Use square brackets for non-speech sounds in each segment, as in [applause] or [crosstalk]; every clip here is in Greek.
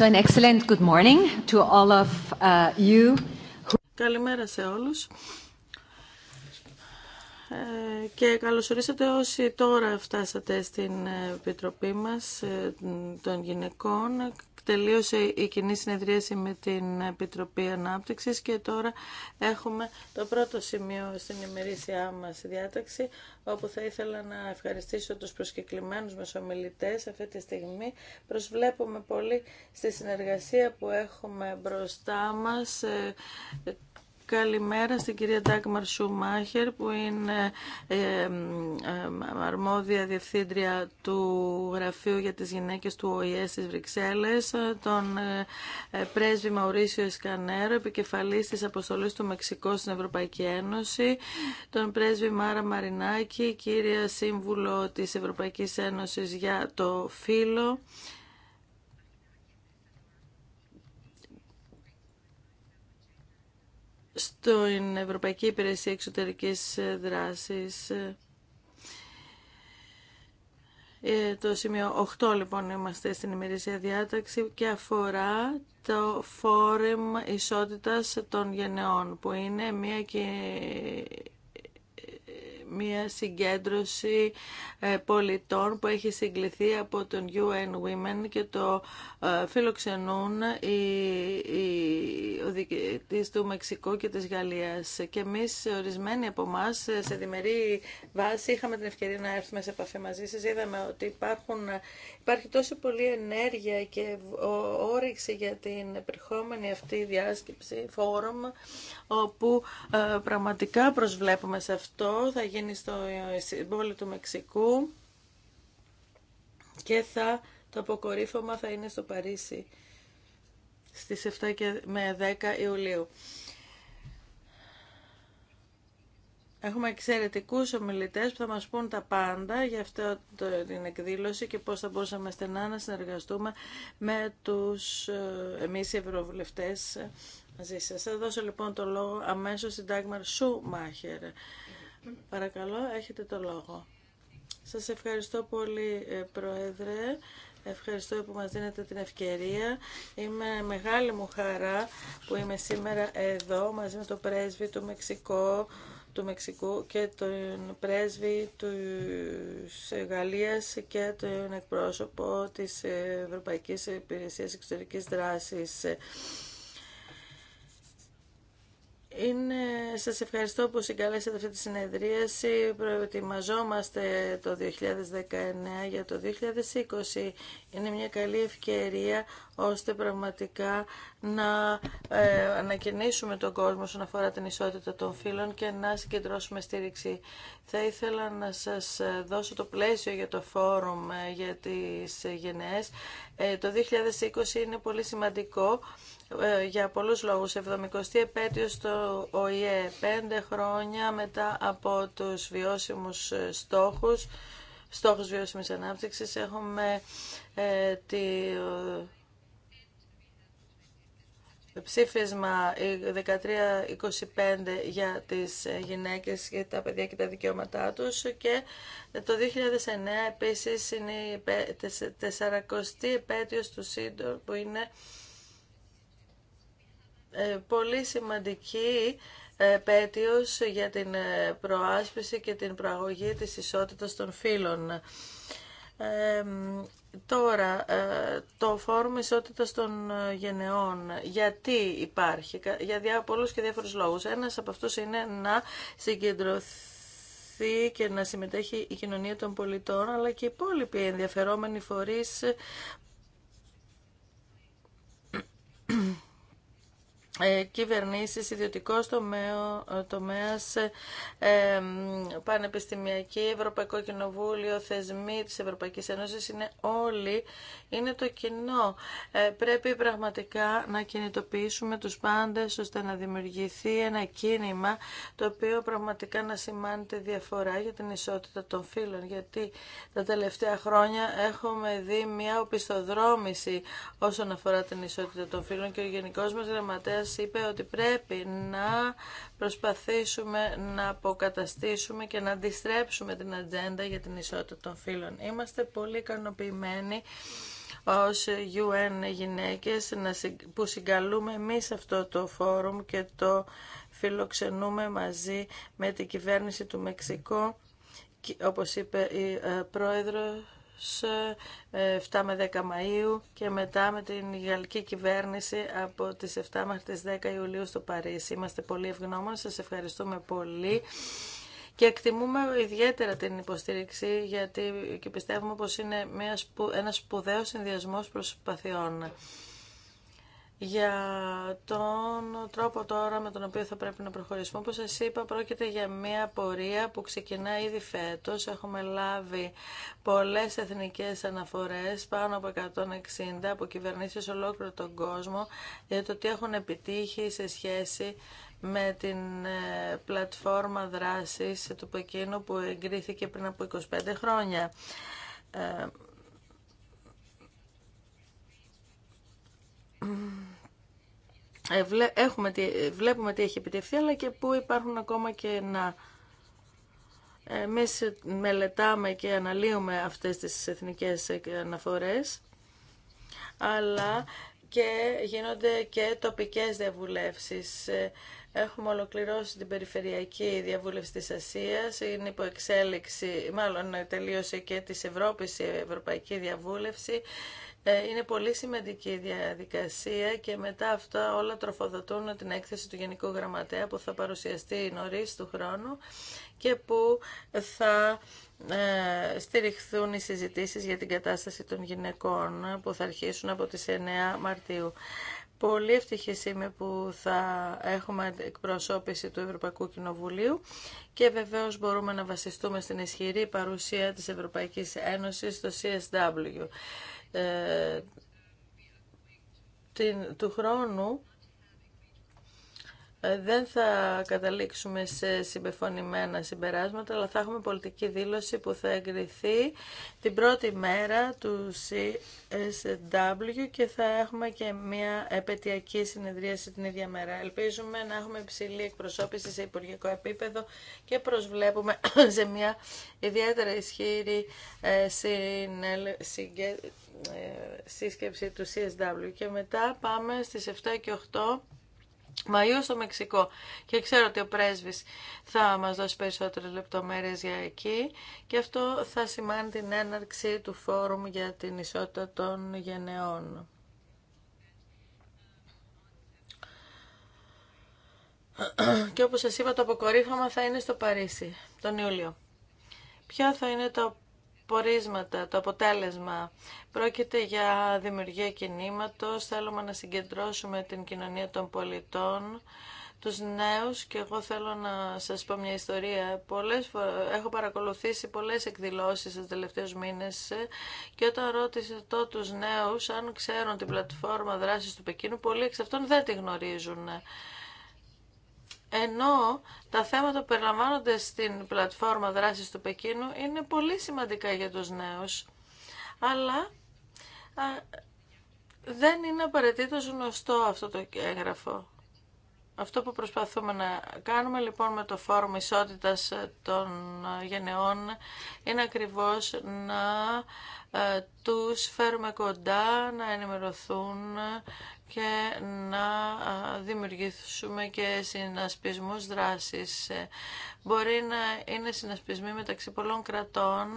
excellent good morning to all of uh, you. Καλημέρα σε όλους. Ε, και ορίσατε όσοι τώρα φτάσατε στην Επιτροπή μας ε, των Γυναικών τελείωσε η κοινή συνεδρίαση με την Επιτροπή Ανάπτυξης και τώρα έχουμε το πρώτο σημείο στην ημερήσια μας διάταξη όπου θα ήθελα να ευχαριστήσω τους προσκεκλημένους μας ομιλητές αυτή τη στιγμή. Προσβλέπουμε πολύ στη συνεργασία που έχουμε μπροστά μας ε, Καλημέρα στην κυρία Ντάκμαρ Σουμάχερ που είναι ε, ε, αρμόδια διευθύντρια του Γραφείου για τις Γυναίκες του ΟΗΕ στις Βρυξέλλες, ε, τον πρέσβη Μαουρίσιο Εσκανέρο, επικεφαλής της αποστολής του Μεξικό στην Ευρωπαϊκή Ένωση, τον πρέσβη Μάρα Μαρινάκη, κύρια σύμβουλο της Ευρωπαϊκής Ένωσης για το φύλλο, στην Ευρωπαϊκή Υπηρεσία Εξωτερικής Δράσης. Ε, το σημείο 8 λοιπόν είμαστε στην ημερήσια διάταξη και αφορά το Φόρεμ Ισότητας των Γενεών που είναι μια και μια συγκέντρωση ε, πολιτών που έχει συγκληθεί από τον UN Women και το ε, φιλοξενούν ο διοικητής του Μεξικού και της Γαλλίας. Και εμείς ορισμένοι από εμά ε, σε διμερή βάση είχαμε την ευκαιρία να έρθουμε σε επαφή μαζί σας. Είδαμε ότι υπάρχουν Υπάρχει τόσο πολύ ενέργεια και όρεξη για την επερχόμενη αυτή διάσκεψη, φόρουμ, όπου ε, πραγματικά προσβλέπουμε σε αυτό. Θα γίνει στο πόλη ε, του Μεξικού και θα, το αποκορύφωμα θα είναι στο Παρίσι στις 7 και με 10 Ιουλίου. Έχουμε εξαιρετικούς ομιλητές που θα μας πούν τα πάντα για αυτή την εκδήλωση και πώς θα μπορούσαμε στενά να συνεργαστούμε με τους ε, εμείς οι ευρωβουλευτές μαζί σας. Θα δώσω λοιπόν το λόγο αμέσως στην Τάγμαρ Σουμάχερ. Παρακαλώ, έχετε το λόγο. Σας ευχαριστώ πολύ, ε, Πρόεδρε. Ευχαριστώ που μας δίνετε την ευκαιρία. Είμαι μεγάλη μου χαρά που είμαι σήμερα εδώ μαζί με το πρέσβη του Μεξικού του Μεξικού και τον πρέσβη της Γαλλίας και τον εκπρόσωπο της Ευρωπαϊκής Υπηρεσίας Εξωτερικής Δράσης. Είναι, σας ευχαριστώ που συγκαλέσατε αυτή τη συνεδρίαση. Προετοιμαζόμαστε το 2019 για το 2020. Είναι μια καλή ευκαιρία ώστε πραγματικά να ε, ανακοινήσουμε τον κόσμο όσον αφορά την ισότητα των φύλων και να συγκεντρώσουμε στήριξη. Θα ήθελα να σας δώσω το πλαίσιο για το φόρουμ ε, για τις γενναίες. Ε, το 2020 είναι πολύ σημαντικό ε, για πολλούς λόγους. 70η επέτειο στο ΟΗΕ, πέντε χρόνια μετά από τους βιώσιμους ε, στόχους, στόχους βιώσιμης ανάπτυξης, έχουμε ε, τη, ε, ψήφισμα 1325 για τις γυναίκες και τα παιδιά και τα δικαιώματά τους και το 2009 επίσης είναι η 40η επέτειος του ΣΥΝΤΟΡ που είναι ε, πολύ σημαντική ε, πέτειος για την ε, προάσπιση και την προαγωγή της ισότητας των φύλων. τώρα, το Φόρουμ Ισότητας των Γενεών, γιατί υπάρχει, για διά, πολλούς και διάφορους λόγους. Ένας από αυτούς είναι να συγκεντρωθεί και να συμμετέχει η κοινωνία των πολιτών αλλά και οι υπόλοιποι ενδιαφερόμενοι φορείς Ε, κυβερνήσεις, ιδιωτικό τομέα, ε, τομέας, ε, πανεπιστημιακή, Ευρωπαϊκό Κοινοβούλιο, θεσμοί της Ευρωπαϊκής Ένωσης, είναι όλοι, είναι το κοινό. Ε, πρέπει πραγματικά να κινητοποιήσουμε τους πάντες ώστε να δημιουργηθεί ένα κίνημα το οποίο πραγματικά να σημάνει τη διαφορά για την ισότητα των φύλων. Γιατί τα τελευταία χρόνια έχουμε δει μια οπισθοδρόμηση όσον αφορά την ισότητα των φύλων και ο Γενικός μας γραμματέα είπε ότι πρέπει να προσπαθήσουμε να αποκαταστήσουμε και να αντιστρέψουμε την ατζέντα για την ισότητα των φύλων. Είμαστε πολύ ικανοποιημένοι ως UN γυναίκες που συγκαλούμε εμείς αυτό το φόρουμ και το φιλοξενούμε μαζί με την κυβέρνηση του Μεξικού όπως είπε η ε, πρόεδρος 7 ε, με 10 Μαΐου και μετά με την γαλλική κυβέρνηση από τις 7 μέχρι τις 10 Ιουλίου στο Παρίσι. Είμαστε πολύ ευγνώμονες, σας ευχαριστούμε πολύ και εκτιμούμε ιδιαίτερα την υποστήριξη γιατί και πιστεύουμε πως είναι μια, ένας σπουδαίος συνδυασμός προσπαθειών για τον τρόπο τώρα με τον οποίο θα πρέπει να προχωρήσουμε. Όπως σας είπα, πρόκειται για μια πορεία που ξεκινά ήδη φέτος. Έχουμε λάβει πολλές εθνικές αναφορές, πάνω από 160 από κυβερνήσεις ολόκληρο τον κόσμο, για το τι έχουν επιτύχει σε σχέση με την ε, πλατφόρμα δράσης του Πεκίνου που εγκρίθηκε πριν από 25 χρόνια. Ε, Ε, έχουμε, βλέπουμε τι έχει επιτευχθεί, αλλά και πού υπάρχουν ακόμα και να... Ε, εμείς μελετάμε και αναλύουμε αυτές τις εθνικές αναφορές, αλλά και γίνονται και τοπικές διαβουλεύσεις. Ε, έχουμε ολοκληρώσει την περιφερειακή διαβούλευση της Ασίας, είναι υπό εξέλιξη, μάλλον τελείωσε και της Ευρώπης η Ευρωπαϊκή Διαβούλευση ε, είναι πολύ σημαντική η διαδικασία και μετά αυτά όλα τροφοδοτούν την έκθεση του Γενικού Γραμματέα που θα παρουσιαστεί νωρίς του χρόνου και που θα ε, στηριχθούν οι συζητήσεις για την κατάσταση των γυναικών που θα αρχίσουν από τις 9 Μαρτίου. Πολύ ευτυχής είμαι που θα έχουμε εκπροσώπηση του Ευρωπαϊκού Κοινοβουλίου και βεβαίως μπορούμε να βασιστούμε στην ισχυρή παρουσία της Ευρωπαϊκής Ένωσης στο CSW. Ε, του χρόνου ε, δεν θα καταλήξουμε σε συμπεφωνημένα συμπεράσματα, αλλά θα έχουμε πολιτική δήλωση που θα εγκριθεί την πρώτη μέρα του CSW και θα έχουμε και μια επαιτειακή συνεδρίαση την ίδια μέρα. Ελπίζουμε να έχουμε υψηλή εκπροσώπηση σε υπουργικό επίπεδο και προσβλέπουμε [clears throat] σε μια ιδιαίτερα ισχύρη ε, ε, σύσκεψη του CSW. Και μετά πάμε στις 7 και 8 Μαΐου στο Μεξικό και ξέρω ότι ο πρέσβης θα μας δώσει περισσότερες λεπτομέρειες για εκεί και αυτό θα σημάνει την έναρξη του Φόρουμ για την Ισότητα των Γενεών. και όπως σας είπα το αποκορύφωμα θα είναι στο Παρίσι τον Ιούλιο. Ποια θα είναι τα πορίσματα, το αποτέλεσμα. Πρόκειται για δημιουργία κινήματος, θέλουμε να συγκεντρώσουμε την κοινωνία των πολιτών, τους νέους και εγώ θέλω να σας πω μια ιστορία. Πολλές Έχω παρακολουθήσει πολλές εκδηλώσεις τους τελευταίους μήνες και όταν ρώτησα το τους νέους αν ξέρουν την πλατφόρμα δράσης του Πεκίνου, πολλοί εξ αυτών δεν τη γνωρίζουν ενώ τα θέματα που περιλαμβάνονται στην πλατφόρμα δράσης του Πεκίνου είναι πολύ σημαντικά για τους νέους, αλλά δεν είναι απαραίτητο γνωστό αυτό το έγγραφο. Αυτό που προσπαθούμε να κάνουμε λοιπόν με το Φόρουμ Ισότητας των Γενεών είναι ακριβώς να ε, τους φέρουμε κοντά, να ενημερωθούν και να δημιουργήσουμε και συνασπισμούς δράσης. Ε, μπορεί να είναι συνασπισμοί μεταξύ πολλών κρατών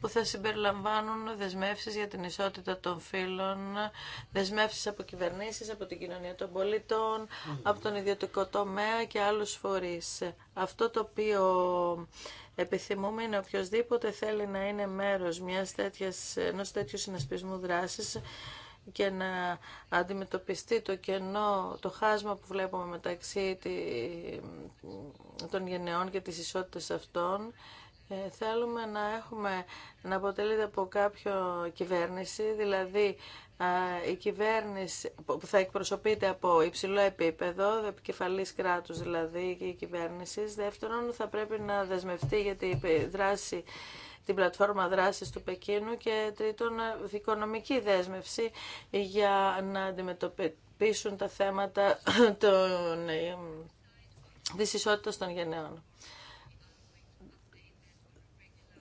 που θα συμπεριλαμβάνουν δεσμεύσεις για την ισότητα των φύλων, δεσμεύσεις από κυβερνήσεις, από την κοινωνία των πολιτών, από τον ιδιωτικό τομέα και άλλους φορείς. Αυτό το οποίο Επιθυμούμε είναι οποιοδήποτε θέλει να είναι μέρος μιας τέτοιας, ενός τέτοιου συνασπισμού δράσης και να αντιμετωπιστεί το κενό, το χάσμα που βλέπουμε μεταξύ των γενεών και της ισότητας αυτών. Ε, θέλουμε να έχουμε να αποτελείται από κάποιο κυβέρνηση, δηλαδή η κυβέρνηση που θα εκπροσωπείται από υψηλό επίπεδο, επικεφαλής κράτους δηλαδή και η κυβέρνηση. Δεύτερον, θα πρέπει να δεσμευτεί για τη δράση την πλατφόρμα δράσης του Πεκίνου και τρίτον οικονομική δέσμευση για να αντιμετωπίσουν τα θέματα [clears throat] των, ε, της ισότητας των γενναίων.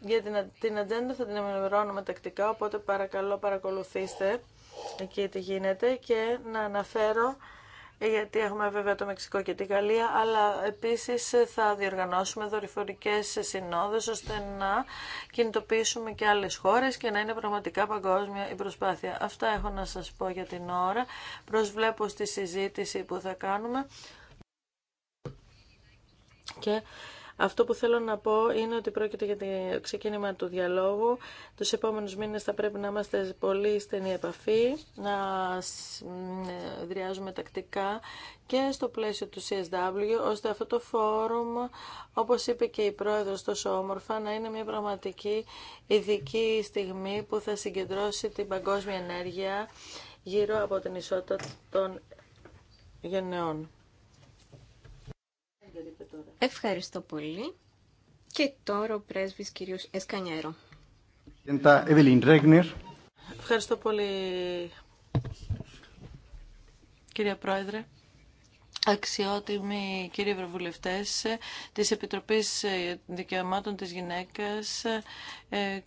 Για την, την ατζέντα θα την ενημερώνουμε τακτικά, οπότε παρακαλώ παρακολουθήστε εκεί τι γίνεται και να αναφέρω ε, γιατί έχουμε βέβαια το Μεξικό και τη Γαλλία, αλλά επίσης θα διοργανώσουμε δορυφορικές συνόδες ώστε να κινητοποιήσουμε και άλλες χώρες και να είναι πραγματικά παγκόσμια η προσπάθεια. Αυτά έχω να σας πω για την ώρα. Προσβλέπω στη συζήτηση που θα κάνουμε. Και αυτό που θέλω να πω είναι ότι πρόκειται για το ξεκίνημα του διαλόγου. Τους επόμενους μήνες θα πρέπει να είμαστε πολύ στενή επαφή, να δριάζουμε τακτικά και στο πλαίσιο του CSW, ώστε αυτό το φόρουμ, όπως είπε και η πρόεδρος τόσο όμορφα, να είναι μια πραγματική ειδική στιγμή που θα συγκεντρώσει την παγκόσμια ενέργεια γύρω από την ισότητα των γενναιών. Ευχαριστώ πολύ. Και τώρα ο πρέσβης κύριος Εσκανιέρο. Ευχαριστώ πολύ κύριε Πρόεδρε. Αξιότιμοι κύριοι Ευρωβουλευτές της Επιτροπής Δικαιωμάτων της Γυναίκας, ε, ε,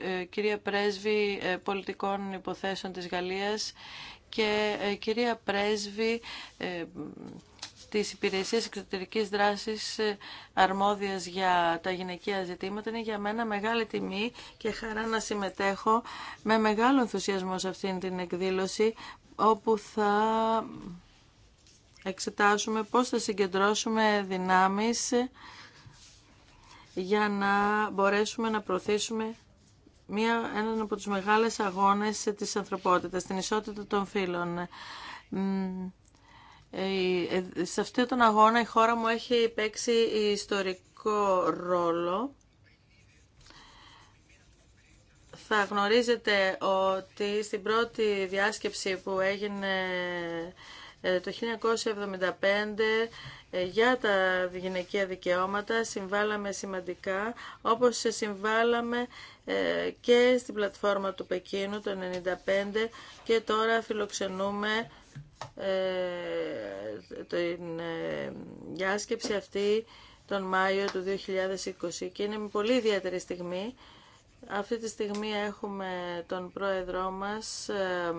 ε, κυρία Πρέσβη Πολιτικών Υποθέσεων της Γαλλίας και ε, κυρία Πρέσβη ε, της Υπηρεσίας Εξωτερικής Δράσης ε, αρμόδιας για τα γυναικεία ζητήματα. Είναι για μένα μεγάλη τιμή και χαρά να συμμετέχω με μεγάλο ενθουσιασμό σε αυτήν την εκδήλωση όπου θα εξετάσουμε πώς θα συγκεντρώσουμε δυνάμεις για να μπορέσουμε να προωθήσουμε μία, έναν από τους μεγάλες αγώνες της ανθρωπότητας, την ισότητα των φύλων. Ε, ε, σε αυτόν τον αγώνα η χώρα μου έχει παίξει ιστορικό ρόλο. Θα γνωρίζετε ότι στην πρώτη διάσκεψη που έγινε ε, το 1975 ε, για τα γυναικεία δικαιώματα συμβάλαμε σημαντικά όπως συμβάλαμε ε, και στην πλατφόρμα του Πεκίνου το 1995 και τώρα φιλοξενούμε την διάσκεψη αυτή τον Μάιο του 2020 και είναι πολύ ιδιαίτερη στιγμή αυτή τη στιγμή έχουμε τον πρόεδρό μας ε,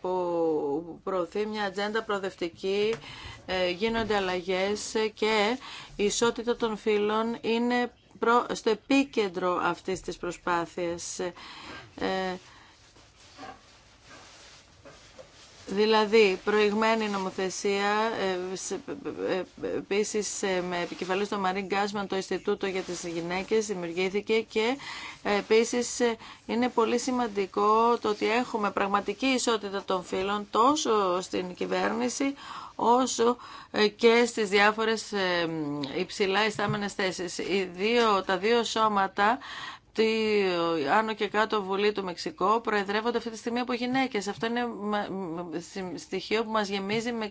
που προωθεί μια ατζέντα προοδευτική, ε, γίνονται αλλαγές και η ισότητα των φύλων είναι στο επίκεντρο αυτής της προσπάθειας. Ε, Δηλαδή, προηγμένη νομοθεσία, ε, ε, ε, επίση με επικεφαλή στο Μαρίν Γκάσμαν το Ινστιτούτο για τις Γυναίκες δημιουργήθηκε και επίση είναι πολύ σημαντικό το ότι έχουμε πραγματική ισότητα των φύλων τόσο στην κυβέρνηση όσο και στις διάφορες υψηλά ιστάμενες θέσεις. τα δύο σώματα ότι άνω και κάτω βουλή του Μεξικό προεδρεύονται αυτή τη στιγμή από γυναίκε. Αυτό είναι στοιχείο που μας γεμίζει με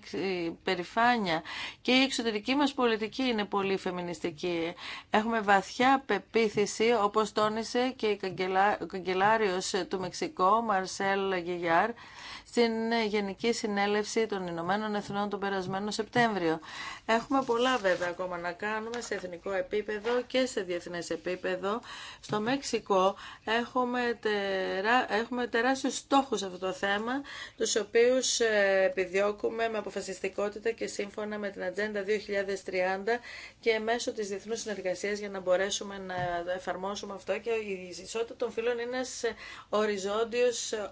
περηφάνεια. Και η εξωτερική μας πολιτική είναι πολύ φεμινιστική. Έχουμε βαθιά πεποίθηση, όπως τόνισε και ο καγκελάριος του Μεξικό, Μαρσέλ Γιγιάρ, στην Γενική Συνέλευση των Ηνωμένων Εθνών τον περασμένο Σεπτέμβριο. Έχουμε πολλά βέβαια ακόμα να κάνουμε σε εθνικό επίπεδο και σε διεθνές επίπεδο. Στο Μεξικό έχουμε, τερά... έχουμε τεράστιους στόχους σε αυτό το θέμα, τους οποίους ε, επιδιώκουμε με αποφασιστικότητα και σύμφωνα με την Ατζέντα 2030 και μέσω της διεθνούς συνεργασίας για να μπορέσουμε να εφαρμόσουμε αυτό και η ισότητα των φύλων είναι ένας οριζόντιος ε,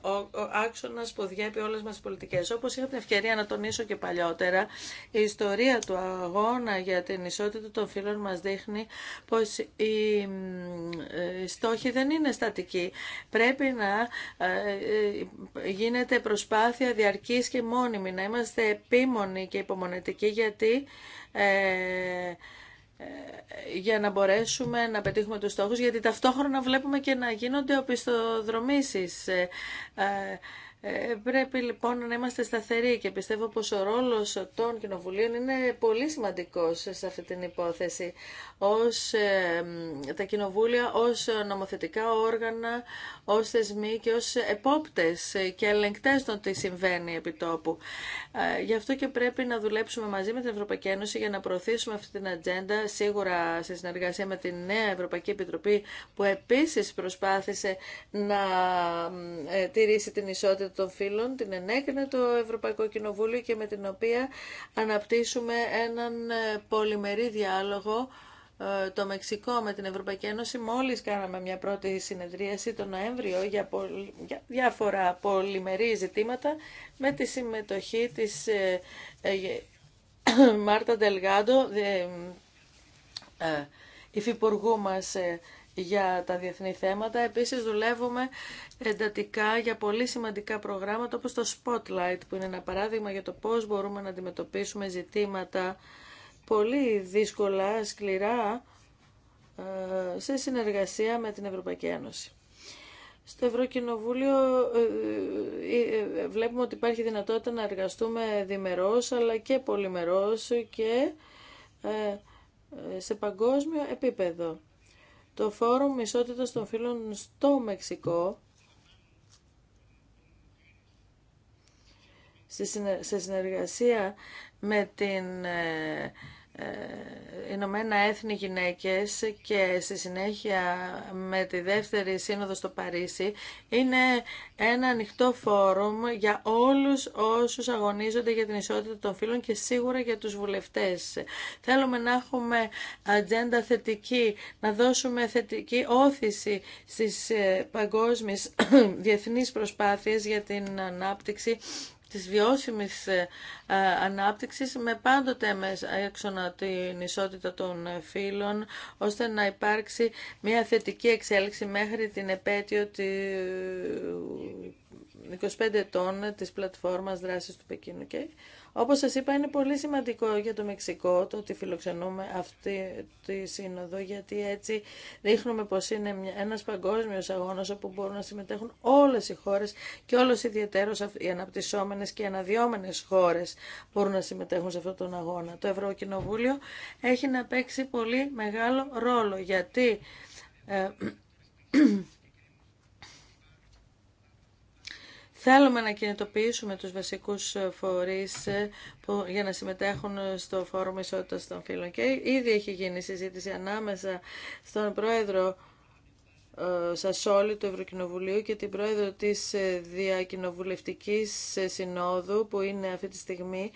άξονας που διέπει όλες μας τις πολιτικές. Όπως είχα την ευκαιρία να τονίσω και παλιότερα, η ιστορία του αγώνα για την ισότητα των φύλων μας δείχνει πως ε, οι στόχοι δεν είναι στατικοί. Πρέπει να ε, ε, γίνεται προσπάθεια διαρκής και μόνιμη, να είμαστε επίμονοι και υπομονετικοί γιατί για να μπορέσουμε να πετύχουμε τους στόχους, γιατί ταυτόχρονα βλέπουμε και να γίνονται οπισθοδρομήσεις. Ε, πρέπει λοιπόν να είμαστε σταθεροί και πιστεύω πως ο ρόλος των κοινοβουλίων είναι πολύ σημαντικός σε αυτή την υπόθεση. Ως, ε, τα κοινοβούλια ως νομοθετικά όργανα, ως θεσμοί και ως επόπτες και ελεγκτές των τι συμβαίνει επί τόπου. Ε, γι' αυτό και πρέπει να δουλέψουμε μαζί με την Ευρωπαϊκή Ένωση για να προωθήσουμε αυτή την ατζέντα, σίγουρα σε συνεργασία με την νέα Ευρωπαϊκή Επιτροπή που επίσης προσπάθησε να τηρήσει την ισότητα των φύλων, την ενέκρινε το Ευρωπαϊκό Κοινοβούλιο και με την οποία αναπτύσσουμε έναν ε, πολυμερή διάλογο ε, το Μεξικό με την Ευρωπαϊκή Ένωση. Μόλις κάναμε μια πρώτη συνεδρίαση τον Νοέμβριο για, για διάφορα πολυμερή ζητήματα με τη συμμετοχή της ε, [coughs] Μάρτα Ντελγάντο, υφυπουργού μας για τα διεθνή θέματα. Επίσης δουλεύουμε εντατικά για πολύ σημαντικά προγράμματα όπως το Spotlight που είναι ένα παράδειγμα για το πώς μπορούμε να αντιμετωπίσουμε ζητήματα πολύ δύσκολα, σκληρά ε, σε συνεργασία με την Ευρωπαϊκή Ένωση. Στο Ευρωκοινοβούλιο ε, ε, βλέπουμε ότι υπάρχει δυνατότητα να εργαστούμε διμερώς αλλά και πολυμερώς και σε παγκόσμιο επίπεδο το Φόρουμ Ισότητας των Φίλων στο Μεξικό σε συνεργασία με την ε, ε, Ηνωμένα Έθνη Γυναίκες και στη συνέχεια με τη δεύτερη σύνοδο στο Παρίσι είναι ένα ανοιχτό φόρουμ για όλους όσους αγωνίζονται για την ισότητα των φίλων και σίγουρα για τους βουλευτές. Θέλουμε να έχουμε ατζέντα θετική, να δώσουμε θετική όθηση στις ε, παγκόσμιες [clears throat] διεθνείς προσπάθειες για την ανάπτυξη της βιώσιμης ε, ε, ανάπτυξης με πάντοτε με έξονα την ισότητα των ε, φύλων ώστε να υπάρξει μια θετική εξέλιξη μέχρι την επέτειο τη 25 ετών της πλατφόρμας δράσης του Πεκίνου. Και όπως σας είπα είναι πολύ σημαντικό για το Μεξικό το ότι φιλοξενούμε αυτή τη σύνοδο γιατί έτσι δείχνουμε πως είναι ένας παγκόσμιος αγώνας όπου μπορούν να συμμετέχουν όλες οι χώρες και όλες ιδιαίτερως οι αναπτυσσόμενες και οι αναδιόμενες χώρες μπορούν να συμμετέχουν σε αυτόν τον αγώνα. Το Ευρωκοινοβούλιο έχει να παίξει πολύ μεγάλο ρόλο γιατί ε, Θέλουμε να κινητοποιήσουμε τους βασικούς ε, φορείς ε, που, για να συμμετέχουν στο Φόρουμ Ισότητας των Φύλων. Και ήδη έχει γίνει συζήτηση ανάμεσα στον πρόεδρο ε, Σασόλη του Ευρωκοινοβουλίου και την πρόεδρο της Διακοινοβουλευτικής Συνόδου που είναι αυτή τη στιγμή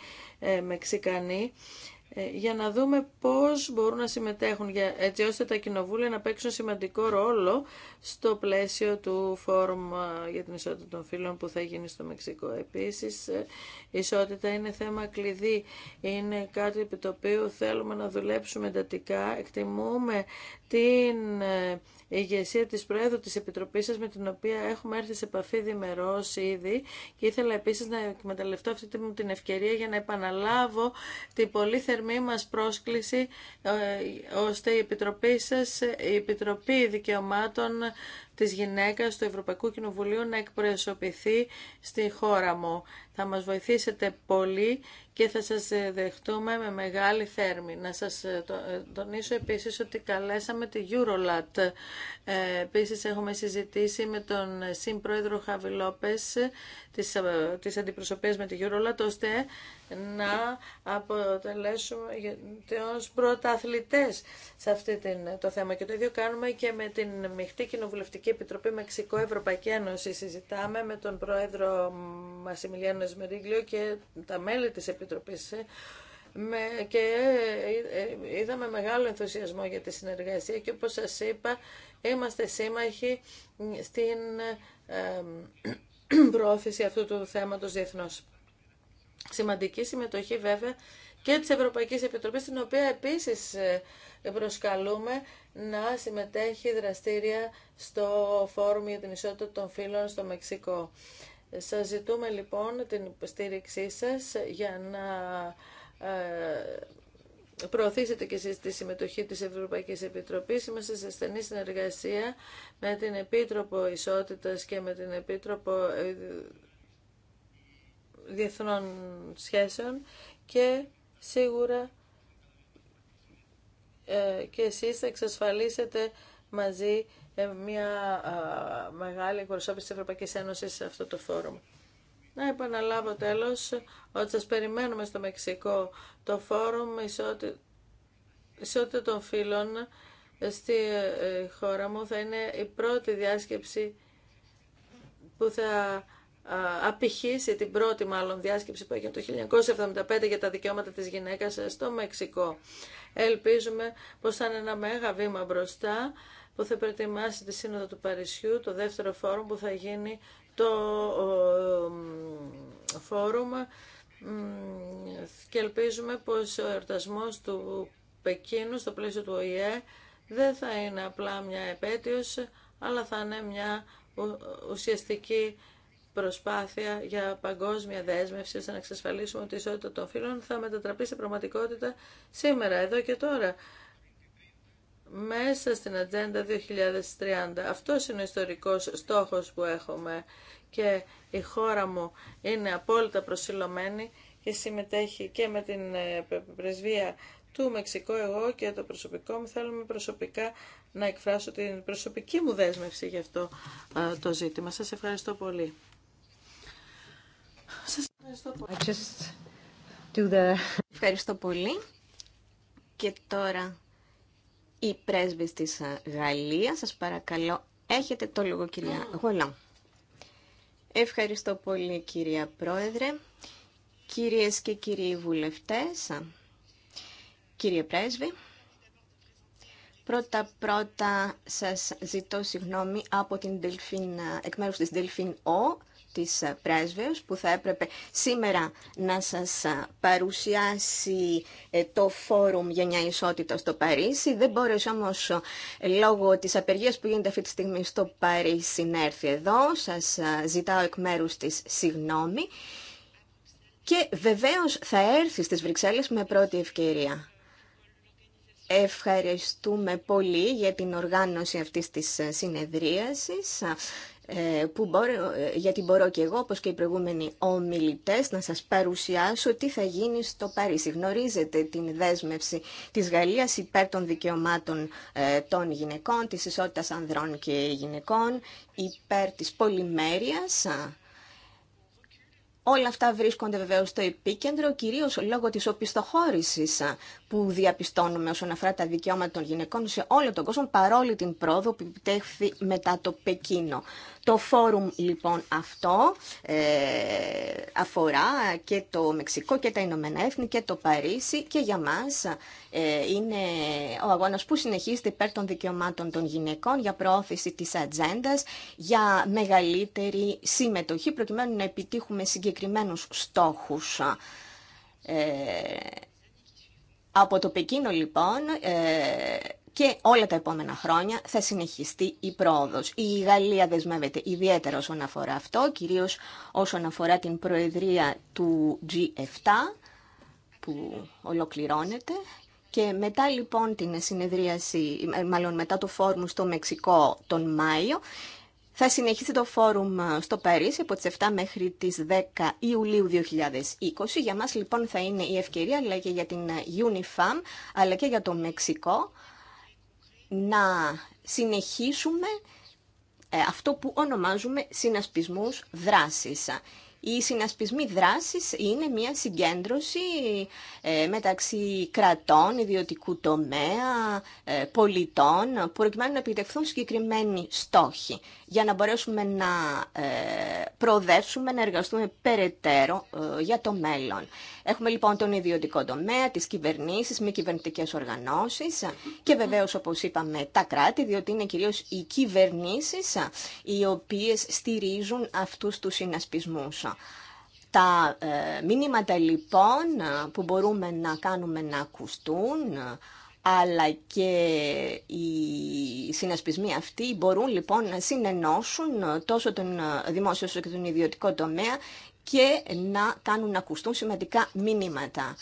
Μεξικανή ε, για να δούμε πώς μπορούν να συμμετέχουν έτσι ώστε τα κοινοβούλια να παίξουν σημαντικό ρόλο στο πλαίσιο του φόρουμ ε, για την ισότητα των φύλων που θα γίνει στο Μεξικό. Επίσης, ε, η ισότητα είναι θέμα κλειδί. Είναι κάτι επί το οποίο θέλουμε να δουλέψουμε εντατικά. Εκτιμούμε την ε, ηγεσία της Προέδρου της Επιτροπής σας με την οποία έχουμε έρθει σε επαφή διμερώς ήδη και ήθελα επίσης να εκμεταλλευτώ αυτή την ευκαιρία για να επαναλάβω την πολύ θερμή μας πρόσκληση ε, ώστε η Επιτροπή σας, η Επιτροπή Δικαιωμάτων της γυναίκας του Ευρωπαϊκού Κοινοβουλίου να εκπροσωπηθεί στη χώρα μου. Θα μας βοηθήσετε πολύ και θα σας δεχτούμε με μεγάλη θέρμη. Να σας ε, ε, τονίσω επίσης ότι καλέσαμε τη Eurolat. Ε, επίσης έχουμε συζητήσει με τον Σύμπροεδρο Χαβιλόπες της, της με τη Eurolat, ώστε να αποτελέσουμε ως πρωταθλητές σε αυτό το θέμα. Και το ίδιο κάνουμε και με την μειχτή κοινοβουλευτική η Επιτροπή Μεξικό Ευρωπαϊκή Ένωση. Συζητάμε με τον πρόεδρο Μασιμιλιάνο Εσμερίγλιο και τα μέλη της Επιτροπής ε, και ε, ε, είδαμε μεγάλο ενθουσιασμό για τη συνεργασία και όπως σας είπα είμαστε σύμμαχοι στην [clears throat] προώθηση αυτού του θέματος διεθνώς. Σημαντική συμμετοχή βέβαια και της Ευρωπαϊκής Επιτροπής, την οποία επίσης ε, προσκαλούμε να συμμετέχει δραστήρια στο φόρουμ για την ισότητα των φύλων στο Μεξικό. Σας ζητούμε λοιπόν την υποστήριξή σας για να ε, προωθήσετε και εσείς τη συμμετοχή της Ευρωπαϊκής Επιτροπής. Είμαστε σε στενή συνεργασία με την Επίτροπο Ισότητας και με την Επίτροπο ε, Διεθνών Σχέσεων και σίγουρα ε, και εσείς θα εξασφαλίσετε μαζί ε, μια μεγάλη εκπροσώπηση της Ευρωπαϊκής Ένωσης σε αυτό το φόρουμ. Να επαναλάβω τέλος ότι σας περιμένουμε στο Μεξικό το φόρουμ ισότη... ισότητα των φίλων ε, στη χώρα μου θα είναι η πρώτη διάσκεψη που θα απηχήσει την πρώτη μάλλον διάσκεψη που έγινε το 1975 για τα δικαιώματα της γυναίκας στο Μεξικό. Ελπίζουμε πως θα είναι ένα μέγα βήμα μπροστά που θα προετοιμάσει τη Σύνοδο του Παρισιού, το δεύτερο φόρουμ που θα γίνει το φόρουμ και ελπίζουμε πως ο εορτασμός του Πεκίνου στο πλαίσιο του ΟΗΕ δεν θα είναι απλά μια επέτειος, αλλά θα είναι μια ουσιαστική προσπάθεια για παγκόσμια δέσμευση ώστε να εξασφαλίσουμε ότι η ισότητα των φύλων θα μετατραπεί σε πραγματικότητα σήμερα, εδώ και τώρα μέσα στην Ατζέντα 2030. Αυτό είναι ο ιστορικός στόχος που έχουμε και η χώρα μου είναι απόλυτα προσιλωμένη και συμμετέχει και με την ε, πρεσβεία του Μεξικού εγώ και το προσωπικό μου θέλουμε προσωπικά να εκφράσω την προσωπική μου δέσμευση για αυτό ε, το ζήτημα. Σας ευχαριστώ πολύ ευχαριστώ πολύ. Και τώρα η πρέσβη της ε, Γαλλίας. Σας παρακαλώ, έχετε το λόγο κυρία mm. Γολά. Ευχαριστώ πολύ κυρία Πρόεδρε, κυρίες και κύριοι βουλευτές, ε, κύριε Πρέσβη. Πρώτα πρώτα σας ζητώ συγγνώμη από την Delphine, ε, εκ μέρους της Delphine O, της ε, πρέσβεως που θα έπρεπε σήμερα να σας ε, παρουσιάσει ε, το φόρουμ για μια ισότητα στο Παρίσι. Δεν μπόρεσε όμως λόγω της απεργίας που γίνεται αυτή τη στιγμή στο Παρίσι να έρθει εδώ. Σας ζητάω εκ μέρους της συγνώμη. Και βεβαίως θα έρθει στις Βρυξέλλες με πρώτη ευκαιρία. Ευχαριστούμε πολύ για την οργάνωση αυτής της συνεδρίασης. Ε, που ε, γιατί μπορώ και εγώ, όπως και οι προηγούμενοι ομιλητές, να σας παρουσιάσω τι θα γίνει στο Παρίσι. Γνωρίζετε την δέσμευση της Γαλλίας υπέρ των δικαιωμάτων ε, των γυναικών, της ισότητας ανδρών και γυναικών, υπέρ της πολυμέρειας. Όλα αυτά βρίσκονται βεβαίως στο επίκεντρο, κυρίως λόγω της οπισθοχώρησης που διαπιστώνουμε όσον αφορά τα δικαιώματα των γυναικών σε όλο τον κόσμο, παρόλη την πρόοδο που επιτέχθη μετά το Πεκίνο. Το φόρουμ λοιπόν αυτό ε, αφορά και το Μεξικό και τα Ηνωμένα Έθνη και το Παρίσι και για μας ε, είναι ο αγώνας που συνεχίζεται υπέρ των δικαιωμάτων των γυναικών για προώθηση της ατζέντα, για μεγαλύτερη συμμετοχή προκειμένου να επιτύχουμε συγκεκριμένους στόχους. Ε, από το Πεκίνο λοιπόν ε, και όλα τα επόμενα χρόνια θα συνεχιστεί η πρόοδος. Η Γαλλία δεσμεύεται ιδιαίτερα όσον αφορά αυτό, κυρίως όσον αφορά την προεδρία του G7 που ολοκληρώνεται και μετά λοιπόν την συνεδρίαση, μάλλον μετά το φόρουμ στο Μεξικό τον Μάιο, θα συνεχίσει το φόρουμ στο Παρίσι από τις 7 μέχρι τις 10 Ιουλίου 2020. Για μας λοιπόν θα είναι η ευκαιρία αλλά και για την UNIFAM αλλά και για το Μεξικό να συνεχίσουμε ε, αυτό που ονομάζουμε συνασπισμούς δράσης. Οι συνασπισμοί δράσης είναι μια συγκέντρωση ε, μεταξύ κρατών, ιδιωτικού τομέα, ε, πολιτών, προκειμένου να επιτευχθούν συγκεκριμένοι στόχοι για να μπορέσουμε να ε, προοδεύσουμε, να εργαστούμε περαιτέρω ε, για το μέλλον. Έχουμε λοιπόν τον ιδιωτικό τομέα, τις κυβερνήσεις, μη κυβερνητικές οργανώσεις και βεβαίως όπως είπαμε τα κράτη, διότι είναι κυρίως οι κυβερνήσεις οι οποίες στηρίζουν αυτούς τους συνασπισμούς. Τα ε, μήνυματα λοιπόν που μπορούμε να κάνουμε να ακουστούν αλλά και οι συνασπισμοί αυτοί μπορούν λοιπόν να συνενώσουν τόσο τον δημόσιο όσο και τον ιδιωτικό τομέα και να κάνουν να ακουστούν σημαντικά μηνύματα.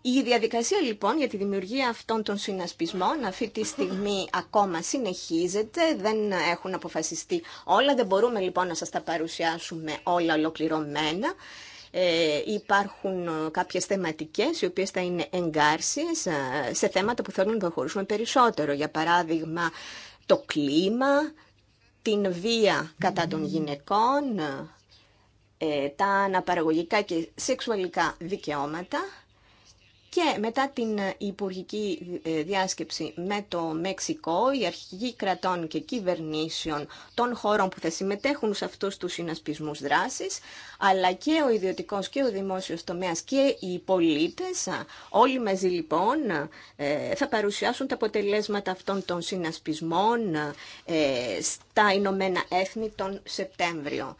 Η διαδικασία λοιπόν για τη δημιουργία αυτών των συνασπισμών αυτή τη στιγμή ακόμα συνεχίζεται, δεν έχουν αποφασιστεί όλα, δεν μπορούμε λοιπόν να σας τα παρουσιάσουμε όλα ολοκληρωμένα. Ε, υπάρχουν ε, κάποιες θεματικές οι οποίες θα είναι εγκάρσεις ε, σε θέματα που θέλουν να προχωρήσουμε περισσότερο. Για παράδειγμα το κλίμα, την βία κατά των γυναικών, τα αναπαραγωγικά και σεξουαλικά δικαιώματα και μετά την ε, υπουργική ε, διάσκεψη με το Μεξικό, οι αρχηγοί κρατών και κυβερνήσεων των χωρών που θα συμμετέχουν σε αυτούς τους συνασπισμούς δράσης, αλλά και ο ιδιωτικός και ο δημόσιος τομέας και οι πολίτες, όλοι μαζί λοιπόν, ε, θα παρουσιάσουν τα αποτελέσματα αυτών των συνασπισμών στα Ηνωμένα Έθνη τον Σεπτέμβριο.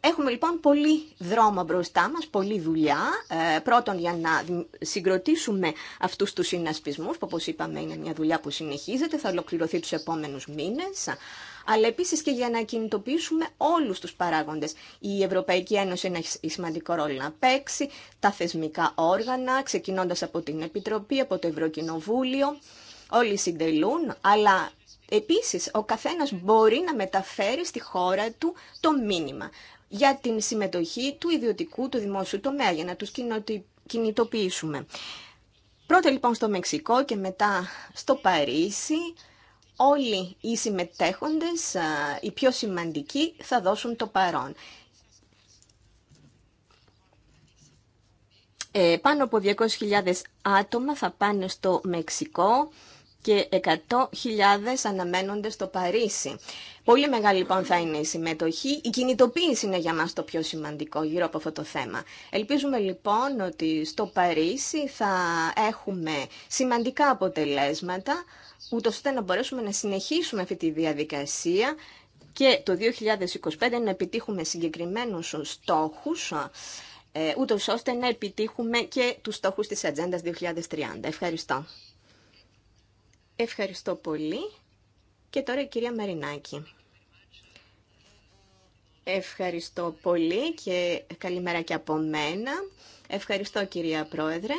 Έχουμε λοιπόν πολύ δρόμο μπροστά μας, πολύ δουλειά. Ε, πρώτον για να συγκροτήσουμε αυτούς τους συνασπισμούς, που όπως είπαμε είναι μια δουλειά που συνεχίζεται, θα ολοκληρωθεί τους επόμενους μήνες αλλά επίσης και για να κινητοποιήσουμε όλους τους παράγοντες. Η Ευρωπαϊκή Ένωση έχει σημαντικό ρόλο να παίξει, τα θεσμικά όργανα, ξεκινώντας από την Επιτροπή, από το Ευρωκοινοβούλιο, όλοι συντελούν, αλλά Επίσης, ο καθένας μπορεί να μεταφέρει στη χώρα του το μήνυμα για την συμμετοχή του ιδιωτικού, του δημόσιου τομέα, για να τους κινητοποιήσουμε. Πρώτα λοιπόν στο Μεξικό και μετά στο Παρίσι, όλοι οι συμμετέχοντες, οι πιο σημαντικοί, θα δώσουν το παρόν. Ε, πάνω από 200.000 άτομα θα πάνε στο Μεξικό και 100.000 αναμένονται στο Παρίσι. Πολύ μεγάλη λοιπόν θα είναι η συμμετοχή. Η κινητοποίηση είναι για μας το πιο σημαντικό γύρω από αυτό το θέμα. Ελπίζουμε λοιπόν ότι στο Παρίσι θα έχουμε σημαντικά αποτελέσματα, ούτως ώστε να μπορέσουμε να συνεχίσουμε αυτή τη διαδικασία και το 2025 να επιτύχουμε συγκεκριμένους στόχους, ε, ούτως ώστε να επιτύχουμε και τους στόχους της Ατζέντας 2030. Ευχαριστώ. Ευχαριστώ πολύ. Και τώρα η κυρία Μαρινάκη. Ευχαριστώ πολύ και καλημέρα και από μένα. Ευχαριστώ κυρία Πρόεδρε.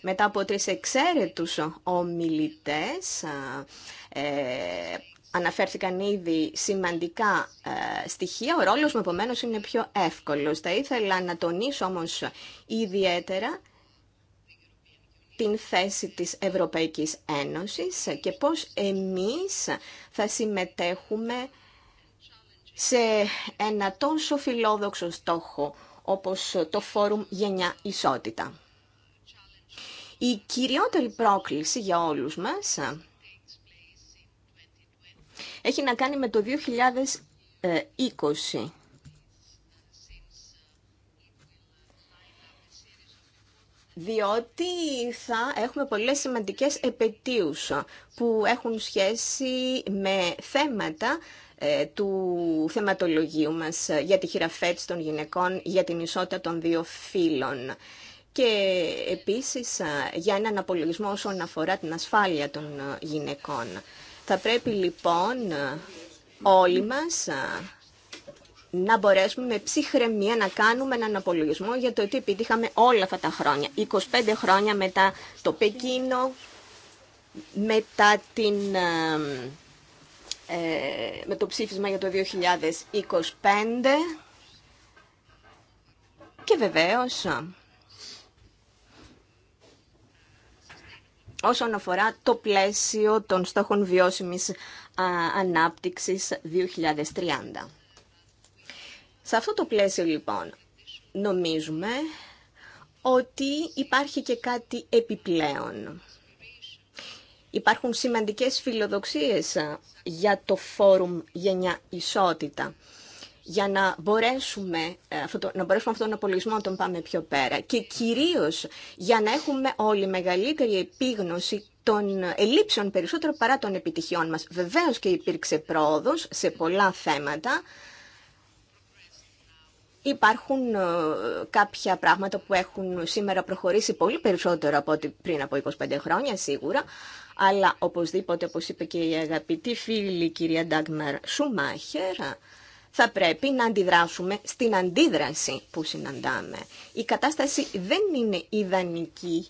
Μετά από τρεις εξαίρετους ομιλητές, ε, Αναφέρθηκαν ήδη σημαντικά ε, στοιχεία, ο ρόλος μου επομένως είναι πιο εύκολος. Θα ήθελα να τονίσω όμως ιδιαίτερα την θέση της Ευρωπαϊκής Ένωσης και πώς εμείς θα συμμετέχουμε σε ένα τόσο φιλόδοξο στόχο όπως το Φόρουμ Γενιά Ισότητα. Η κυριότερη πρόκληση για όλους μας έχει να κάνει με το 2020 διότι θα έχουμε πολλές σημαντικές επαιτίους που έχουν σχέση με θέματα ε, του θεματολογίου μας για τη χειραφέτηση των γυναικών, για την ισότητα των δύο φύλων και επίσης ε, για έναν απολογισμό όσον αφορά την ασφάλεια των ε, γυναικών. Θα πρέπει λοιπόν όλοι μας να μπορέσουμε με ψυχραιμία να κάνουμε έναν απολογισμό για το τι επιτύχαμε όλα αυτά τα χρόνια. 25 χρόνια μετά το Πεκίνο, μετά την, ε, με το ψήφισμα για το 2025 και βεβαίως όσον αφορά το πλαίσιο των στόχων βιώσιμης ανάπτυξης 2030. Σε αυτό το πλαίσιο λοιπόν νομίζουμε ότι υπάρχει και κάτι επιπλέον. Υπάρχουν σημαντικές φιλοδοξίες για το Φόρουμ Γενιά Ισότητα για να μπορέσουμε, ε, να μπορέσουμε αυτόν τον απολογισμό να τον πάμε πιο πέρα και κυρίως για να έχουμε όλη μεγαλύτερη επίγνωση των ελλείψεων περισσότερο παρά των επιτυχιών μας. Βεβαίως και υπήρξε πρόοδος σε πολλά θέματα, Υπάρχουν ε, κάποια πράγματα που έχουν σήμερα προχωρήσει πολύ περισσότερο από ό,τι πριν από 25 χρόνια σίγουρα, αλλά οπωσδήποτε, όπως είπε και η αγαπητή φίλη κυρία Ντάγμαρ Σουμάχερ, θα πρέπει να αντιδράσουμε στην αντίδραση που συναντάμε. Η κατάσταση δεν είναι ιδανική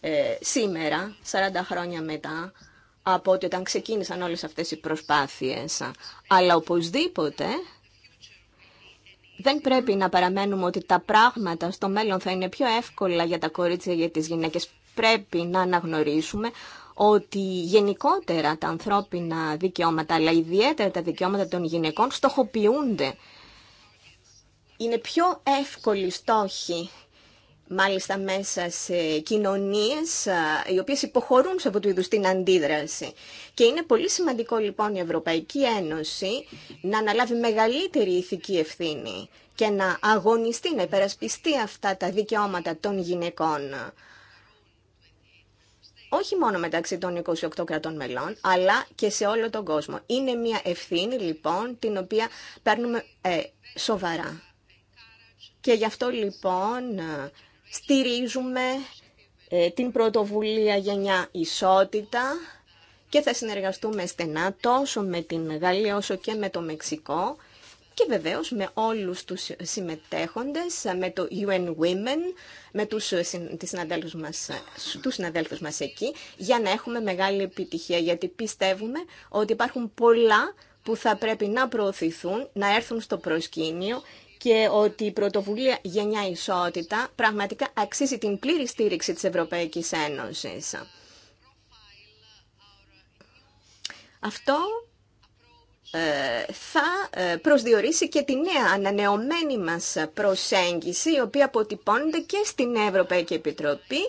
ε, σήμερα, 40 χρόνια μετά, από ότι όταν ξεκίνησαν όλες αυτές οι προσπάθειες. Αλλά οπωσδήποτε δεν πρέπει να παραμένουμε ότι τα πράγματα στο μέλλον θα είναι πιο εύκολα για τα κορίτσια για τις γυναίκες. Πρέπει να αναγνωρίσουμε ότι γενικότερα τα ανθρώπινα δικαιώματα, αλλά ιδιαίτερα τα δικαιώματα των γυναικών, στοχοποιούνται. Είναι πιο εύκολη στόχη μάλιστα μέσα σε κοινωνίες οι οποίες υποχωρούν σε από του είδους την αντίδραση. Και είναι πολύ σημαντικό λοιπόν η Ευρωπαϊκή Ένωση να αναλάβει μεγαλύτερη ηθική ευθύνη και να αγωνιστεί, να υπερασπιστεί αυτά τα δικαιώματα των γυναικών όχι μόνο μεταξύ των 28 κρατών μελών, αλλά και σε όλο τον κόσμο. Είναι μια ευθύνη, λοιπόν, την οποία παίρνουμε ε, σοβαρά. Και γι' αυτό, λοιπόν, Στηρίζουμε ε, την πρωτοβουλία για μια ισότητα και θα συνεργαστούμε στενά τόσο με την Γαλλία όσο και με το Μεξικό και βεβαίως με όλους τους συμμετέχοντες, με το UN Women, με τους, τις συναδέλφους μας, τους συναδέλφους μας εκεί, για να έχουμε μεγάλη επιτυχία, γιατί πιστεύουμε ότι υπάρχουν πολλά που θα πρέπει να προωθηθούν, να έρθουν στο προσκήνιο και ότι η πρωτοβουλία Γενιά Ισότητα πραγματικά αξίζει την πλήρη στήριξη της Ευρωπαϊκής Ένωσης. Αυτό ε, θα ε, προσδιορίσει και τη νέα ανανεωμένη μας προσέγγιση, η οποία αποτυπώνεται και στην Ευρωπαϊκή Επιτροπή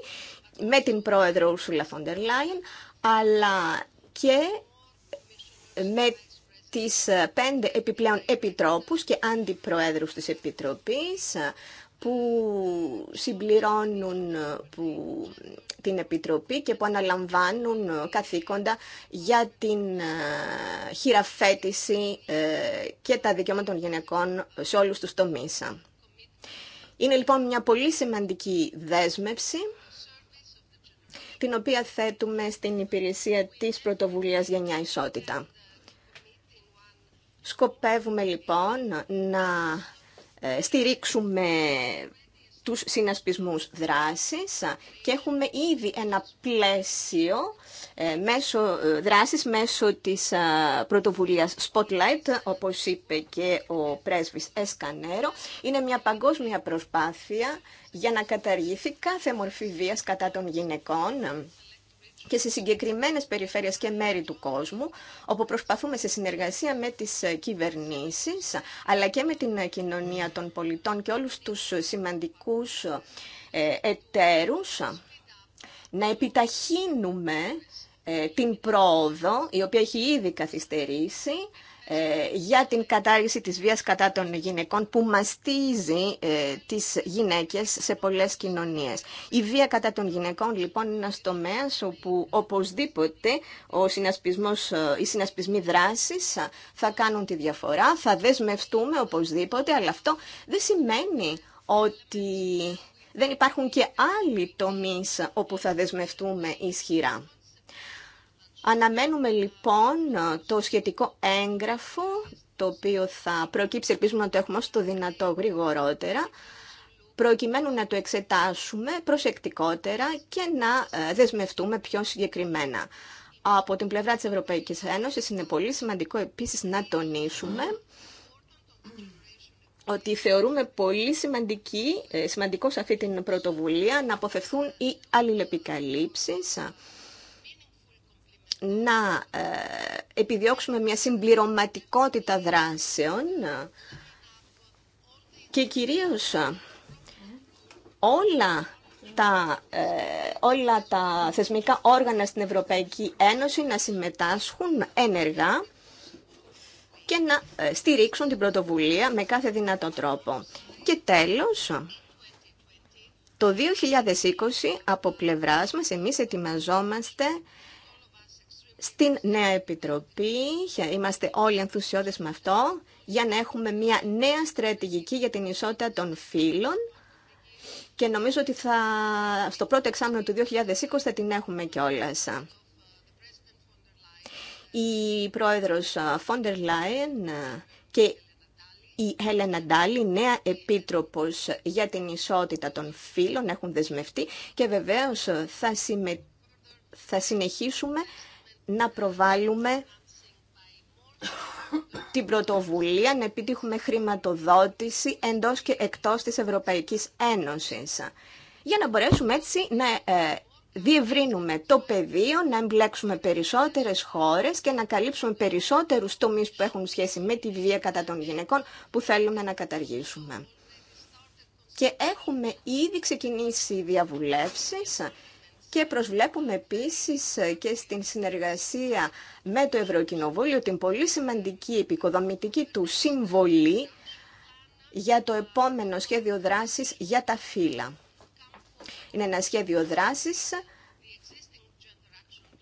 με την πρόεδρο Ursula von der Leyen, αλλά και με τις ε, πέντε επιπλέον επιτρόπους και αντιπροέδρους της Επιτροπής ε, που συμπληρώνουν ε, που, την Επιτροπή και που αναλαμβάνουν καθήκοντα για την χειραφέτηση και τα δικαιώματα των γυναικών σε όλους τους τομείς. Είναι λοιπόν μια πολύ σημαντική δέσμευση την οποία θέτουμε στην υπηρεσία της πρωτοβουλίας για μια ισότητα. Σκοπεύουμε λοιπόν να ε, στηρίξουμε τους συνασπισμούς δράσης και έχουμε ήδη ένα πλαίσιο ε, μέσω, ε, δράσης μέσω της πρωτοβουλίας Spotlight, όπως είπε και ο πρέσβης Εσκανέρο. Είναι μια παγκόσμια προσπάθεια για να καταργηθεί κάθε μορφή βίας κατά των γυναικών και σε συγκεκριμένες περιφέρειες και μέρη του κόσμου, όπου προσπαθούμε σε συνεργασία με τις κυβερνήσεις, αλλά και με την κοινωνία των πολιτών και όλους τους σημαντικούς ε, εταίρους, να επιταχύνουμε ε, την πρόοδο, η οποία έχει ήδη καθυστερήσει, ε, για την κατάργηση της βίας κατά των γυναικών που μαστίζει ε, τις γυναίκες σε πολλές κοινωνίες. Η βία κατά των γυναικών λοιπόν είναι ένας τομέας όπου οπωσδήποτε ο συνασπισμός, ε, οι συνασπισμοί δράσης θα κάνουν τη διαφορά, θα δεσμευτούμε οπωσδήποτε, αλλά αυτό δεν σημαίνει ότι δεν υπάρχουν και άλλοι τομείς όπου θα δεσμευτούμε ισχυρά. Αναμένουμε λοιπόν ε, το σχετικό έγγραφο, το οποίο θα προκύψει, ελπίζουμε να το έχουμε στο δυνατό γρηγορότερα, προκειμένου να το εξετάσουμε προσεκτικότερα και να ε, δεσμευτούμε πιο συγκεκριμένα. Από την πλευρά της Ευρωπαϊκής Ένωσης είναι πολύ σημαντικό επίσης να τονίσουμε ότι θεωρούμε πολύ σημαντική, ε, σημαντικό σε αυτή την πρωτοβουλία να αποφευθούν οι αλληλεπικαλύψεις να ε, επιδιώξουμε μια συμπληρωματικότητα δράσεων ε, και κυρίως ε, όλα τα, όλα τα θεσμικά όργανα στην Ευρωπαϊκή Ένωση να συμμετάσχουν ενεργά και να στηρίξουν την πρωτοβουλία με κάθε δυνατό τρόπο. Και τέλος, το 2020 από πλευράς μας εμείς ετοιμαζόμαστε στην νέα επιτροπή. Είμαστε όλοι ενθουσιώδες με αυτό για να έχουμε μια νέα στρατηγική για την ισότητα των φύλων και νομίζω ότι θα, στο πρώτο εξάμεινο του 2020 θα την έχουμε κιόλα. Η πρόεδρος Φόντερ Λάιεν και η Έλενα Ντάλι, νέα επίτροπος για την ισότητα των φύλων, έχουν δεσμευτεί και βεβαίως θα, θα συνεχίσουμε να προβάλλουμε την πρωτοβουλία να επιτύχουμε χρηματοδότηση εντός και εκτός της Ευρωπαϊκής Ένωσης. Για να μπορέσουμε έτσι να ε, διευρύνουμε το πεδίο, να εμπλέξουμε περισσότερες χώρες και να καλύψουμε περισσότερους τομείς που έχουν σχέση με τη βία κατά των γυναικών που θέλουμε να καταργήσουμε. Και έχουμε ήδη ξεκινήσει διαβουλεύσεις και προσβλέπουμε επίσης ε, και στην συνεργασία με το Ευρωκοινοβούλιο την πολύ σημαντική επικοδομητική του συμβολή για το επόμενο σχέδιο δράσης για τα φύλλα. Είναι ένα σχέδιο δράσης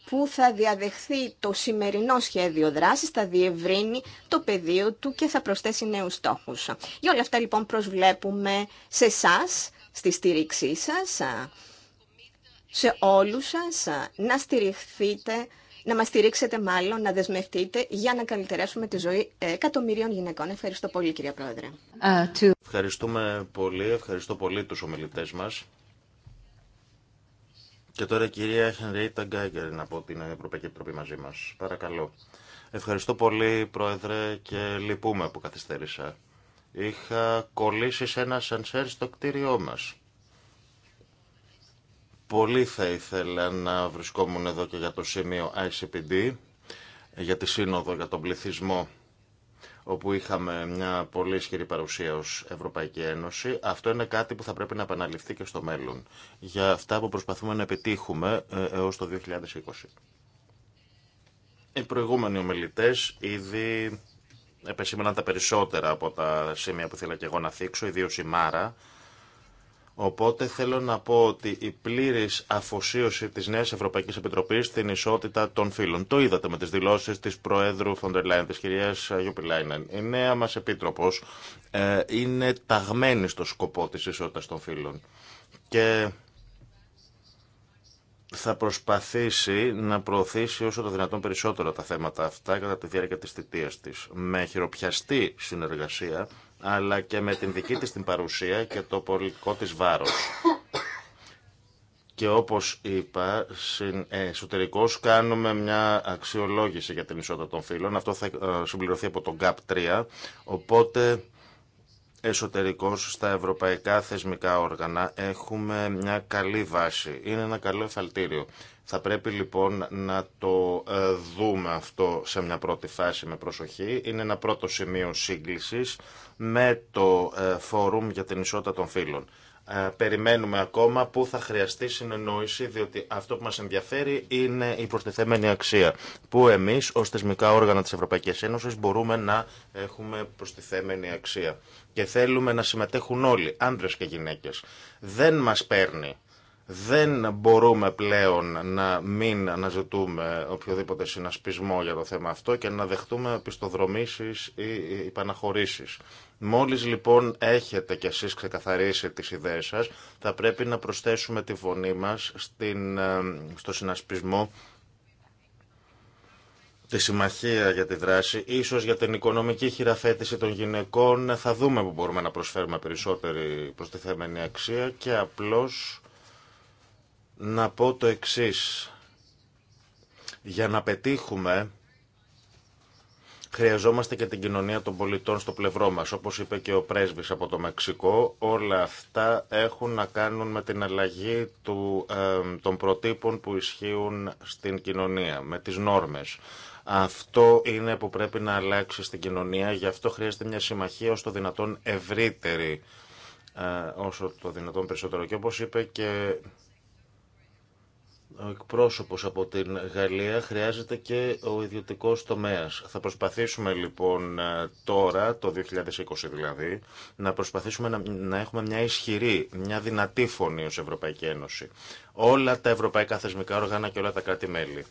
που θα διαδεχθεί το σημερινό σχέδιο δράσης, θα διευρύνει το πεδίο του και θα προσθέσει νέους στόχους. Για όλα αυτά λοιπόν προσβλέπουμε σε εσά στη στήριξή σας σε όλους σας να στηριχθείτε, να μας στηρίξετε μάλλον, να δεσμευτείτε για να καλυτερέσουμε τη ζωή ε, εκατομμυρίων γυναικών. Ευχαριστώ πολύ κυρία Πρόεδρε. Ευχαριστούμε πολύ, ευχαριστώ πολύ τους ομιλητές μας. Και τώρα η κυρία Χενρίτα Γκάγκερ από την Ευρωπαϊκή Επιτροπή μαζί μας. Παρακαλώ. Ευχαριστώ πολύ Πρόεδρε και λυπούμε που καθυστέρησα. Είχα κολλήσει σε ένα σανσέρ στο κτίριό μας. Πολύ θα ήθελα να βρισκόμουν εδώ και για το σημείο ICPD, για τη Σύνοδο, για τον πληθυσμό, όπου είχαμε μια πολύ ισχυρή παρουσία ως Ευρωπαϊκή Ένωση. Αυτό είναι κάτι που θα πρέπει να επαναληφθεί και στο μέλλον, για αυτά που προσπαθούμε να επιτύχουμε ε, έως το 2020. Οι προηγούμενοι ομιλητές ήδη επεσήμεναν τα περισσότερα από τα σημεία που ήθελα και εγώ να θίξω, ιδίω η Μάρα, Οπότε θέλω να πω ότι η πλήρης αφοσίωση της νέας Ευρωπαϊκής Επιτροπής στην ισότητα των φύλων. Το είδατε με τις δηλώσεις της Προέδρου Φοντερ Λάιν, της κυρίας Γιούπι Λάινεν. Η νέα μας Επίτροπος ε, είναι ταγμένη στο σκοπό τη ισότητας των φύλων. Και θα προσπαθήσει να προωθήσει όσο το δυνατόν περισσότερο τα θέματα αυτά κατά τη διάρκεια της θητείας της. Με χειροπιαστή συνεργασία αλλά και με την δική της την παρουσία και το πολιτικό της βάρος. Και όπως είπα, ε, εσωτερικώ κάνουμε μια αξιολόγηση για την ισότητα των φύλων. Αυτό θα ε, συμπληρωθεί από τον GAP 3, οπότε εσωτερικώ στα ευρωπαϊκά θεσμικά όργανα έχουμε μια καλή βάση. Είναι ένα καλό εφαλτήριο θα πρέπει λοιπόν να το ε, δούμε αυτό σε μια πρώτη φάση με προσοχή. Είναι ένα πρώτο σημείο σύγκλησης με το ε, Φόρουμ για την Ισότητα των Φύλων. Ε, περιμένουμε ακόμα που θα χρειαστεί συνεννόηση, διότι αυτό που μας ενδιαφέρει είναι η προστιθέμενη αξία, που εμείς ως θεσμικά όργανα της Ευρωπαϊκής Ένωσης μπορούμε να έχουμε προστιθέμενη αξία. Και θέλουμε να συμμετέχουν όλοι, άντρες και γυναίκες. Δεν μας παίρνει δεν μπορούμε πλέον να μην αναζητούμε οποιοδήποτε συνασπισμό για το θέμα αυτό και να δεχτούμε πιστοδρομήσεις ή υπαναχωρήσεις. Μόλις λοιπόν έχετε κι εσείς ξεκαθαρίσει τις ιδέες σας, θα πρέπει να προσθέσουμε τη φωνή μας στην, ε, στο συνασπισμό τη συμμαχία για τη δράση, ίσως για την οικονομική χειραφέτηση των γυναικών, θα δούμε που μπορούμε να προσφέρουμε περισσότερη προστιθέμενη αξία και απλώς να πω το εξής. Για να πετύχουμε χρειαζόμαστε και την κοινωνία των πολιτών στο πλευρό μας. Όπως είπε και ο πρέσβης από το Μεξικό, όλα αυτά έχουν να κάνουν με την αλλαγή του, των προτύπων που ισχύουν στην κοινωνία, με τις νόρμες. Αυτό είναι που πρέπει να αλλάξει στην κοινωνία, γι' αυτό χρειάζεται μια συμμαχία ως το δυνατόν ευρύτερη, ε, όσο το δυνατόν περισσότερο. Και όπως είπε και εκπρόσωπος από την Γαλλία χρειάζεται και ο ιδιωτικός τομέας. Θα προσπαθήσουμε λοιπόν ε, τώρα, το 2020 δηλαδή, να προσπαθήσουμε να, να έχουμε μια ισχυρή, μια δυνατή φωνή ως Ευρωπαϊκή Ένωση. Όλα τα ευρωπαϊκά θεσμικά όργανα και όλα τα κράτη-μέλη.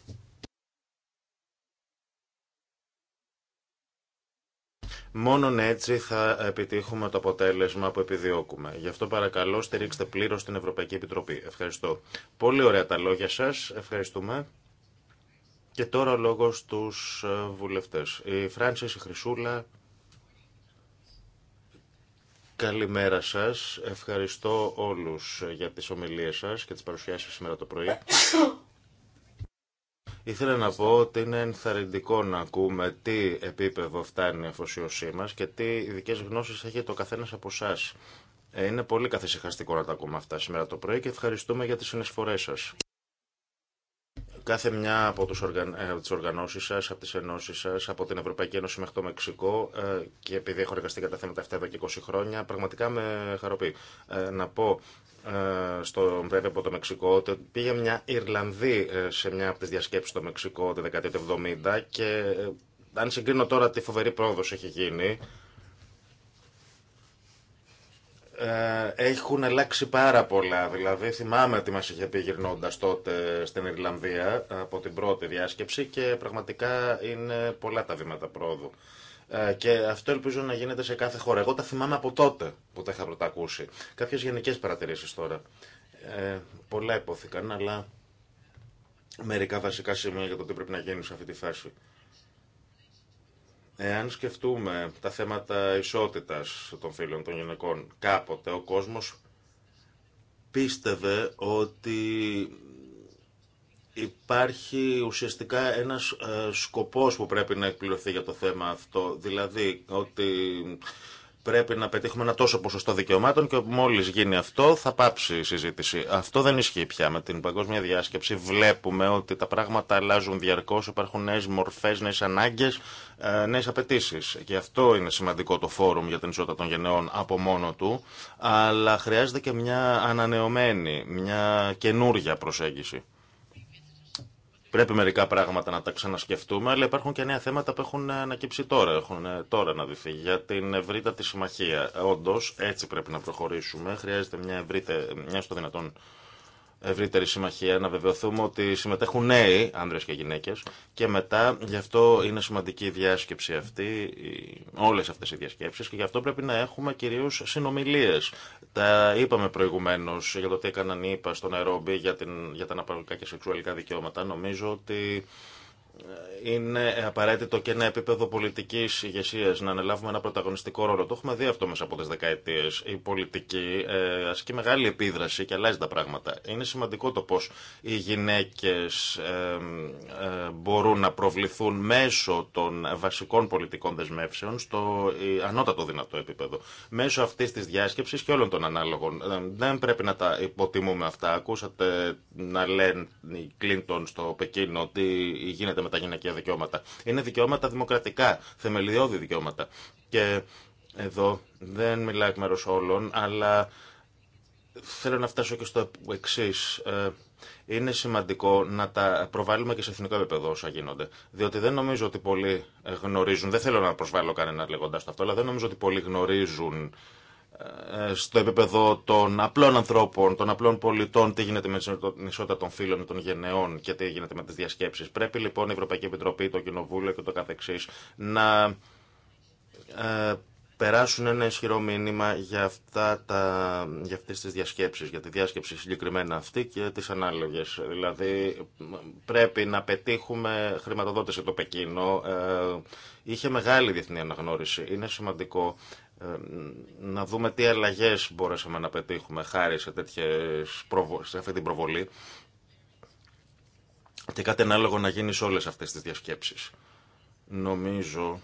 Μόνον έτσι θα επιτύχουμε το αποτέλεσμα που επιδιώκουμε. Γι' αυτό παρακαλώ στηρίξτε πλήρω την Ευρωπαϊκή Επιτροπή. Ευχαριστώ. Πολύ ωραία τα λόγια σα. Ευχαριστούμε. Και τώρα ο λόγο στου ε, βουλευτέ. Η Φράνση, η Χρυσούλα. Καλημέρα σας. Ευχαριστώ όλους ε, για τις ομιλίες σας και τις παρουσιάσεις σήμερα το πρωί. Ήθελα να πω ότι είναι ενθαρρυντικό να ακούμε τι επίπεδο φτάνει η αφοσίωσή μα και τι ειδικέ γνώσει έχει το καθένα από εσά. Ε, είναι πολύ καθησυχαστικό να τα ακούμε αυτά σήμερα το πρωί και ευχαριστούμε για τι συνεισφορέ σα κάθε μια από τι οργαν... Ε, από τις οργανώσεις σας, από τις ενώσεις σας, από την Ευρωπαϊκή Ένωση μέχρι το Μεξικό ε, και επειδή έχω εργαστεί κατά θέματα αυτά εδώ και 20 χρόνια, πραγματικά με χαροποιεί. να πω ε, στο βέβαια από το Μεξικό, ότι πήγε μια Ιρλανδή ε, σε μια από τις διασκέψεις στο Μεξικό τη δεκαετία του 70 και ε, αν συγκρίνω τώρα τι φοβερή πρόοδος έχει γίνει, έχουν αλλάξει πάρα πολλά. Δηλαδή, θυμάμαι τι μα είχε πει γυρνώντα τότε στην Ιρλανδία από την πρώτη διάσκεψη και πραγματικά είναι πολλά τα βήματα πρόοδου. Ε, και αυτό ελπίζω να γίνεται σε κάθε χώρα. Εγώ τα θυμάμαι από τότε που τα είχα πρώτα ακούσει. Κάποιε γενικέ παρατηρήσει τώρα. Ε, πολλά υπόθηκαν, αλλά μερικά βασικά σημεία για το τι πρέπει να γίνει σε αυτή τη φάση. Εάν σκεφτούμε τα θέματα ισότητας των φίλων των γυναικών, κάποτε ο κόσμος πίστευε ότι υπάρχει ουσιαστικά ένας ε, σκοπός που πρέπει να εκπληρωθεί για το θέμα αυτό. Δηλαδή ότι πρέπει να πετύχουμε ένα τόσο ποσοστό δικαιωμάτων και μόλις γίνει αυτό θα πάψει η συζήτηση. Αυτό δεν ισχύει πια με την παγκόσμια διάσκεψη. Βλέπουμε ότι τα πράγματα αλλάζουν διαρκώς, υπάρχουν νέες μορφές, νέες ανάγκες, ε, νέες απαιτήσει. Και αυτό είναι σημαντικό το φόρουμ για την ισότητα των γενεών από μόνο του, αλλά χρειάζεται και μια ανανεωμένη, μια καινούργια προσέγγιση. Πρέπει μερικά πράγματα να τα ξανασκεφτούμε, αλλά υπάρχουν και νέα θέματα που έχουν ε, ανακύψει τώρα, έχουν ε, τώρα να δυθεί. Για την ευρύτατη συμμαχία, όντω έτσι πρέπει να προχωρήσουμε. Χρειάζεται μια, ευρύτερη, μια στο δυνατόν ευρύτερη συμμαχία, να βεβαιωθούμε ότι συμμετέχουν νέοι άνδρες και γυναίκες και μετά γι' αυτό είναι σημαντική η διάσκεψη αυτή, όλες αυτές οι διασκέψεις και γι' αυτό πρέπει να έχουμε κυρίως συνομιλίες. Τα είπαμε προηγουμένως για το τι έκαναν οι ΙΠΑ στο Νερόμπι για, την, για τα αναπαραγωγικά και σεξουαλικά δικαιώματα. Νομίζω ότι είναι απαραίτητο και ένα επίπεδο πολιτική ηγεσία να αναλάβουμε ένα πρωταγωνιστικό ρόλο. Το έχουμε δει αυτό μέσα από τι δεκαετίε. Η πολιτική ε, ασκεί μεγάλη επίδραση και αλλάζει τα πράγματα. Είναι σημαντικό το πώ οι γυναίκε ε, ε, μπορούν να προβληθούν μέσω των βασικών πολιτικών δεσμεύσεων στο ε, ανώτατο δυνατό επίπεδο. Μέσω αυτή τη διάσκεψη και όλων των ανάλογων. Ε, δεν πρέπει να τα υποτιμούμε αυτά. Ακούσατε να λένε οι Κλίντον στο Πεκίνο ότι γίνεται με τα γυναικεία δικαιώματα. Είναι δικαιώματα δημοκρατικά, θεμελιώδη δικαιώματα. Και εδώ δεν μιλάει εκ μέρου όλων, αλλά θέλω να φτάσω και στο εξή. Ε, είναι σημαντικό να τα προβάλλουμε και σε εθνικό επίπεδο όσα γίνονται. Διότι δεν νομίζω ότι πολλοί γνωρίζουν, δεν θέλω να προσβάλλω κανένα λέγοντα το αυτό, αλλά δεν νομίζω ότι πολλοί γνωρίζουν ε, στο επίπεδο των απλών ανθρώπων, των απλών πολιτών, τι γίνεται με την ισότητα των φίλων, των γενεών και τι γίνεται με τις διασκέψεις. Πρέπει λοιπόν η Ευρωπαϊκή Επιτροπή, το Κοινοβούλιο και το καθεξής να ε, περάσουν ένα ισχυρό μήνυμα για, αυτά τα, για αυτές τις διασκέψεις, για τη διάσκεψη συγκεκριμένα αυτή και τις ανάλογες. Δηλαδή πρέπει να πετύχουμε χρηματοδότηση το Πεκίνο. Ε, είχε μεγάλη διεθνή αναγνώριση. Είναι σημαντικό ε, να δούμε τι αλλαγέ μπορέσαμε να πετύχουμε χάρη σε, τέτοιες σε αυτή την προβολή και κάτι ανάλογο να γίνει σε όλες αυτές τις διασκέψεις. Νομίζω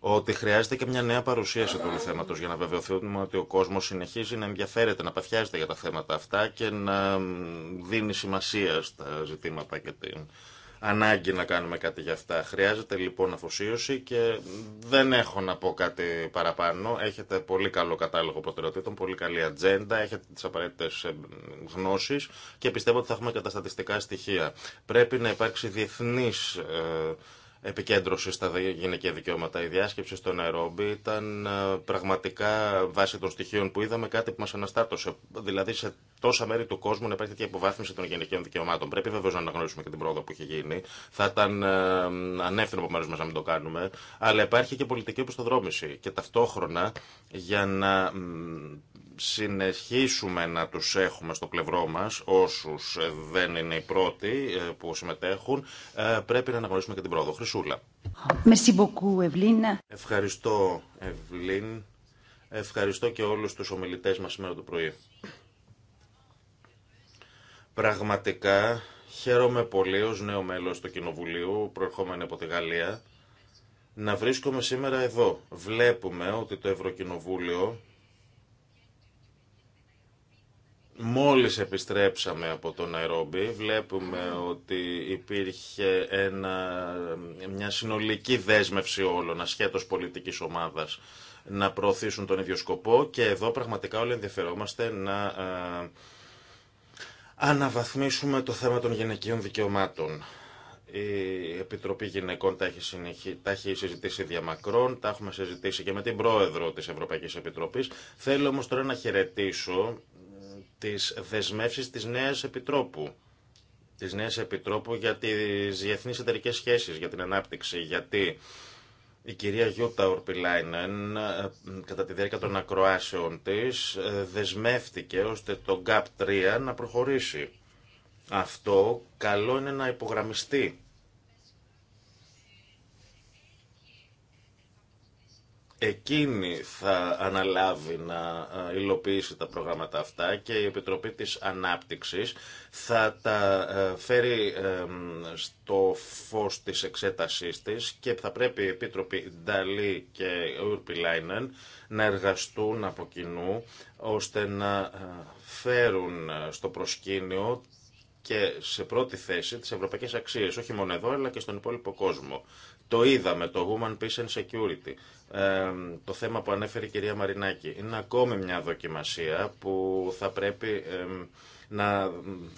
ότι χρειάζεται και μια νέα παρουσίαση του θέματος για να βεβαιωθούμε ότι ο κόσμος συνεχίζει να ενδιαφέρεται, να παθιάζεται για τα θέματα αυτά και να δίνει σημασία στα ζητήματα και την ανάγκη να κάνουμε κάτι για αυτά. Χρειάζεται λοιπόν αφοσίωση και δεν έχω να πω κάτι παραπάνω. Έχετε πολύ καλό κατάλογο προτεραιοτήτων, πολύ καλή ατζέντα, έχετε τις απαραίτητες ε, γνώσεις και πιστεύω ότι θα έχουμε και τα στατιστικά στοιχεία. Πρέπει να υπάρξει διεθνής ε, επικέντρωση στα γυναικεία δικαιώματα. Η διάσκεψη στο Ναϊρόμπι ήταν ε, πραγματικά βάσει των στοιχείων που είδαμε κάτι που μα αναστάτωσε. Δηλαδή σε τόσα μέρη του κόσμου να υπάρχει τέτοια υποβάθμιση των γυναικείων δικαιωμάτων. Πρέπει βεβαίω να αναγνωρίσουμε και την πρόοδο που έχει γίνει. Θα ήταν ε, ανεύθυνο από μέρο μα να μην το κάνουμε. Αλλά υπάρχει και πολιτική οπισθοδρόμηση. Και ταυτόχρονα για να συνεχίσουμε να τους έχουμε στο πλευρό μας, όσους δεν είναι οι πρώτοι ε, που συμμετέχουν, ε, πρέπει να αναγνωρίσουμε και την πρόοδο. Χρυσούλα. Ευχαριστώ, Ευλίν. Ευχαριστώ και όλους τους ομιλητές μας σήμερα το πρωί. Πραγματικά χαίρομαι πολύ ως νέο μέλος του Κοινοβουλίου, προερχόμενο από τη Γαλλία, να βρίσκομαι σήμερα εδώ. Βλέπουμε ότι το Ευρωκοινοβούλιο Μόλις επιστρέψαμε από τον Ναϊρόμπι, βλέπουμε ότι υπήρχε ένα, μια συνολική δέσμευση όλων, ασχέτως πολιτικής ομάδας, να προωθήσουν τον ίδιο σκοπό και εδώ πραγματικά όλοι ενδιαφερόμαστε να ε, αναβαθμίσουμε το θέμα των γυναικείων δικαιωμάτων. Η Επιτροπή Γυναικών τα έχει, συνεχί... τα έχει συζητήσει διαμακρών, τα έχουμε συζητήσει και με την Πρόεδρο της Ευρωπαϊκής Επιτροπής. Θέλω όμως τώρα να χαιρετήσω τις δεσμεύσεις της νέας επιτρόπου. Της νέας επιτρόπου για τις διεθνείς εταιρικές σχέσεις, για την ανάπτυξη, γιατί η κυρία Γιούτα Ορπιλάινεν ε, κατά τη διάρκεια των ακροάσεων της ε, δεσμεύτηκε ώστε το GAP 3 να προχωρήσει. Αυτό καλό είναι να υπογραμμιστεί εκείνη θα αναλάβει να ε, υλοποιήσει τα προγράμματα αυτά και η Επιτροπή της Ανάπτυξης θα τα ε, φέρει στο φως της εξέτασής της και θα πρέπει η Επίτροπη Νταλή και Ουρπιλάινεν να εργαστούν από κοινού ώστε να ε, φέρουν στο προσκήνιο και σε πρώτη θέση τις ευρωπαϊκές αξίες, όχι μόνο εδώ αλλά και στον υπόλοιπο κόσμο. Το είδαμε, το Human Peace and Security. Ε, το θέμα που ανέφερε η κυρία Μαρινάκη. Είναι ακόμη μια δοκιμασία που θα πρέπει να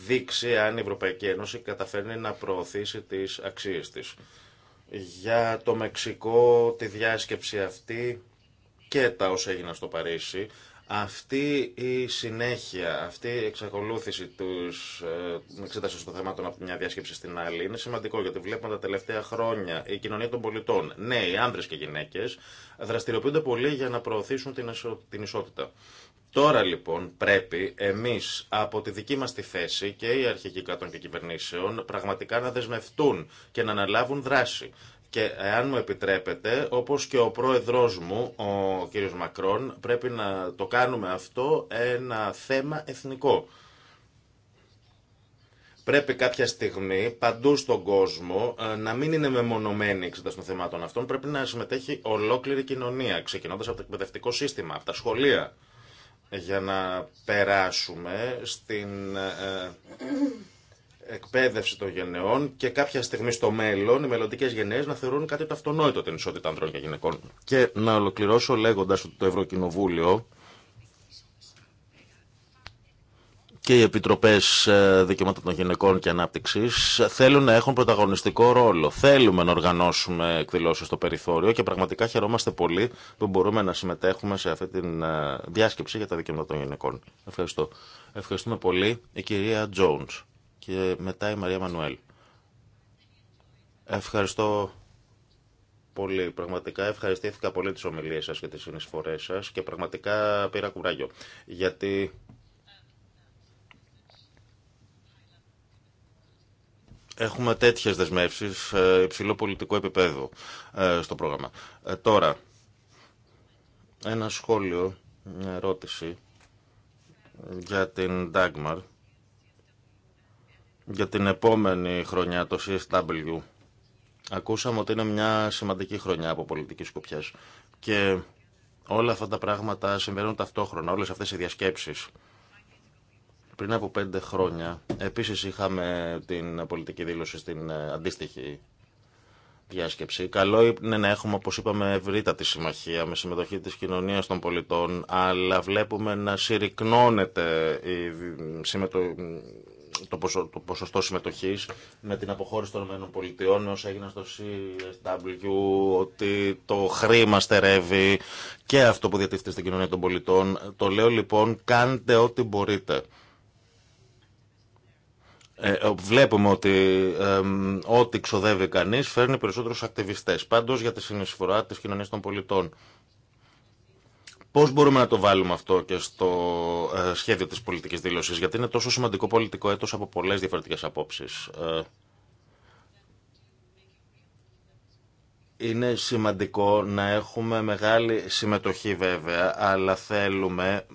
δείξει αν η Ευρωπαϊκή Ένωση καταφέρνει να προωθήσει τις αξίες της. Για το Μεξικό, τη διάσκεψη αυτή και τα όσα έγιναν στο Παρίσι, αυτή η συνέχεια, αυτή η εξακολούθηση τη ε, εξέταση των θεμάτων από μια διάσκεψη στην άλλη είναι σημαντικό γιατί βλέπουμε τα τελευταία χρόνια η κοινωνία των πολιτών, νέοι, άντρε και γυναίκε, δραστηριοποιούνται πολύ για να προωθήσουν την ισότητα. Τώρα λοιπόν πρέπει εμείς από τη δική μας τη θέση και οι αρχικοί κρατών και κυβερνήσεων πραγματικά να δεσμευτούν και να αναλάβουν δράση. Και εάν μου επιτρέπετε, όπως και ο πρόεδρός μου, ο κύριος Μακρόν, πρέπει να το κάνουμε αυτό ένα θέμα εθνικό. Πρέπει κάποια στιγμή παντού στον κόσμο ε, να μην είναι μεμονωμένη η εξέταση των θεμάτων αυτών. Πρέπει να συμμετέχει ολόκληρη κοινωνία, ξεκινώντας από το εκπαιδευτικό σύστημα, από τα σχολεία, για να περάσουμε στην ε, εκπαίδευση των γενεών και κάποια στιγμή στο μέλλον οι μελλοντικέ γενναίε να θεωρούν κάτι το αυτονόητο την ισότητα ανδρών και γυναικών. Και να ολοκληρώσω λέγοντα ότι το Ευρωκοινοβούλιο και οι επιτροπέ ε, δικαιωμάτων των γυναικών και ανάπτυξη θέλουν να έχουν πρωταγωνιστικό ρόλο. Θέλουμε να οργανώσουμε εκδηλώσει στο περιθώριο και πραγματικά χαιρόμαστε πολύ που μπορούμε να συμμετέχουμε σε αυτή τη ε, διάσκεψη για τα δικαιώματα των γυναικών. Ευχαριστώ. Ευχαριστούμε πολύ η κυρία Jones και μετά η Μαρία Μανουέλ. Ευχαριστώ πολύ. Πραγματικά ευχαριστήθηκα πολύ τις ομιλίες σας και τις συνεισφορές σας και πραγματικά πήρα κουράγιο. Γιατί έχουμε τέτοιες δεσμεύσεις ε, υψηλό πολιτικό επίπεδο ε, στο πρόγραμμα. Ε, τώρα, ένα σχόλιο, μια ερώτηση για την Dagmar για την επόμενη χρονιά, το CSW. Ακούσαμε ότι είναι μια σημαντική χρονιά από πολιτική σκοπιά. Και όλα αυτά τα πράγματα συμβαίνουν ταυτόχρονα, όλες αυτές οι διασκέψεις. Πριν από πέντε χρόνια, επίσης είχαμε την πολιτική δήλωση στην ε, αντίστοιχη διάσκεψη. Καλό είναι να έχουμε, όπως είπαμε, ευρύτατη συμμαχία με συμμετοχή της κοινωνίας των πολιτών, αλλά βλέπουμε να συρρυκνώνεται η, συμμετοχή το, ποσο, το ποσοστό συμμετοχή με την αποχώρηση των ΗΠΑ με όσα έγιναν στο CSW, ότι το χρήμα στερεύει και αυτό που διατίθεται στην κοινωνία των πολιτών. Το λέω λοιπόν, κάντε ό,τι μπορείτε. Ε, ε βλέπουμε ότι ό,τι ξοδεύει κανείς φέρνει περισσότερους ακτιβιστές. Πάντως για τη συνεισφορά της κοινωνίας των πολιτών. Πώ μπορούμε να το βάλουμε αυτό και στο ε, σχέδιο τη πολιτική δήλωσης γιατί είναι τόσο σημαντικό πολιτικό έτο από πολλέ διαφορετικέ απόψει. Ε, είναι σημαντικό να έχουμε μεγάλη συμμετοχή βέβαια, αλλά θέλουμε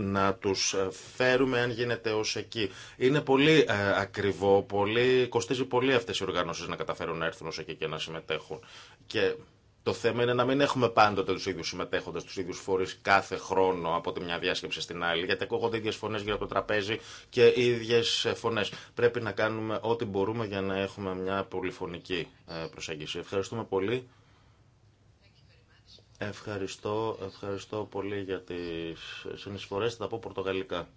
να τους φέρουμε αν γίνεται ως εκεί. Είναι πολύ ε, ακριβό, πολύ, κοστίζει πολύ αυτές οι οργανώσεις να καταφέρουν να έρθουν ως εκεί και να συμμετέχουν. Και το θέμα είναι να μην έχουμε πάντοτε του ίδιου συμμετέχοντε, του ίδιου φορεί κάθε χρόνο από τη μια διάσκεψη στην άλλη, γιατί ακούγονται ίδιε φωνέ γύρω από το τραπέζι και οι ίδιε φωνέ. Πρέπει να κάνουμε ό,τι μπορούμε για να έχουμε μια πολυφωνική ε, προσέγγιση. Ευχαριστούμε πολύ. Ευχαριστώ, ευχαριστώ πολύ για τις συνεισφορές. Θα τα πω πορτογαλικά.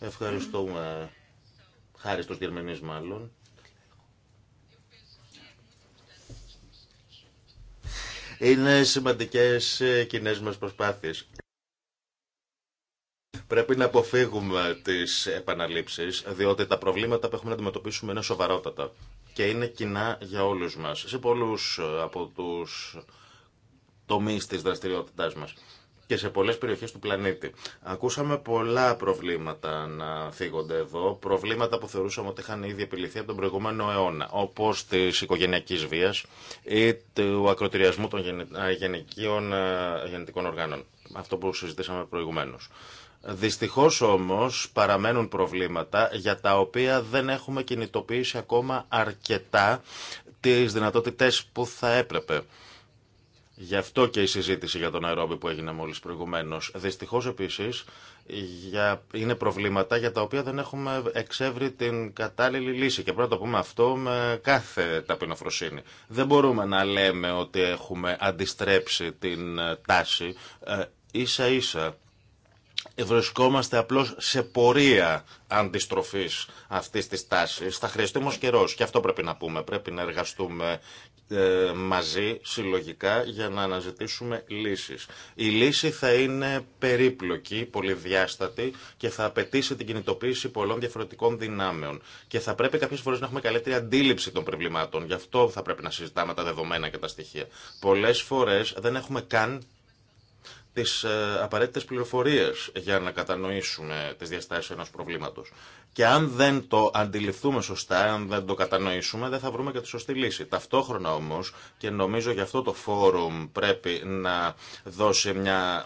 Ευχαριστούμε, χάρη στους Γερμανείς μάλλον. Είναι σημαντικές οι ε, κοινέ μας προσπάθειες. Πρέπει να αποφύγουμε τις επαναλήψεις, διότι τα προβλήματα που έχουμε να αντιμετωπίσουμε είναι σοβαρότατα και είναι κοινά για όλους μας, σε πολλούς ε, από τους τομείς της δραστηριότητάς μας και σε πολλές περιοχές του πλανήτη. Ακούσαμε πολλά προβλήματα να θίγονται εδώ, προβλήματα που θεωρούσαμε ότι είχαν ήδη επιληθεί από τον προηγούμενο αιώνα, όπως της οικογενειακής βίας ή του ακροτηριασμού των γενικών, γενετικών οργάνων. Αυτό που συζητήσαμε προηγουμένως. Δυστυχώς όμως παραμένουν προβλήματα για τα οποία δεν έχουμε κινητοποιήσει ακόμα αρκετά τις δυνατότητες που θα έπρεπε. Γι' αυτό και η συζήτηση για τον αερόμπι που έγινε μόλι προηγουμένω. Δυστυχώ επίση για... είναι προβλήματα για τα οποία δεν έχουμε εξεύρει την κατάλληλη λύση. Και πρέπει να το πούμε αυτό με κάθε ταπεινοφροσύνη. Δεν μπορούμε να λέμε ότι έχουμε αντιστρέψει την ε, τάση. Ε, σα ίσα βρισκόμαστε απλώς σε πορεία αντιστροφής αυτής της τάσης. Θα χρειαστεί όμως καιρός και αυτό πρέπει να πούμε. Πρέπει να εργαστούμε ε, μαζί, συλλογικά, για να αναζητήσουμε λύσεις. Η λύση θα είναι περίπλοκη, πολυδιάστατη και θα απαιτήσει την κινητοποίηση πολλών διαφορετικών δυνάμεων. Και θα πρέπει κάποιες φορές να έχουμε καλύτερη αντίληψη των προβλημάτων. Γι' αυτό θα πρέπει να συζητάμε τα δεδομένα και τα στοιχεία. Πολλές φορές δεν έχουμε καν τις ε, απαραίτητε πληροφορίες για να κατανοήσουμε τις διαστάσεις ενός προβλήματος. Και αν δεν το αντιληφθούμε σωστά, αν δεν το κατανοήσουμε, δεν θα βρούμε και τη σωστή λύση. Ταυτόχρονα όμως, και νομίζω γι' αυτό το φόρουμ πρέπει να δώσει μια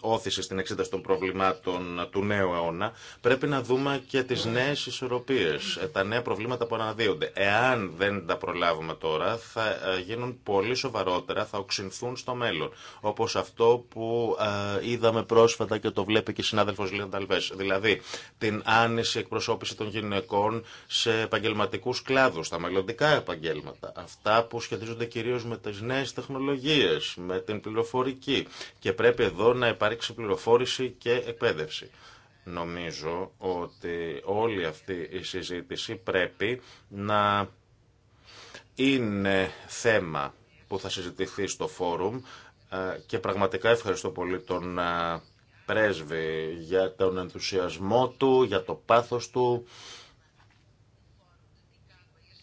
όθηση στην εξέταση των προβλημάτων του νέου αιώνα, πρέπει να δούμε και τις νέες ισορροπίε, ε, τα νέα προβλήματα που αναδύονται. Εάν δεν τα προλάβουμε τώρα, θα ε, γίνουν πολύ σοβαρότερα, θα οξυνθούν στο μέλλον. Όπω αυτό αυτό που ε, είδαμε πρόσφατα και το βλέπει και η συνάδελφος Λίνα Ταλβές. Δηλαδή την άνεση εκπροσώπηση των γυναικών σε επαγγελματικούς κλάδους, τα μελλοντικά επαγγέλματα. Αυτά που σχετίζονται κυρίως με τις νέες τεχνολογίες, με την πληροφορική. Και πρέπει εδώ να υπάρξει πληροφόρηση και εκπαίδευση. Νομίζω ότι όλη αυτή η συζήτηση πρέπει να είναι θέμα που θα συζητηθεί στο φόρουμ ε, και πραγματικά ευχαριστώ πολύ τον ε, πρέσβη για τον ενθουσιασμό του, για το πάθος του.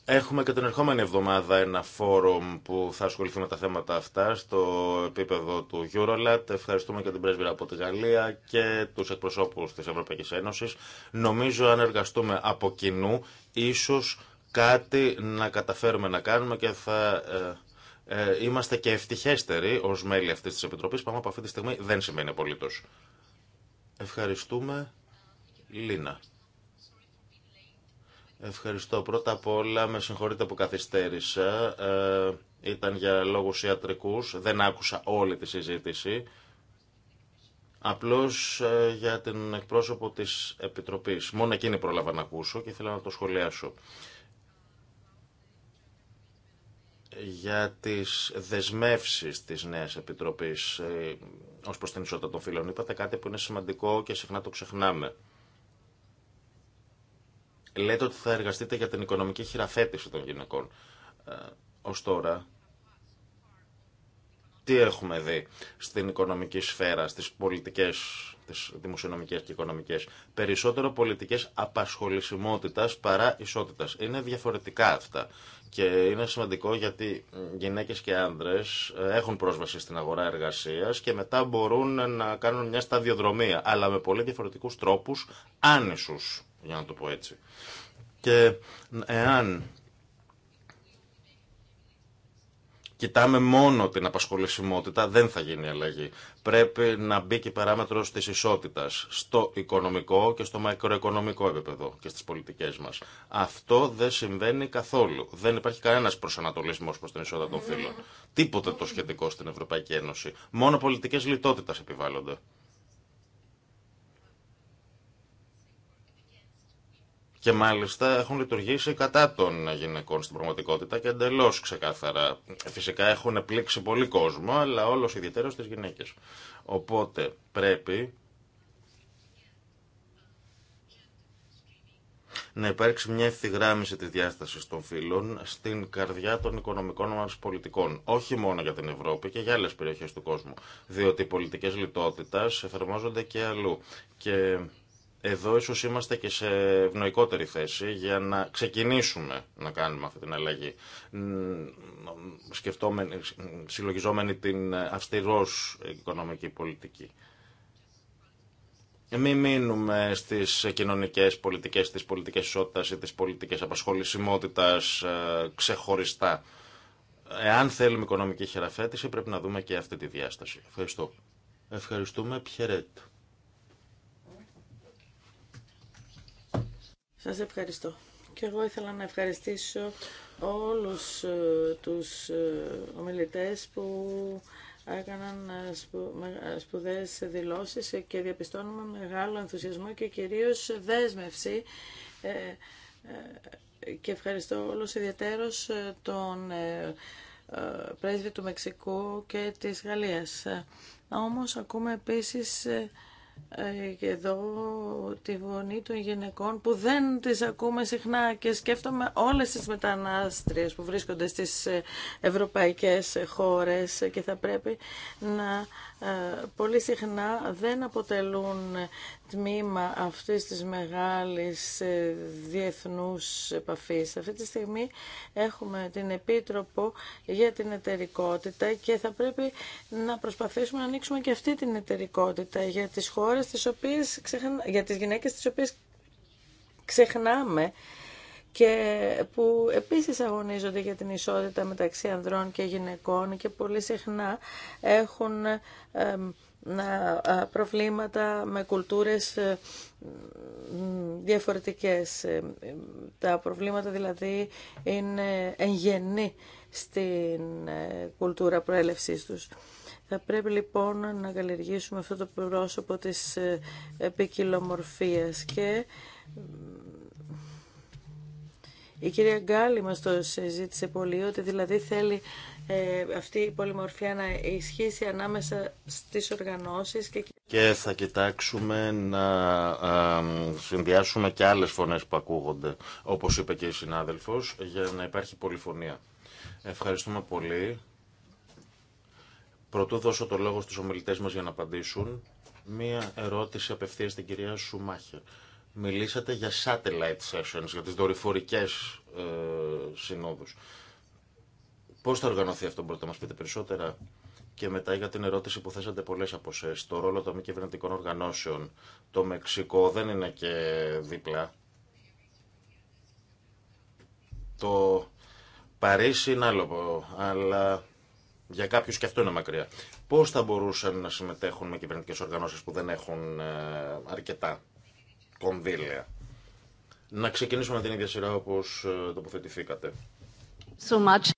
Έχουμε και την ερχόμενη εβδομάδα ένα φόρουμ που θα ασχοληθεί με τα θέματα αυτά στο επίπεδο του Eurolat. Ευχαριστούμε και την Πρέσβη από τη Γαλλία και τους εκπροσώπους της Ευρωπαϊκής Ένωσης. Νομίζω αν εργαστούμε από κοινού, ίσως κάτι να καταφέρουμε να κάνουμε και θα ε, ε, είμαστε και ευτυχέστεροι ω μέλη αυτή τη Επιτροπή, πάνω από αυτή τη στιγμή δεν σημαίνει απολύτω. Ευχαριστούμε. Λίνα. Ευχαριστώ. Πρώτα απ' όλα με συγχωρείτε που καθυστέρησα. Ε, ήταν για λόγους ιατρικούς. Δεν άκουσα όλη τη συζήτηση. Απλώς ε, για την εκπρόσωπο της Επιτροπής. Μόνο εκείνη πρόλαβα να ακούσω και ήθελα να το σχολιάσω. για τις δεσμεύσεις της νέας Επιτροπής ε, ως προς την ισότητα των φύλων. Είπατε κάτι που είναι σημαντικό και συχνά το ξεχνάμε. Λέτε ότι θα εργαστείτε για την οικονομική χειραφέτηση των γυναικών. Ε, ως τώρα, τι έχουμε δει στην οικονομική σφαίρα, στις πολιτικές, τις δημοσιονομικές και οικονομικές. Περισσότερο πολιτικές απασχολησιμότητας παρά ισότητας. Είναι διαφορετικά αυτά. Και είναι σημαντικό γιατί γυναίκες και άνδρες ε, έχουν πρόσβαση στην αγορά εργασίας και μετά μπορούν να κάνουν μια σταδιοδρομία, αλλά με πολύ διαφορετικούς τρόπους, άνισους, για να το πω έτσι. Και εάν κοιτάμε μόνο την απασχολησιμότητα, δεν θα γίνει αλλαγή. Πρέπει να μπει και η παράμετρος της ισότητας στο οικονομικό και στο μακροοικονομικό επίπεδο και στις πολιτικές μας. Αυτό δεν συμβαίνει καθόλου. Δεν υπάρχει κανένας προσανατολισμός προς την ισότητα των φύλων. Ναι. Τίποτε το σχετικό στην Ευρωπαϊκή Ένωση. Μόνο πολιτικές λιτότητας επιβάλλονται. και μάλιστα έχουν λειτουργήσει κατά των γυναικών στην πραγματικότητα και εντελώ ξεκάθαρα. Φυσικά έχουν πλήξει πολύ κόσμο, αλλά όλο ιδιαίτερο τι γυναίκε. Οπότε πρέπει να υπάρξει μια ευθυγράμμιση της διάστασης των φύλων στην καρδιά των οικονομικών μας πολιτικών. Όχι μόνο για την Ευρώπη και για άλλες περιοχές του κόσμου. Διότι οι πολιτικές λιτότητας εφαρμόζονται και αλλού. Και εδώ ίσως είμαστε και σε ευνοϊκότερη θέση για να ξεκινήσουμε να κάνουμε αυτή την αλλαγή. Σκεφτόμενοι, συλλογιζόμενοι την αυστηρός οικονομική πολιτική. Μην μείνουμε στις κοινωνικές πολιτικές, στις πολιτικές ισότητας ή τις πολιτικές απασχολησιμότητας ε, ξεχωριστά. Εάν θέλουμε οικονομική χειραφέτηση πρέπει να δούμε και αυτή τη διάσταση. Ευχαριστώ. Ευχαριστούμε. Πιερέτ. Σας ευχαριστώ. Και εγώ ήθελα να ευχαριστήσω όλους ε, τους ε, ομιλητές που έκαναν ε, σπουδαίες δηλώσεις και διαπιστώνουμε μεγάλο ενθουσιασμό και κυρίως δέσμευση και ευχαριστώ όλους ιδιαίτερος τον πρέσβη του Μεξικού και της Γαλλίας. Όμως ακούμε επίσης ε, εδώ τη φωνή των γυναικών που δεν τις ακούμε συχνά και σκέφτομαι όλες τις μετανάστριες που βρίσκονται στις ε, ευρωπαϊκές χώρες και θα πρέπει να ε, πολύ συχνά δεν αποτελούν τμήμα αυτής της μεγάλης διεθνούς επαφής. Αυτή τη στιγμή έχουμε την Επίτροπο για την εταιρικότητα και θα πρέπει να προσπαθήσουμε να ανοίξουμε και αυτή την εταιρικότητα για τις χώρες τις οποίες για τις γυναίκες τις οποίες ξεχνάμε και που επίσης αγωνίζονται για την ισότητα μεταξύ ανδρών και γυναικών και πολύ συχνά έχουν προβλήματα με κουλτούρες ε, διαφορετικές. Ε, τα προβλήματα δηλαδή είναι εγγενή στην ε, κουλτούρα προέλευσής τους. Θα πρέπει λοιπόν να καλλιεργήσουμε αυτό το πρόσωπο της επικοινομορφίας και ε, η κυρία Γκάλη μας το συζήτησε πολύ ότι δηλαδή θέλει ε, αυτή η πολυμορφία να ισχύσει ανάμεσα στις οργανώσεις και... θα κοιτάξουμε να ε, συνδυάσουμε και άλλες φωνές που ακούγονται όπως είπε και η συνάδελφος για να υπάρχει πολυφωνία. Ευχαριστούμε πολύ. Πρωτού δώσω το λόγο στους ομιλητές μας για να απαντήσουν, μία ερώτηση απευθεία στην κυρία Σουμάχερ. Μιλήσατε για satellite sessions, για τις δορυφορικές ε, συνόδους. Πώς θα οργανωθεί αυτό, μπορείτε να μας πείτε περισσότερα. Και μετά για την ερώτηση που θέσατε πολλέ από εσέ, το ρόλο των μη κυβερνητικών οργανώσεων. Το Μεξικό δεν είναι και δίπλα. Το Παρίσι είναι άλλο, αλλά για κάποιου και αυτό είναι μακριά. Πώ θα μπορούσαν να συμμετέχουν με κυβερνητικέ οργανώσει που δεν έχουν ε, αρκετά κονδύλια. Να ξεκινήσουμε με την ίδια σειρά όπω ε, τοποθετηθήκατε. So much.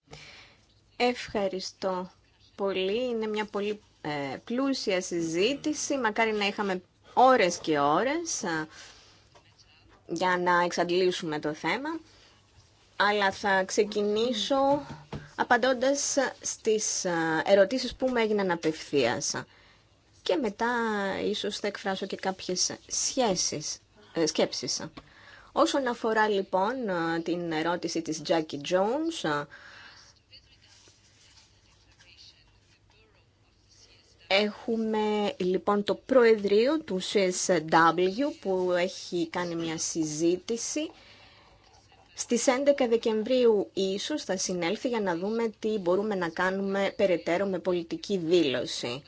Ευχαριστώ πολύ. Είναι μια πολύ ε, πλούσια συζήτηση. Μακάρι να είχαμε ώρες και ώρες για να εξαντλήσουμε το θέμα. Αλλά θα ξεκινήσω απαντώντας στις ερωτήσεις που μου έγιναν απευθείας. Και μετά ίσως θα εκφράσω και κάποιες σχέσεις, ε, σκέψεις. Όσον αφορά λοιπόν την ερώτηση της Jackie Jones, Έχουμε λοιπόν το Προεδρείο του CSW που έχει κάνει μια συζήτηση στις 11 Δεκεμβρίου ίσως θα συνέλθει για να δούμε τι μπορούμε να κάνουμε περαιτέρω με πολιτική δήλωση.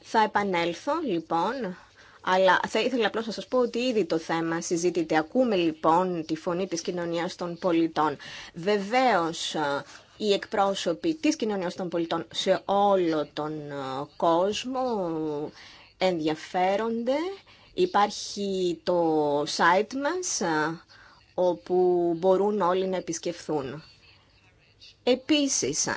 Θα επανέλθω λοιπόν, αλλά θα ήθελα απλώς να σας πω ότι ήδη το θέμα συζήτηται. Ακούμε λοιπόν τη φωνή της κοινωνίας των πολιτών. Βεβαίως ε, οι εκπρόσωποι της κοινωνίας των πολιτών σε όλο τον ε, κόσμο ενδιαφέρονται. Υπάρχει το site μας ε, όπου μπορούν όλοι να επισκεφθούν. Επίσης,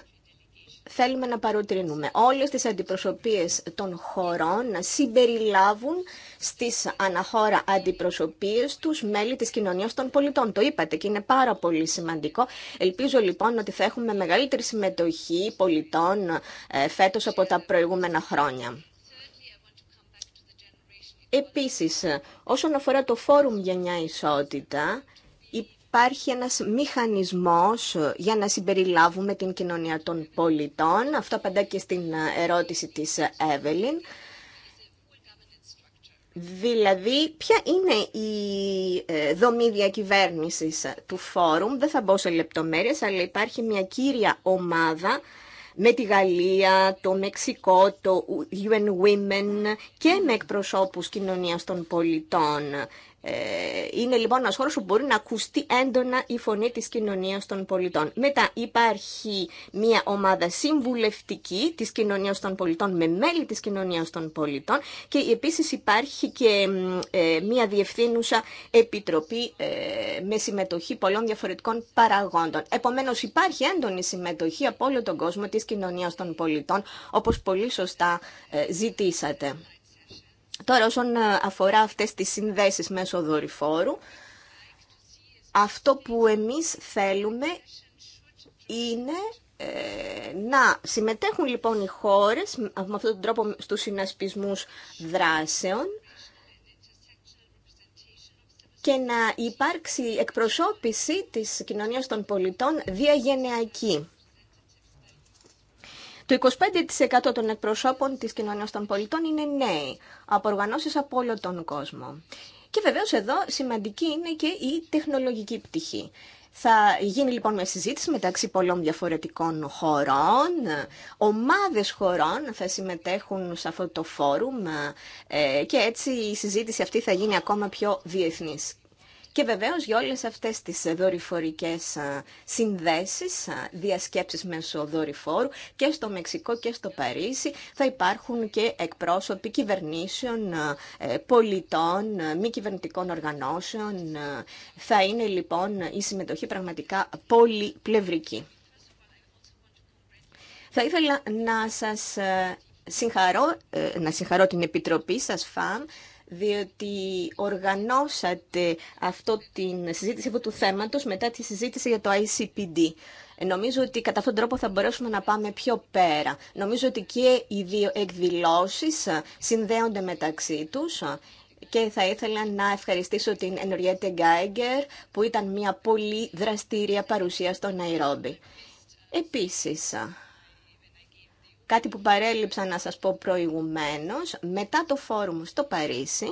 θέλουμε να παροτρύνουμε όλες τις αντιπροσωπείες των χωρών να συμπεριλάβουν στις αναχώρα αντιπροσωπείες τους μέλη της κοινωνίας των πολιτών. Το είπατε και είναι πάρα πολύ σημαντικό. Ελπίζω λοιπόν ότι θα έχουμε μεγαλύτερη συμμετοχή πολιτών ε, φέτος από τα προηγούμενα χρόνια. Επίσης, όσον αφορά το Φόρουμ για μια ισότητα, υπάρχει ένας μηχανισμός ε, για να συμπεριλάβουμε την κοινωνία των πολιτών. Αυτό απαντά και στην ε, ερώτηση της ε, Εύελιν. Δηλαδή, ποια είναι η δομή διακυβέρνησης του φόρουμ, δεν θα μπω σε λεπτομέρειες, αλλά υπάρχει μια κύρια ομάδα με τη Γαλλία, το Μεξικό, το UN Women και με εκπροσώπους κοινωνίας των πολιτών. Ε, είναι λοιπόν ένας χώρος που μπορεί να ακουστεί έντονα η φωνή της κοινωνίας των πολιτών. Μετά υπάρχει μια ομάδα συμβουλευτική της κοινωνίας των πολιτών με μέλη της κοινωνίας των πολιτών και επίσης υπάρχει και ε, μια διευθύνουσα επιτροπή ε, με συμμετοχή πολλών διαφορετικών παραγόντων. Επομένως υπάρχει έντονη συμμετοχή από όλο τον κόσμο της κοινωνίας των πολιτών όπως πολύ σωστά ζητήσατε. Τώρα όσον ε, αφορά αυτές τις συνδέσεις μέσω δορυφόρου, αυτό που εμείς θέλουμε είναι ε, να συμμετέχουν λοιπόν οι χώρες με αυτόν τον τρόπο στους συνασπισμούς δράσεων και να υπάρξει εκπροσώπηση της κοινωνίας των πολιτών διαγενειακή. Το 25% των εκπροσώπων της κοινωνίας των πολιτών είναι νέοι, από οργανώσεις από όλο τον κόσμο. Και βεβαίως εδώ σημαντική είναι και η τεχνολογική πτυχή. Θα γίνει λοιπόν μια συζήτηση μεταξύ πολλών διαφορετικών χωρών. Ομάδες χωρών θα συμμετέχουν σε αυτό το φόρουμ ε, και έτσι η συζήτηση αυτή θα γίνει ακόμα πιο διεθνής. Και βεβαίω για όλε αυτές τις ε, δορυφορικές συνδέσει διασκέψεις μέσω δορυφόρου και στο Μεξικό και στο Παρίσι θα υπάρχουν και εκπρόσωποι κυβερνήσεων, ε, πολιτών, μη κυβερνητικών οργανώσεων. Θα είναι λοιπόν η συμμετοχή πραγματικά πολυπλευρική. Θα ήθελα να σας ε, συγχαρώ, να συγχαρώ την Επιτροπή σας, ΦΑΜ, διότι οργανώσατε αυτό την συζήτηση αυτού του θέματος μετά τη συζήτηση για το ICPD. Νομίζω ότι κατά αυτόν τον τρόπο θα μπορέσουμε να πάμε πιο πέρα. Νομίζω ότι και οι δύο εκδηλώσεις συνδέονται μεταξύ τους και θα ήθελα να ευχαριστήσω την Ενωριέτε Γκάιγκερ που ήταν μια πολύ δραστήρια παρουσία στο Ναϊρόμπι. Επίσης, κάτι που παρέλειψα να σας πω προηγουμένως, μετά το φόρουμ στο Παρίσι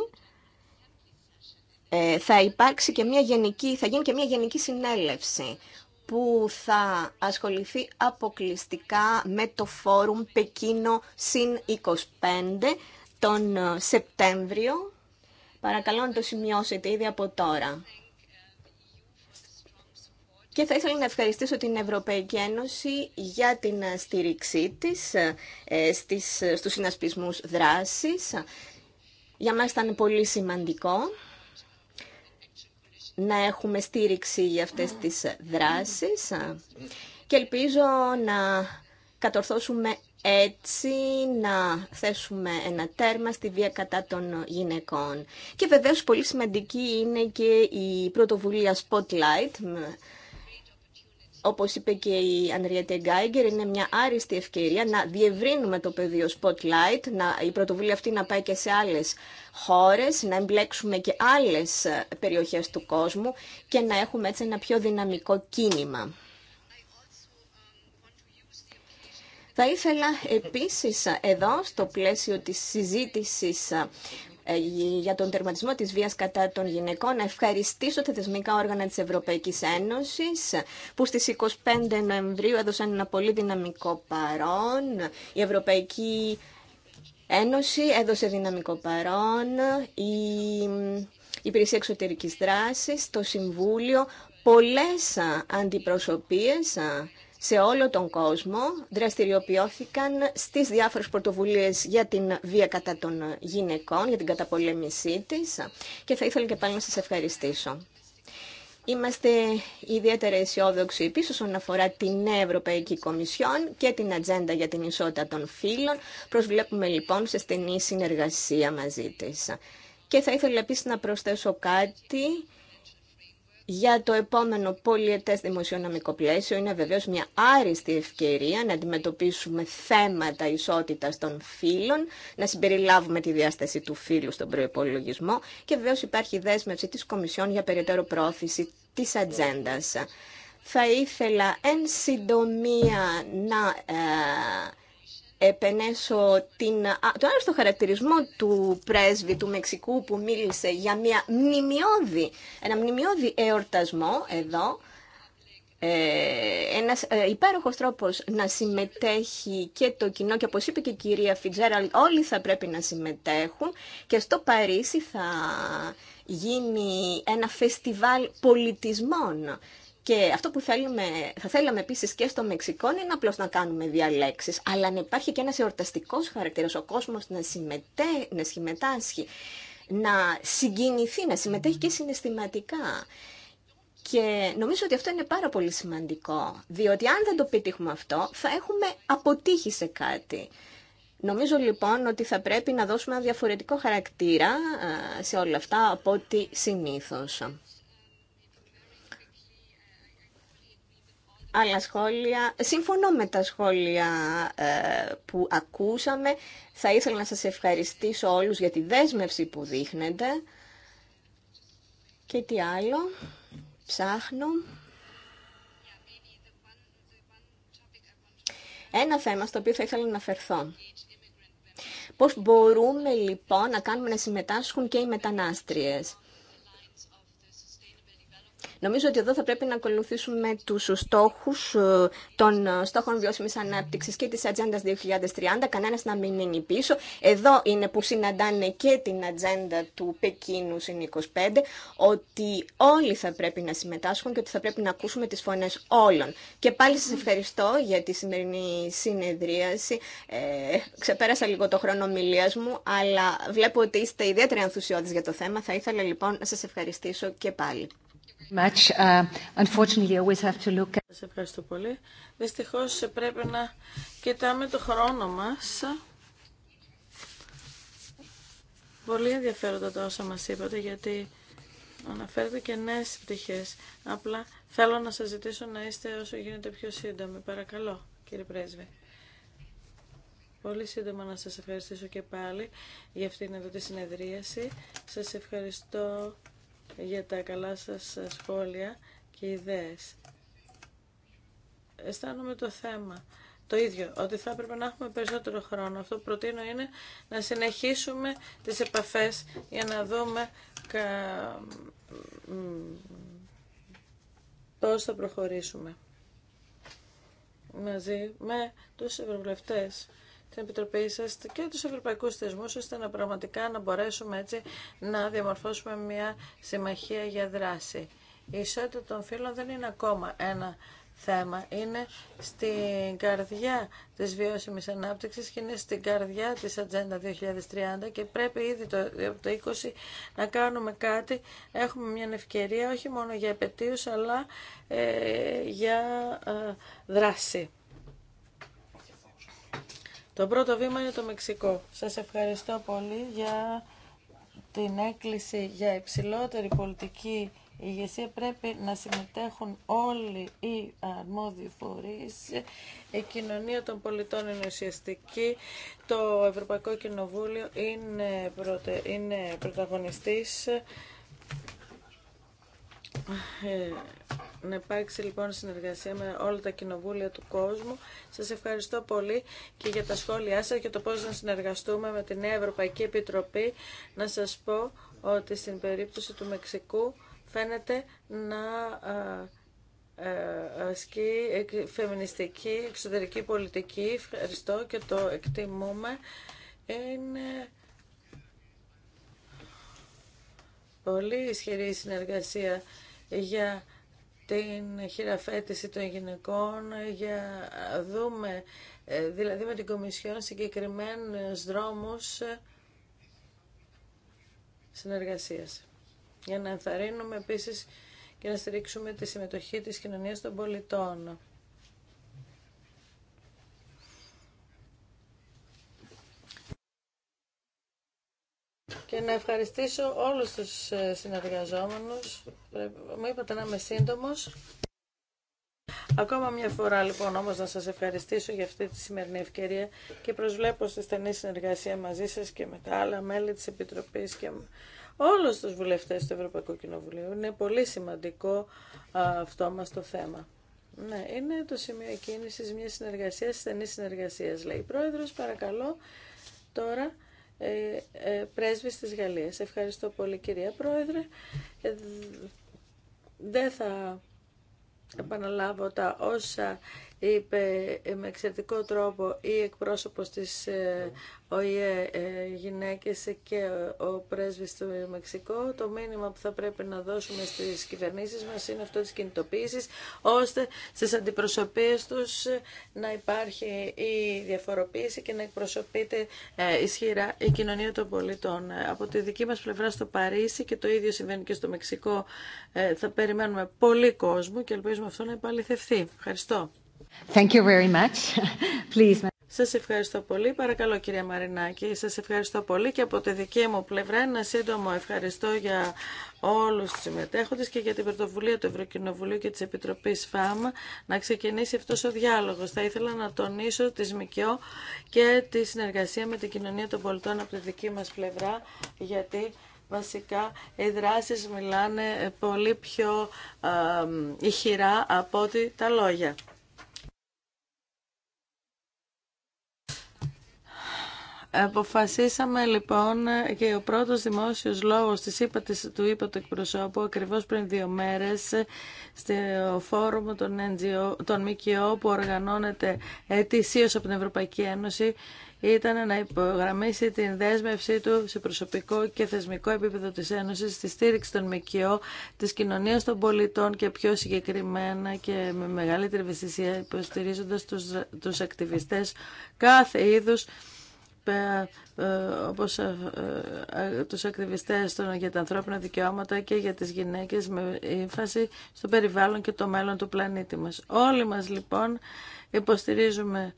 ε, θα υπάρξει και μια γενική, θα γίνει και μια γενική συνέλευση που θα ασχοληθεί αποκλειστικά με το φόρουμ Πεκίνο συν 25 τον ε, Σεπτέμβριο. Παρακαλώ να το σημειώσετε ήδη από τώρα. Και θα ήθελα να ευχαριστήσω την Ευρωπαϊκή Ένωση για την στήριξή της ε, στις, στους συνασπισμούς δράσης. Για μας ήταν πολύ σημαντικό να έχουμε στήριξη για αυτές τις δράσεις και ελπίζω να κατορθώσουμε έτσι να θέσουμε ένα τέρμα στη βία κατά των γυναικών. Και βεβαίως πολύ σημαντική είναι και η πρωτοβουλία Spotlight όπως είπε και η Ανριέτε Γκάιγκερ, είναι μια άριστη ευκαιρία να διευρύνουμε το πεδίο Spotlight, να, η πρωτοβουλία αυτή να πάει και σε άλλες χώρες, να εμπλέξουμε και άλλες ε, περιοχές του κόσμου και να έχουμε έτσι ένα πιο δυναμικό κίνημα. Θα ήθελα επίσης ε, εδώ, στο πλαίσιο της συζήτησης ε, ε, για τον τερματισμό της βίας κατά των γυναικών, να ευχαριστήσω τα θεσμικά όργανα της Ευρωπαϊκής Ένωσης, που στις 25 Νοεμβρίου έδωσαν ένα πολύ δυναμικό παρόν. Η Ευρωπαϊκή Ένωση έδωσε δυναμικό παρόν, η Υπηρεσία Εξωτερικής Δράσης, το Συμβούλιο, πολλές αντιπροσωπείες σε όλο τον κόσμο δραστηριοποιήθηκαν στις διάφορες πρωτοβουλίες για την βία κατά των γυναικών, για την καταπολέμησή της και θα ήθελα και πάλι να σας ευχαριστήσω. Είμαστε ιδιαίτερα αισιόδοξοι επίσης όσον αφορά την Ευρωπαϊκή Κομισιόν και την ατζέντα για την ισότητα των φύλων. Προσβλέπουμε λοιπόν σε στενή συνεργασία μαζί της. Και θα ήθελα επίση να προσθέσω κάτι για το επόμενο πολιετές δημοσιονομικό πλαίσιο είναι βεβαίως μια άριστη ευκαιρία να αντιμετωπίσουμε θέματα ισότητας των φύλων, να συμπεριλάβουμε τη διάσταση του φύλου στον προϋπολογισμό και βεβαίως υπάρχει δέσμευση της Κομισιόν για περαιτέρω πρόθεση της ατζέντα. Θα ήθελα εν συντομία να ε, επενέσω την, τον στο χαρακτηρισμό του πρέσβη του Μεξικού που μίλησε για μια ένα μνημειώδη εορτασμό εδώ, ε, ένας ε, υπέροχος τρόπος να συμμετέχει και το κοινό και όπως είπε και η κυρία Φιτζέραλ όλοι θα πρέπει να συμμετέχουν και στο Παρίσι θα γίνει ένα φεστιβάλ πολιτισμών και αυτό που θα θέλαμε επίση και στο Μεξικό είναι απλώ να κάνουμε διαλέξει, αλλά να υπάρχει και ένα εορταστικό χαρακτήρα, ο κόσμο να, συμμετέ, να συμμετάσχει, να συγκινηθεί, να συμμετέχει και συναισθηματικά. Και νομίζω ότι αυτό είναι πάρα πολύ σημαντικό, διότι αν δεν το πετύχουμε αυτό, θα έχουμε αποτύχει σε κάτι. Νομίζω λοιπόν ότι θα πρέπει να δώσουμε ένα διαφορετικό χαρακτήρα ε, σε όλα αυτά από ό,τι συνήθως. άλλα σχόλια. Συμφωνώ με τα σχόλια ε, που ακούσαμε. Θα ήθελα να σας ευχαριστήσω όλους για τη δέσμευση που δείχνετε. Και τι άλλο. Ψάχνω. Ένα θέμα στο οποίο θα ήθελα να αναφερθώ. Πώς μπορούμε λοιπόν να κάνουμε να συμμετάσχουν και οι μετανάστριες. Νομίζω ότι εδώ θα πρέπει να ακολουθήσουμε τους στόχους ε, των ε, στόχων βιώσιμης ανάπτυξης και της Ατζέντα 2030, κανένας να μην είναι πίσω. Εδώ είναι που συναντάνε και την Ατζέντα του Πεκίνου στην 25, ότι όλοι θα πρέπει να συμμετάσχουν και ότι θα πρέπει να ακούσουμε τις φωνές όλων. Και πάλι σας ευχαριστώ για τη σημερινή συνεδρίαση. Ε, ξεπέρασα λίγο το χρόνο μου, αλλά βλέπω ότι είστε ιδιαίτερα ενθουσιώδης για το θέμα. Θα ήθελα λοιπόν να σας ευχαριστήσω και πάλι. Much, uh, Σας ευχαριστώ πολύ. Δυστυχώς πρέπει να κοιτάμε το χρόνο μας. Πολύ ενδιαφέροντα τα όσα μας είπατε, γιατί αναφέρετε και νέες πτυχές. Απλά θέλω να σας ζητήσω να είστε όσο γίνεται πιο σύντομοι. Παρακαλώ, κύριε Πρέσβη. Πολύ σύντομα να σας ευχαριστήσω και πάλι για αυτήν εδώ τη συνεδρίαση. Σας ευχαριστώ για τα καλά σας σχόλια και ιδέες. Αισθάνομαι το θέμα. Το ίδιο, ότι θα έπρεπε να έχουμε περισσότερο χρόνο. Αυτό που προτείνω είναι να συνεχίσουμε τις επαφές για να δούμε κα... πώς θα προχωρήσουμε μαζί με τους ευρωβουλευτές την Επιτροπή σας και τους ευρωπαϊκούς θεσμούς ώστε να πραγματικά να μπορέσουμε έτσι να διαμορφώσουμε μια συμμαχία για δράση. Η ισότητα των φύλων δεν είναι ακόμα ένα θέμα. Είναι στην καρδιά της βιώσιμης ανάπτυξης και είναι στην καρδιά της Ατζέντα 2030 και πρέπει ήδη το, από το 20 να κάνουμε κάτι. Έχουμε μια ευκαιρία όχι μόνο για επαιτίους αλλά ε, για ε, δράση. Το πρώτο βήμα είναι το Μεξικό. Σας ευχαριστώ πολύ για την έκκληση για υψηλότερη πολιτική ηγεσία. Πρέπει να συμμετέχουν όλοι οι αρμόδιοι φορείς. Η κοινωνία των πολιτών είναι ουσιαστική. Το Ευρωπαϊκό Κοινοβούλιο είναι, πρωτε, είναι πρωταγωνιστής ε, να υπάρξει λοιπόν συνεργασία με όλα τα κοινοβούλια του κόσμου. Σας ευχαριστώ πολύ και για τα σχόλιά σας και το πώς να συνεργαστούμε με την Νέα Ευρωπαϊκή Επιτροπή. Να σας πω ότι στην περίπτωση του Μεξικού φαίνεται να ε, ε, ασκεί φεμινιστική εξωτερική πολιτική. Ευχαριστώ και το εκτιμούμε. Είναι πολύ ισχυρή συνεργασία για την χειραφέτηση των γυναικών, για δούμε ε, δηλαδή με την Κομισιόν συγκεκριμένους δρόμους συνεργασίας. Για να ενθαρρύνουμε επίσης και να στηρίξουμε τη συμμετοχή της κοινωνίας των πολιτών. και να ευχαριστήσω όλους τους ε, συνεργαζόμενους. Ε, μου είπατε να είμαι σύντομος. Ακόμα μια φορά λοιπόν όμως να σας ευχαριστήσω για αυτή τη σημερινή ευκαιρία και προσβλέπω στη στενή συνεργασία μαζί σας και με τα άλλα μέλη της Επιτροπής και όλους τους βουλευτές του Ευρωπαϊκού Κοινοβουλίου. Είναι πολύ σημαντικό αυτό μας το θέμα. Ναι, είναι το σημείο κίνησης μιας συνεργασίας, στενής συνεργασίας λέει η Πρόεδρος. Παρακαλώ τώρα ε, ε, πρέσβης της Γαλλίας. Ευχαριστώ πολύ κυρία Πρόεδρε. Ε, Δεν θα επαναλάβω τα όσα είπε με εξαιρετικό τρόπο η εκπρόσωπος της ε, ΟΗΕ ε, γυναίκες και ο πρέσβης του Μεξικό. Το μήνυμα που θα πρέπει να δώσουμε στις κυβερνήσεις μας είναι αυτό της κινητοποίησης, ώστε στις αντιπροσωπείες τους να υπάρχει η διαφοροποίηση και να εκπροσωπείται ε, ισχυρά η κοινωνία των πολιτών. Από τη δική μας πλευρά στο Παρίσι και το ίδιο συμβαίνει και στο Μεξικό θα περιμένουμε πολύ κόσμο και ελπίζουμε αυτό να επαληθευτεί. Ευχαριστώ. Thank you very much. Please. Σας ευχαριστώ πολύ. Παρακαλώ κυρία Μαρινάκη, σας ευχαριστώ πολύ και από τη δική μου πλευρά ένα σύντομο ευχαριστώ για όλους τους συμμετέχοντες και για την πρωτοβουλία του Ευρωκοινοβουλίου και της Επιτροπής ΦΑΜ να ξεκινήσει αυτός ο διάλογος. Θα ήθελα να τονίσω τη ΣΜΚΙΟ και τη συνεργασία με την κοινωνία των πολιτών από τη δική μας πλευρά γιατί βασικά οι δράσει μιλάνε πολύ πιο ε, ε, ηχηρά από ό,τι τα λόγια. Αποφασίσαμε λοιπόν και ο πρώτος δημόσιος λόγος της είπα, του είπα του εκπροσώπου ακριβώς πριν δύο μέρες στο φόρουμ των, των ΜΚΟ που οργανώνεται ετησίως από την Ευρωπαϊκή Ένωση ήταν να υπογραμμίσει την δέσμευσή του σε προσωπικό και θεσμικό επίπεδο της Ένωσης στη στήριξη των ΜΚΟ, της κοινωνίας των πολιτών και πιο συγκεκριμένα και με μεγαλύτερη ευαισθησία υποστηρίζοντας τους, τους ακτιβιστές κάθε είδους ε, όπως ε, ε, τους ακτιβιστές για τα ανθρώπινα δικαιώματα και για τις γυναίκες με ύφαση στο περιβάλλον και το μέλλον του πλανήτη μας. Όλοι μας λοιπόν υποστηρίζουμε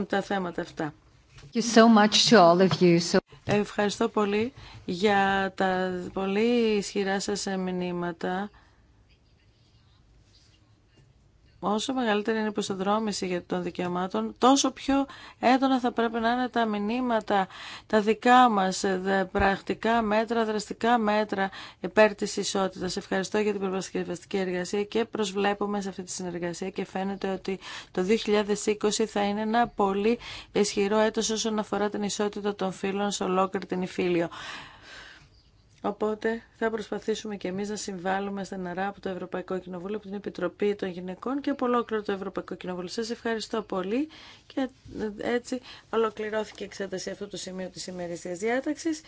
[clears throat] τα θέματα αυτά. Ευχαριστώ πολύ για τα πολύ ισχυρά σας μηνύματα. Όσο μεγαλύτερη είναι η προσδρόμηση των δικαιωμάτων, τόσο πιο έντονα θα πρέπει να είναι τα μηνύματα, τα δικά μας, ε, πρακτικά μέτρα, δραστικά μέτρα υπέρ τη ισότητας. Ευχαριστώ για την προπαρασκευαστική εργασία και προσβλέπουμε σε αυτή τη συνεργασία και φαίνεται ότι το 2020 θα είναι ένα πολύ ισχυρό έτος όσον αφορά την ισότητα των φύλων σε ολόκληρη την υφήλιο. Οπότε θα προσπαθήσουμε και εμείς να συμβάλλουμε στεναρά από το Ευρωπαϊκό Κοινοβούλιο, από την Επιτροπή των Γυναικών και από ολόκληρο το Ευρωπαϊκό Κοινοβούλιο. Σας ευχαριστώ πολύ και ε, έτσι ολοκληρώθηκε η εξέταση αυτού του σημείου της ημερησίας διάταξης.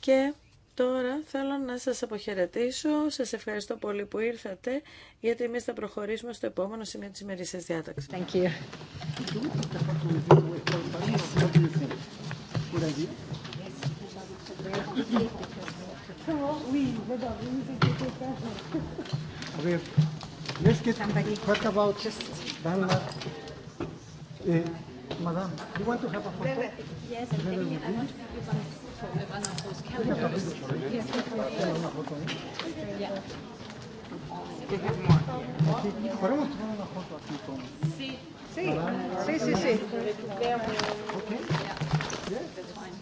Και Τώρα θέλω να σας αποχαιρετήσω. Σας ευχαριστώ πολύ που ήρθατε, γιατί εμείς θα προχωρήσουμε στο επόμενο σημείο της ημερήσιας διάταξης. Thank you. Let's get Somebody talk about just Uh, Madam, you want to have a photo? Yes, I'm taking I want to have you one of those calendars. Yes, yeah. We have more. Sí. Sí, sí, sí, sí. Okay. That's fine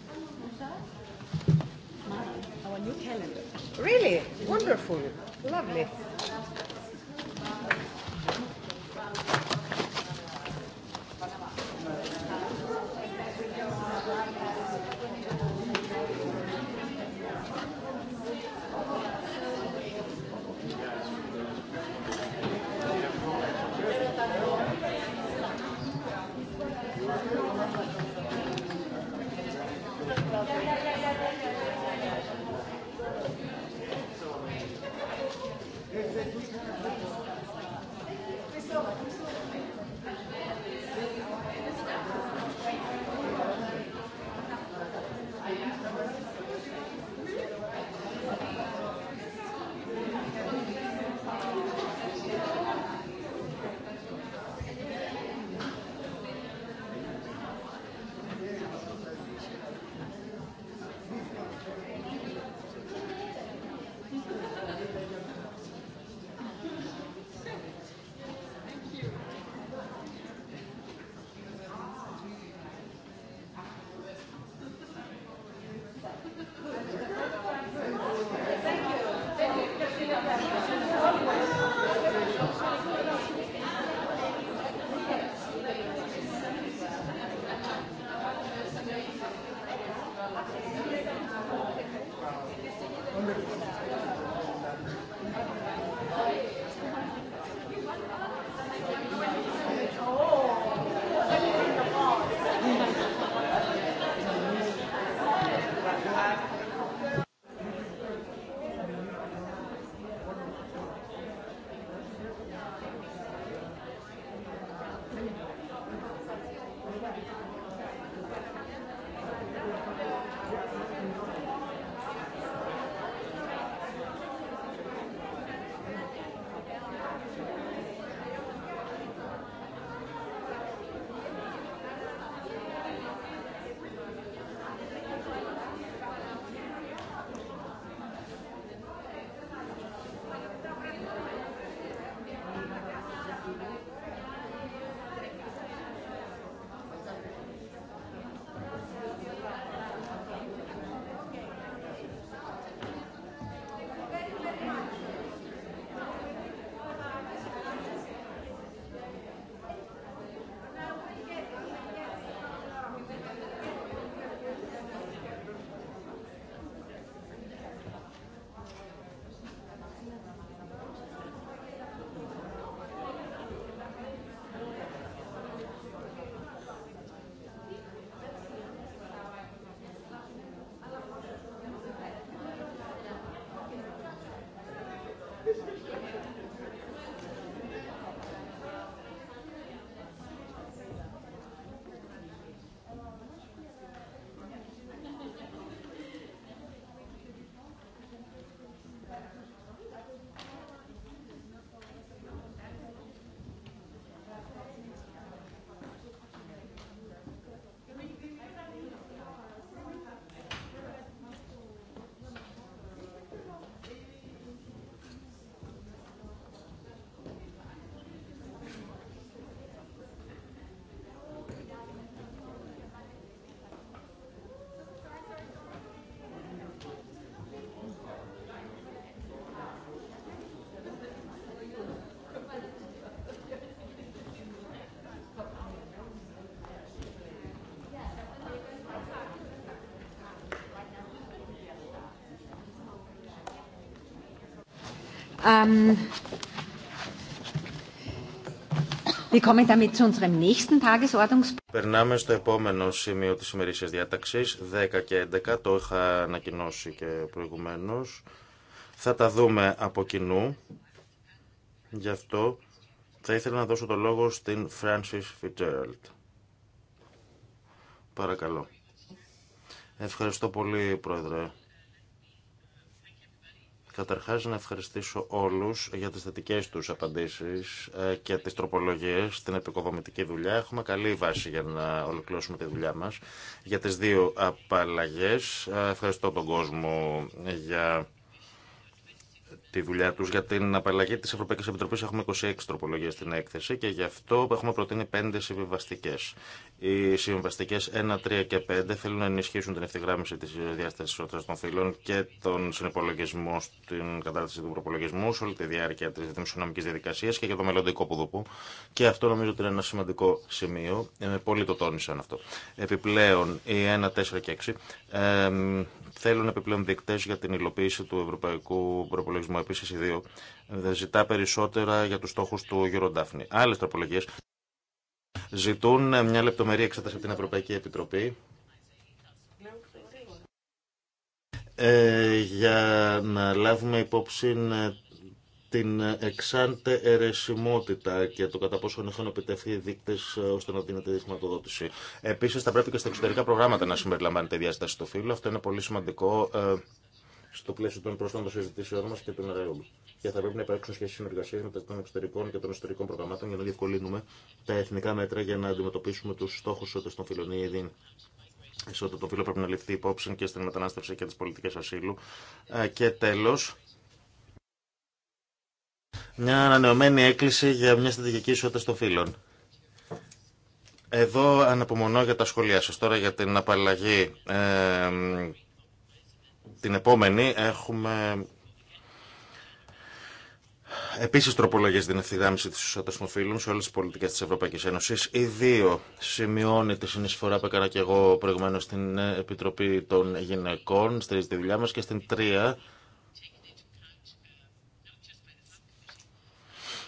our new calendar. Really? Wonderful. Lovely. Thank you. Ähm, Περνάμε στο επόμενο σημείο της ημερήσιας διάταξης, 10 και 11, το είχα ανακοινώσει και προηγουμένως. Θα τα δούμε από κοινού, γι' αυτό θα ήθελα να δώσω το λόγο στην Francis Fitzgerald. Παρακαλώ. Ευχαριστώ πολύ, Πρόεδρε. Καταρχάς να ευχαριστήσω όλους για τις θετικές τους απαντήσεις ε, και τις τροπολογίες, στην επικοδομητική δουλειά. Έχουμε καλή βάση για να ολοκληρώσουμε τη δουλειά μας. Για τις δύο απαλλαγές, ε, ευχαριστώ τον κόσμο για τη δουλειά του Για την απαλλαγή τη Ευρωπαϊκή Επιτροπή έχουμε 26 τροπολογίες στην έκθεση και γι' αυτό έχουμε προτείνει πέντε συμβιβαστικέ. Οι συμβιβαστικέ 1, 3 και 5 θέλουν να ενισχύσουν την ευθυγράμμιση τη διασταση των φύλων και τον συνυπολογισμό στην κατάρτιση του προπολογισμού σε όλη τη διάρκεια τη δημοσιονομική διαδικασία και για το μελλοντικό ποδοπού. Και αυτό νομίζω ότι είναι ένα σημαντικό σημείο. Ε, πολλοί το τόνισαν αυτό. Επιπλέον, οι 1, 4 και 6 ε, θέλουν επιπλέον δικτέ για την υλοποίηση του ευρωπαϊκού προπολογισμού επίση οι δύο, ε, ζητά περισσότερα για του στόχου του Ντάφνη. Άλλε τροπολογίε ζητούν ε, μια λεπτομερή εξέταση από την Ευρωπαϊκή Επιτροπή ε, για να λάβουμε υπόψη την εξάντε αιρεσιμότητα και το κατά πόσο έχουν επιτευχθεί οι δείκτε ώστε να δίνεται η χρηματοδότηση. Επίση, θα πρέπει και στα εξωτερικά προγράμματα να συμπεριλαμβάνεται η διάσταση του φύλου. Αυτό είναι πολύ σημαντικό στο πλαίσιο των πρόσφατων συζητήσεών μα και των εργαλείων. Και θα πρέπει να υπάρξουν σχέσει συνεργασία μεταξύ των εξωτερικών και των εσωτερικών προγραμμάτων για να διευκολύνουμε τα εθνικά μέτρα για να αντιμετωπίσουμε του στόχου ότι των φυλών. Η ισότητα των φύλων πρέπει να ληφθεί υπόψη και στην μετανάστευση και τι πολιτικέ ασύλου. Ε, και τέλο, μια ανανεωμένη έκκληση για μια στρατηγική ισότητα των φύλων. Εδώ αναπομονώ για τα σχόλιά σα Τώρα για την απαλλαγή ε, την επόμενη έχουμε Επίση, τροπολογίε στην ευθυγράμμιση τη ισότητα σε όλε τι πολιτικέ τη Ευρωπαϊκή Ένωση. Οι δύο σημειώνει τη συνεισφορά που έκανα και εγώ προηγουμένω στην Επιτροπή των Γυναικών, στηρίζει τη δουλειά μα και στην τρία.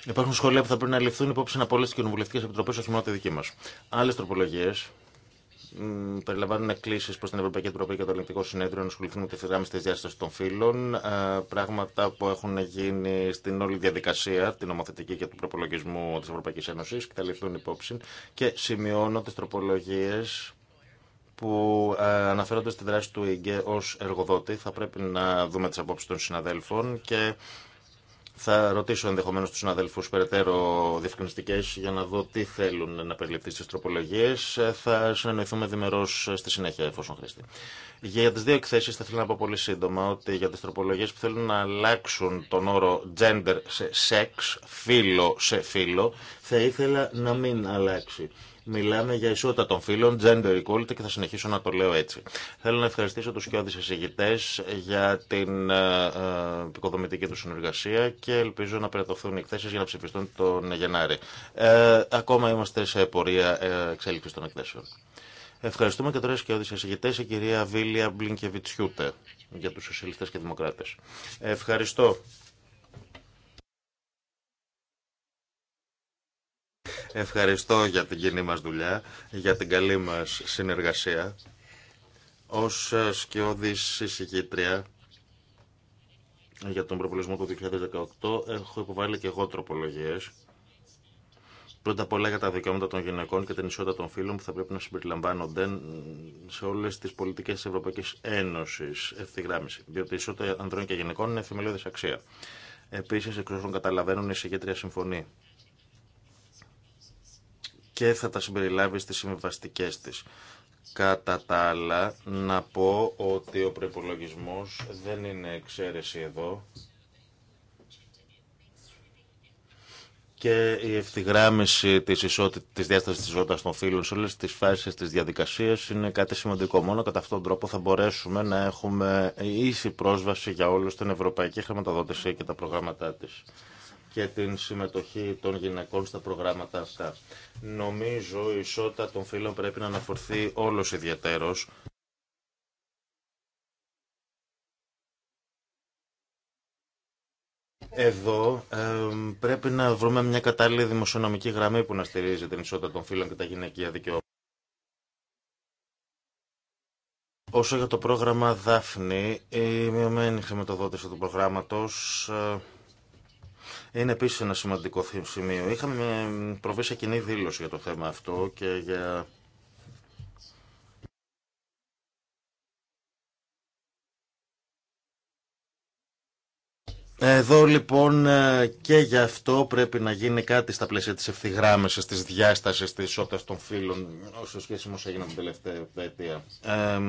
Υπάρχουν σχολεία που θα πρέπει να ληφθούν υπόψη από όλε τι κοινοβουλευτικέ επιτροπέ, όχι μόνο τη δική μα. Άλλε τροπολογίε περιλαμβάνουν εκκλήσει προ την Ευρωπαϊκή Επιτροπή και το Ελληνικό Συνέδριο να ασχοληθούν με τη δυνάμει τη διάσταση των φύλων. Ε, πράγματα που έχουν γίνει στην όλη διαδικασία, την νομοθετική και του προπολογισμού τη Ευρωπαϊκή Ένωση και θα ληφθούν υπόψη. Και σημειώνω τι τροπολογίε που ε, αναφέρονται στη δράση του ΙΓΚΕ ω εργοδότη. Θα πρέπει να δούμε τι απόψει των συναδέλφων και θα ρωτήσω ενδεχομένω του συναδέλφου περαιτέρω διευκρινιστικέ για να δω τι θέλουν να περιληφθεί στι τροπολογίε. Θα συνεννοηθούμε διμερώ στη συνέχεια, εφόσον χρειαστεί. Για τι δύο εκθέσει, θα ήθελα να πω πολύ σύντομα ότι για τι τροπολογίε που θέλουν να αλλάξουν τον όρο gender σε sex, φίλο σε φίλο, θα ήθελα να μην αλλάξει. Μιλάμε για ισότητα των φύλων, gender equality και θα συνεχίσω να το λέω έτσι. Θέλω να ευχαριστήσω τους κοιόδης εισηγητές για την ε, ε, επικοδομητική του συνεργασία και ελπίζω να περατωθούν οι εκθέσεις για να ψηφιστούν τον Γενάρη. Ε, ακόμα είμαστε σε πορεία ε, εξέλιξη των εκθέσεων. Ευχαριστούμε και τώρα και εισηγητές, η κυρία Βίλια Μπλίνκεβιτσιούτε για του σοσιαλιστέ και Δημοκράτε. Ευχαριστώ. Ευχαριστώ για την κοινή μας δουλειά, για την καλή μας συνεργασία. Ως σκιώδης εισηγήτρια για τον προπολισμό του 2018 έχω υποβάλει και εγώ τροπολογίες. Πρώτα απ' όλα για τα δικαιώματα των γυναικών και την ισότητα των φίλων που θα πρέπει να συμπεριλαμβάνονται σε όλε τι πολιτικέ τη Ευρωπαϊκή Ένωση. Ευθυγράμμιση. Διότι η ισότητα ανδρών και γυναικών είναι θεμελιώδη αξία. Επίση, εξ όσων καταλαβαίνουν, η συγκέντρια συμφωνεί και θα τα συμπεριλάβει στις συμβαστικές της. Κατά τα άλλα, να πω ότι ο προπολογισμό δεν είναι εξαίρεση εδώ. Και η ευθυγράμμιση της, ισότητα, της διάστασης της ισότητας των φύλων σε όλες τις φάσεις της διαδικασίας είναι κάτι σημαντικό. Μόνο κατά αυτόν τον τρόπο θα μπορέσουμε να έχουμε ίση πρόσβαση για όλους στην ευρωπαϊκή χρηματοδότηση και τα προγράμματά της και την συμμετοχή των γυναικών στα προγράμματα αυτά. Νομίζω η ισότητα των φίλων πρέπει να αναφορθεί όλος ιδιαίτερος. Εδώ πρέπει να βρούμε μια κατάλληλη δημοσιονομική γραμμή που να στηρίζει την ισότητα των φίλων και τα γυναικεία δικαιώματα. Όσο για το πρόγραμμα Δάφνη, η μειωμένη χρηματοδότηση του προγράμματος ε, είναι επίση ένα σημαντικό σημείο. Είχαμε προβεί σε κοινή δήλωση για το θέμα αυτό και για. Εδώ λοιπόν ε, και γι' αυτό πρέπει να γίνει κάτι στα πλαίσια της ευθυγράμμισης, της διάστασης, της ισότητας των φύλων, όσο σχέση με όσα έγιναν την τελευταία αιτία. Ε,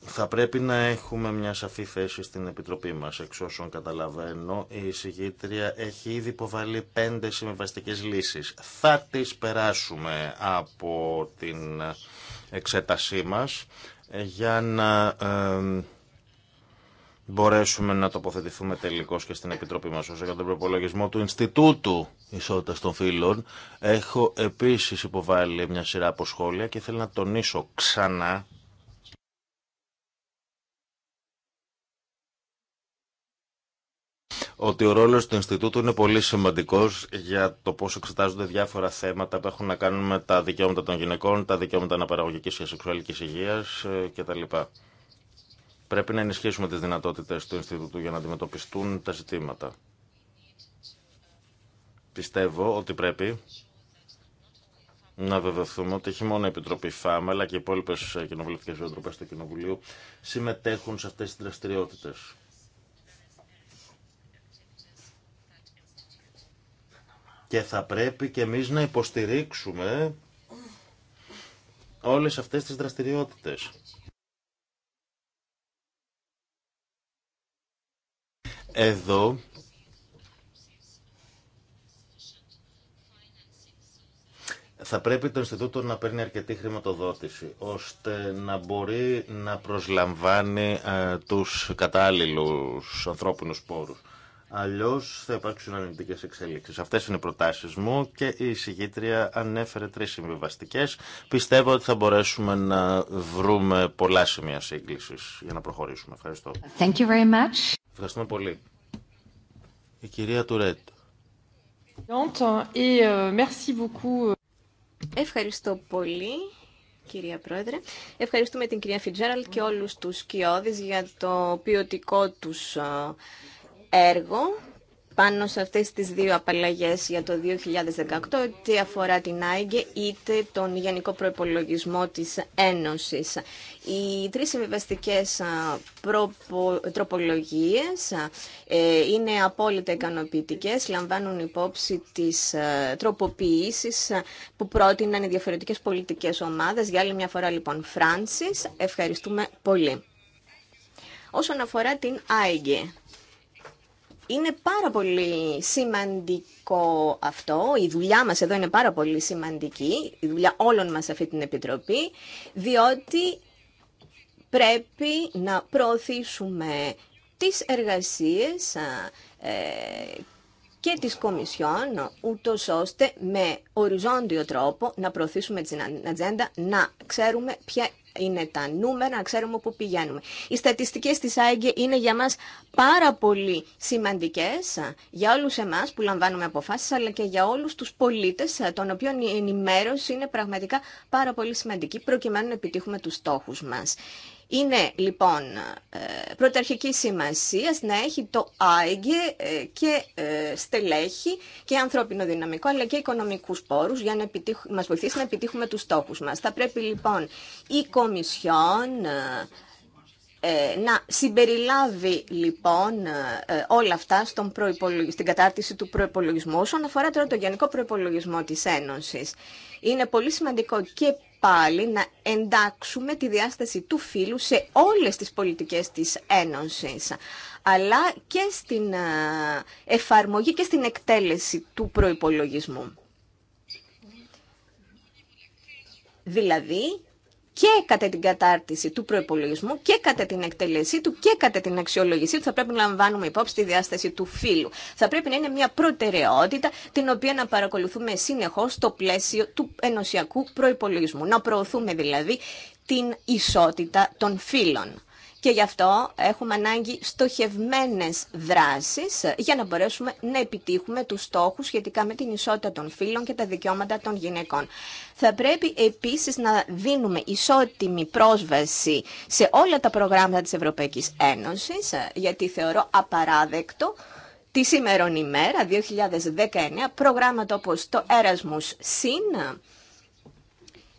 θα πρέπει να έχουμε μια σαφή θέση στην Επιτροπή μας, Εξ όσων καταλαβαίνω, η εισηγήτρια έχει ήδη υποβάλει πέντε συμβαστικέ λύσεις. Θα τις περάσουμε από την εξέτασή μας, για να μπορέσουμε να τοποθετηθούμε τελικώς και στην Επιτροπή μας όσο για τον προπολογισμό του Ινστιτούτου Ισότητας των Φύλων. Έχω επίσης υποβάλει μια σειρά από σχόλια και θέλω να τονίσω ξανά ότι ο ρόλος του Ινστιτούτου είναι πολύ σημαντικός για το πώς εξετάζονται διάφορα θέματα που έχουν να κάνουν με τα δικαιώματα των γυναικών, τα δικαιώματα αναπαραγωγικής και σεξουαλικής υγείας ε, κτλ. Πρέπει να ενισχύσουμε τις δυνατότητες του Ινστιτούτου για να αντιμετωπιστούν τα ζητήματα. Πιστεύω ότι πρέπει να βεβαιωθούμε ότι έχει μόνο η Επιτροπή ΦΑΜ αλλά και οι υπόλοιπε κοινοβουλευτικέ βιοτροπέ του Κοινοβουλίου συμμετέχουν σε αυτέ τι δραστηριότητε. Και θα πρέπει και εμείς να υποστηρίξουμε όλες αυτές τις δραστηριότητες. Εδώ θα πρέπει το Ινστιτούτο να παίρνει αρκετή χρηματοδότηση, ώστε να μπορεί να προσλαμβάνει ε, τους κατάλληλους ανθρώπινους πόρους. Αλλιώ θα υπάρξουν αρνητικέ εξελίξει. Αυτές είναι οι προτάσεις μου και η εισηγήτρια ανέφερε τρεις συμβιβαστικέ. Πιστεύω ότι θα μπορέσουμε να βρούμε πολλά σημεία σύγκληση για να προχωρήσουμε. Ευχαριστώ. Thank you very much. Ευχαριστούμε πολύ. Η κυρία Τουρέτ. Ε, Ευχαριστώ πολύ κυρία Πρόεδρε. Ευχαριστούμε την κυρία Φιτζέραλτ και όλους τους κοιόδης για το ποιοτικό τους ε, έργο πάνω σε αυτές τις δύο απαλλαγές για το 2018, τι αφορά την ΑΕΓΕ είτε τον Γενικό Προϋπολογισμό της Ένωσης. Οι τρεις συμβιβαστικές τροπολογίες ε, είναι απόλυτα ικανοποιητικέ, λαμβάνουν υπόψη τις τροποποιήσεις που πρότειναν οι διαφορετικές πολιτικές ομάδες. Για άλλη μια φορά λοιπόν, Φράνσις, ευχαριστούμε πολύ. Όσον αφορά την ΑΕΓΕ, είναι πάρα πολύ σημαντικό αυτό, η δουλειά μας εδώ είναι πάρα πολύ σημαντική, η δουλειά όλων μας σε αυτή την Επιτροπή, διότι πρέπει να προωθήσουμε τις εργασίες ε, και της Κομισιόν, ούτω ώστε με οριζόντιο τρόπο να προωθήσουμε την ατζέντα, να ξέρουμε ποια είναι τα νούμερα, να ξέρουμε πού πηγαίνουμε. Οι στατιστικές της ΆΕΚΕ είναι για μας πάρα πολύ σημαντικές, για όλους εμάς που λαμβάνουμε αποφάσεις, αλλά και για όλους τους πολίτες, των οποίων η ενημέρωση είναι πραγματικά πάρα πολύ σημαντική, προκειμένου να επιτύχουμε τους στόχους μας. Είναι λοιπόν ε, πρωταρχική σημασία να έχει το ΆΕΓΕ ε, και ε, στελέχη και ανθρώπινο δυναμικό αλλά και οικονομικούς πόρους για να μας βοηθήσει να επιτύχουμε τους στόχους μας. Θα πρέπει λοιπόν η Κομισιόν να συμπεριλάβει λοιπόν όλα αυτά στον στην κατάρτιση του προϋπολογισμού όσον αφορά τώρα το γενικό προϋπολογισμό της Ένωσης. Είναι πολύ σημαντικό και πάλι να εντάξουμε τη διάσταση του φύλου σε όλες τις πολιτικές της Ένωσης, αλλά και στην ε, εφαρμογή και στην εκτέλεση του προϋπολογισμού. Δηλαδή, και κατά την κατάρτιση του προπολογισμού και κατά την εκτελέσή του και κατά την αξιολογησή του θα πρέπει να λαμβάνουμε υπόψη τη διάσταση του φύλου. Θα πρέπει να είναι μια προτεραιότητα την οποία να παρακολουθούμε συνεχώ στο πλαίσιο του ενωσιακού προπολογισμού. Να προωθούμε δηλαδή την ισότητα των φύλων. Και γι' αυτό έχουμε ανάγκη στοχευμένες δράσεις για να μπορέσουμε να επιτύχουμε τους στόχους σχετικά με την ισότητα των φύλων και τα δικαιώματα των γυναικών. Θα πρέπει επίσης να δίνουμε ισότιμη πρόσβαση σε όλα τα προγράμματα της Ευρωπαϊκής Ένωσης, γιατί θεωρώ απαράδεκτο τη σήμερον ημέρα 2019 προγράμματα όπως το Erasmus Sin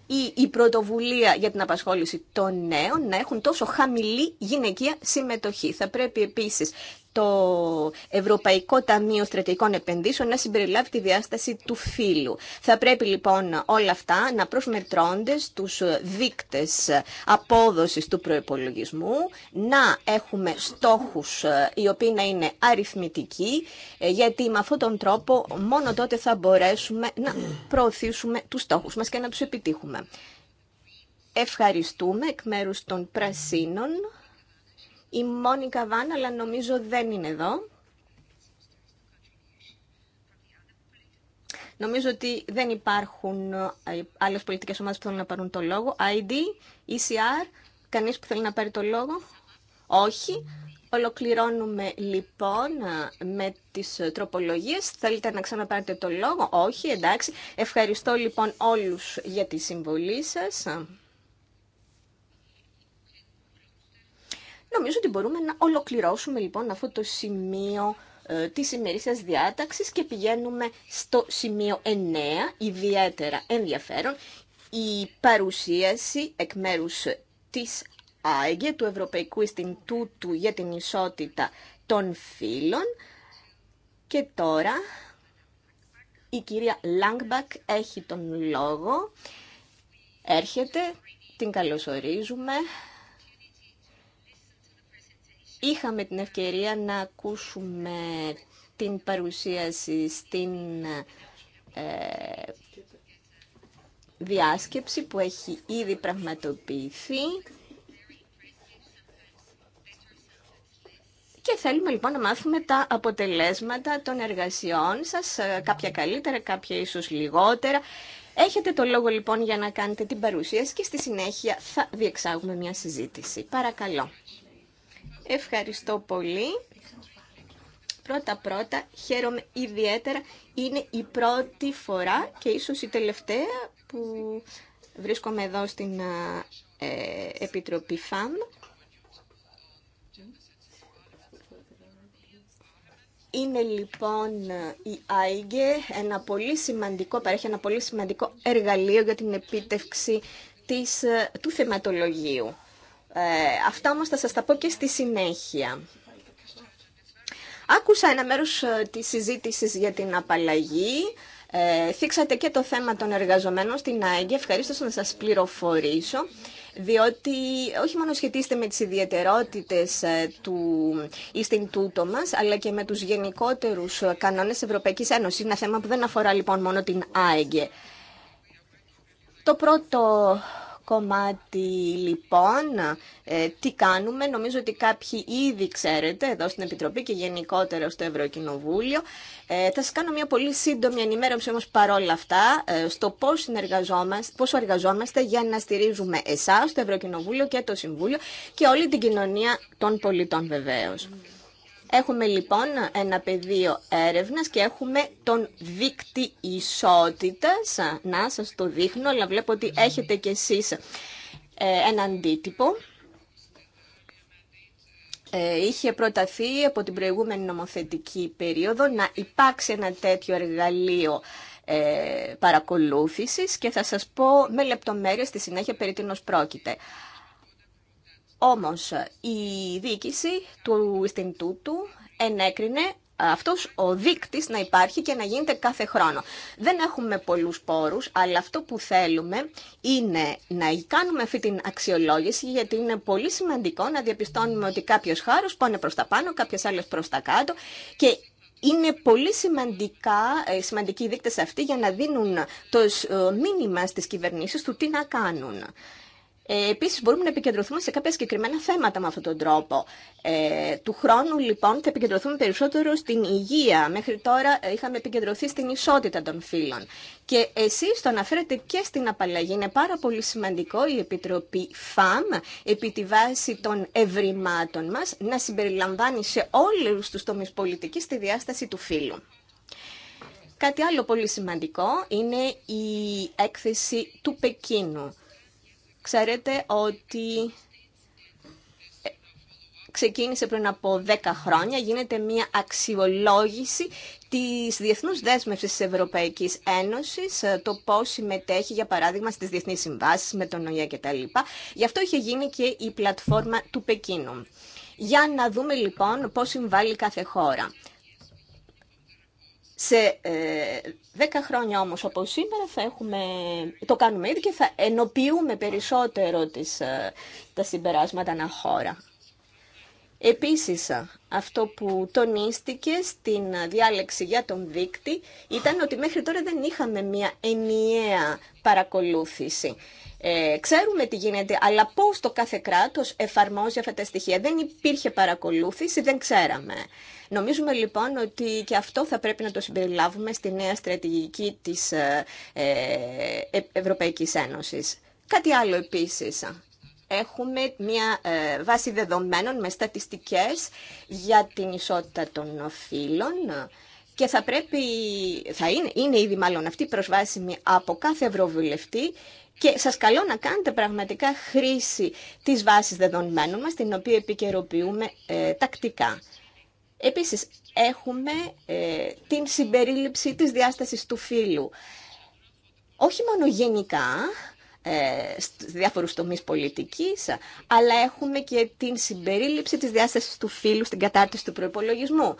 ή η πρωτοβουλία για την απασχόληση των νέων να έχουν τόσο χαμηλή γυναικεία συμμετοχή. Θα πρέπει επίσης το Ευρωπαϊκό Ταμείο Στρατηγικών Επενδύσεων να συμπεριλάβει τη διάσταση του φύλου. Θα πρέπει λοιπόν όλα αυτά να προσμετρώνται στους δείκτες απόδοσης του προϋπολογισμού, να έχουμε στόχους ε, οι οποίοι να είναι αριθμητικοί, ε, γιατί με αυτόν τον τρόπο μόνο τότε θα μπορέσουμε να προωθήσουμε τους στόχους μας και να τους επιτύχουμε. Ευχαριστούμε εκ μέρους των Πρασίνων η Μόνικα Βάν, αλλά νομίζω δεν είναι εδώ. Νομίζω ότι δεν υπάρχουν ε, άλλες πολιτικές ομάδες που θέλουν να πάρουν το λόγο. ID, ECR, κανείς που θέλει να πάρει το λόγο. Όχι. Ολοκληρώνουμε λοιπόν ε, με τις ε, τροπολογίες. Θέλετε να ξαναπάρετε το λόγο. Όχι, εντάξει. Ευχαριστώ λοιπόν όλους για τη συμβολή σας. Νομίζω ότι μπορούμε να ολοκληρώσουμε λοιπόν αυτό το σημείο ε, της ημερήσιας και πηγαίνουμε στο σημείο 9, ιδιαίτερα ενδιαφέρον, η παρουσίαση εκ μέρους της ΆΕΓΕ, του Ευρωπαϊκού Ιστιντούτου για την Ισότητα των Φύλων. Και τώρα η κυρία Λάγκμπακ έχει τον λόγο. Έρχεται, την καλωσορίζουμε είχαμε την ευκαιρία να ακούσουμε την παρουσίαση στην ε, διάσκεψη που έχει ήδη πραγματοποιηθεί. Και θέλουμε λοιπόν να μάθουμε τα αποτελέσματα των εργασιών σας, ε, κάποια καλύτερα, κάποια ίσως λιγότερα. Έχετε το λόγο λοιπόν για να κάνετε την παρουσίαση και στη συνέχεια θα διεξάγουμε μια συζήτηση. Παρακαλώ. Ευχαριστώ πολύ. Πρώτα-πρώτα, χαίρομαι ιδιαίτερα. Είναι η πρώτη φορά και ίσως η τελευταία που βρίσκομαι εδώ στην ε, Επιτροπή ΦΑΜ. Είναι λοιπόν η ΆΙΓΕ ένα πολύ σημαντικό, παρέχει ένα πολύ σημαντικό εργαλείο για την επίτευξη της, του θεματολογίου. Ε, αυτά όμως θα σας τα πω και στη συνέχεια. Άκουσα ένα μέρος ε, της συζήτησης για την απαλλαγή. Ε, θίξατε και το θέμα των εργαζομένων στην ΑΕΓΕ. Ευχαρίστω να σας πληροφορήσω, διότι όχι μόνο σχετίστε με τις ιδιαιτερότητες ε, του Ιστιντούτο μας, αλλά και με τους γενικότερους κανόνες Ευρωπαϊκής Ένωσης. Είναι ένα θέμα που δεν αφορά λοιπόν μόνο την ΑΕΓΕ. Το πρώτο κομμάτι λοιπόν, ε, τι κάνουμε, νομίζω ότι κάποιοι ήδη ξέρετε εδώ στην Επιτροπή και γενικότερα στο Ευρωκοινοβούλιο. Ε, θα σας κάνω μια πολύ σύντομη ενημέρωση όμως παρόλα αυτά ε, στο πώς, συνεργαζόμαστε, πώς εργαζόμαστε για να στηρίζουμε εσάς, το Ευρωκοινοβούλιο και το Συμβούλιο και όλη την κοινωνία των πολιτών βεβαίως. Έχουμε λοιπόν ένα πεδίο έρευνας και έχουμε τον δίκτυ ισότητας. Να σας το δείχνω, αλλά βλέπω ότι έχετε κι εσείς ε, ένα αντίτυπο. Ε, είχε προταθεί από την προηγούμενη νομοθετική περίοδο να υπάρξει ένα τέτοιο εργαλείο ε, παρακολούθησης και θα σας πω με λεπτομέρειες στη συνέχεια περί τίνος πρόκειται. Όμως η διοίκηση του Ινστιτούτου ενέκρινε αυτός ο δείκτης να υπάρχει και να γίνεται κάθε χρόνο. Δεν έχουμε πολλούς πόρους, αλλά αυτό που θέλουμε είναι να κάνουμε αυτή την αξιολόγηση, γιατί είναι πολύ σημαντικό να διαπιστώνουμε ότι κάποιος χάρος πάνε προς τα πάνω, κάποιος άλλος προς τα κάτω και είναι πολύ σημαντικά, ε, σημαντικοί οι δείκτες αυτοί για να δίνουν το ε, μήνυμα στις κυβερνήσεις του τι να κάνουν. Ε, επίσης μπορούμε να επικεντρωθούμε σε κάποια συγκεκριμένα θέματα με αυτόν τον τρόπο. Ε, του χρόνου λοιπόν θα επικεντρωθούμε περισσότερο στην υγεία. Μέχρι τώρα ε, είχαμε επικεντρωθεί στην ισότητα των φύλων. Και εσείς το αναφέρετε και στην απαλλαγή. Είναι πάρα πολύ σημαντικό η Επιτροπή ΦΑΜ επί τη βάση των ευρημάτων μας να συμπεριλαμβάνει σε όλους τους τομείς πολιτικής τη διάσταση του φύλου. Κάτι άλλο πολύ σημαντικό είναι η έκθεση του Πεκίνου Ξέρετε ότι ε, ξεκίνησε πριν από 10 χρόνια, γίνεται μια αξιολόγηση της διεθνούς δέσμευσης της Ευρωπαϊκής Ένωσης, ε, το πώς συμμετέχει, για παράδειγμα, στις διεθνείς συμβάσεις με τον τα κτλ. Γι' αυτό είχε γίνει και η πλατφόρμα του Πεκίνου. Για να δούμε λοιπόν πώς συμβάλλει κάθε χώρα. Σε 10 ε, χρόνια όμως όπως σήμερα θα έχουμε, το κάνουμε ήδη και θα ενοποιούμε περισσότερο τις, ε, τα συμπεράσματα ανά χώρα. Επίσης, ε, αυτό που τονίστηκε στην διάλεξη για τον δίκτυ ήταν ότι μέχρι τώρα δεν είχαμε μια ενιαία παρακολούθηση. ξέρουμε τι γίνεται, αλλά πώς το κάθε κράτος εφαρμόζει αυτά τα στοιχεία. Δεν υπήρχε παρακολούθηση, δεν ξέραμε. Νομίζουμε λοιπόν ότι και αυτό θα πρέπει να το συμπεριλάβουμε στη νέα στρατηγική της ε, ε, ε, Ευρωπαϊκής Ένωσης. Κάτι άλλο επίσης. Έχουμε μια βάση δεδομένων με στατιστικές για την ισότητα των φύλων και θα πρέπει, θα είναι, είναι ήδη μάλλον αυτή προσβάσιμη από κάθε ευρωβουλευτή και σας καλώ να κάνετε πραγματικά χρήση της βάσης δεδομένων μας, την οποία επικαιροποιούμε τακτικά. Επίσης, έχουμε ε, την συμπερίληψη της διάστασης του φύλου. Όχι μόνο γενικά, ε, στους διάφορους τομείς πολιτικής, αλλά έχουμε και την συμπερίληψη της διάστασης του φύλου στην κατάρτιση του προϋπολογισμού.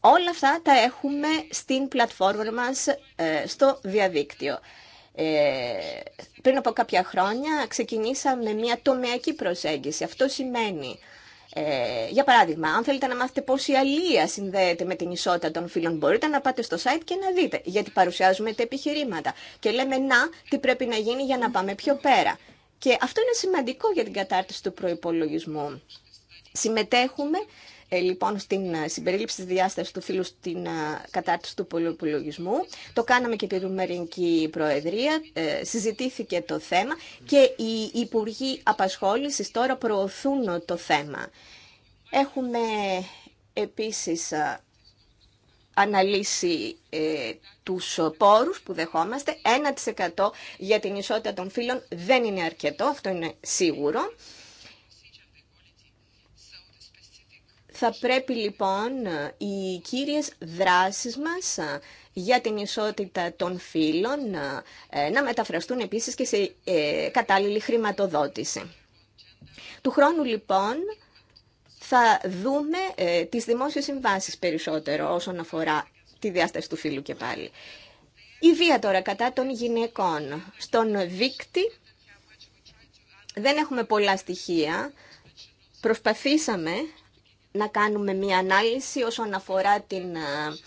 Όλα αυτά τα έχουμε στην πλατφόρμα μας ε, στο διαδίκτυο. Ε, πριν από κάποια χρόνια ξεκινήσαμε μια τομεακή προσέγγιση. Αυτό σημαίνει ε, για παράδειγμα, αν θέλετε να μάθετε πώς η αλλήλεια συνδέεται με την ισότητα των φίλων, μπορείτε να πάτε στο site και να δείτε, γιατί παρουσιάζουμε τα επιχειρήματα και λέμε να, τι πρέπει να γίνει για να πάμε πιο πέρα. Και αυτό είναι σημαντικό για την κατάρτιση του προϋπολογισμού. Συμμετέχουμε ε, λοιπόν στην ε, συμπερίληψη της διάστασης του φίλου, στην ε, κατάρτιση του πολυπολογισμού. Το κάναμε και την Ρουμερική Προεδρία, ε, συζητήθηκε το θέμα και οι Υπουργοί Απασχόλησης τώρα προωθούν το θέμα. Έχουμε επίσης αναλύσει ε, τους πόρους που δεχόμαστε. 1% για την ισότητα των φύλων δεν είναι αρκετό, αυτό είναι σίγουρο. Θα πρέπει λοιπόν ε, οι κύριες δράσεις μας ε, για την ισότητα των φύλων ε, να μεταφραστούν επίσης και σε κατάλληλη χρηματοδότηση. Του χρόνου λοιπόν θα δούμε τις δημόσιες συμβάσεις περισσότερο όσον αφορά τη διάσταση του φύλου και πάλι. Η βία τώρα κατά των γυναικών στον δίκτυ δεν έχουμε πολλά στοιχεία. Προσπαθήσαμε να κάνουμε μία ανάλυση όσον αφορά την ε,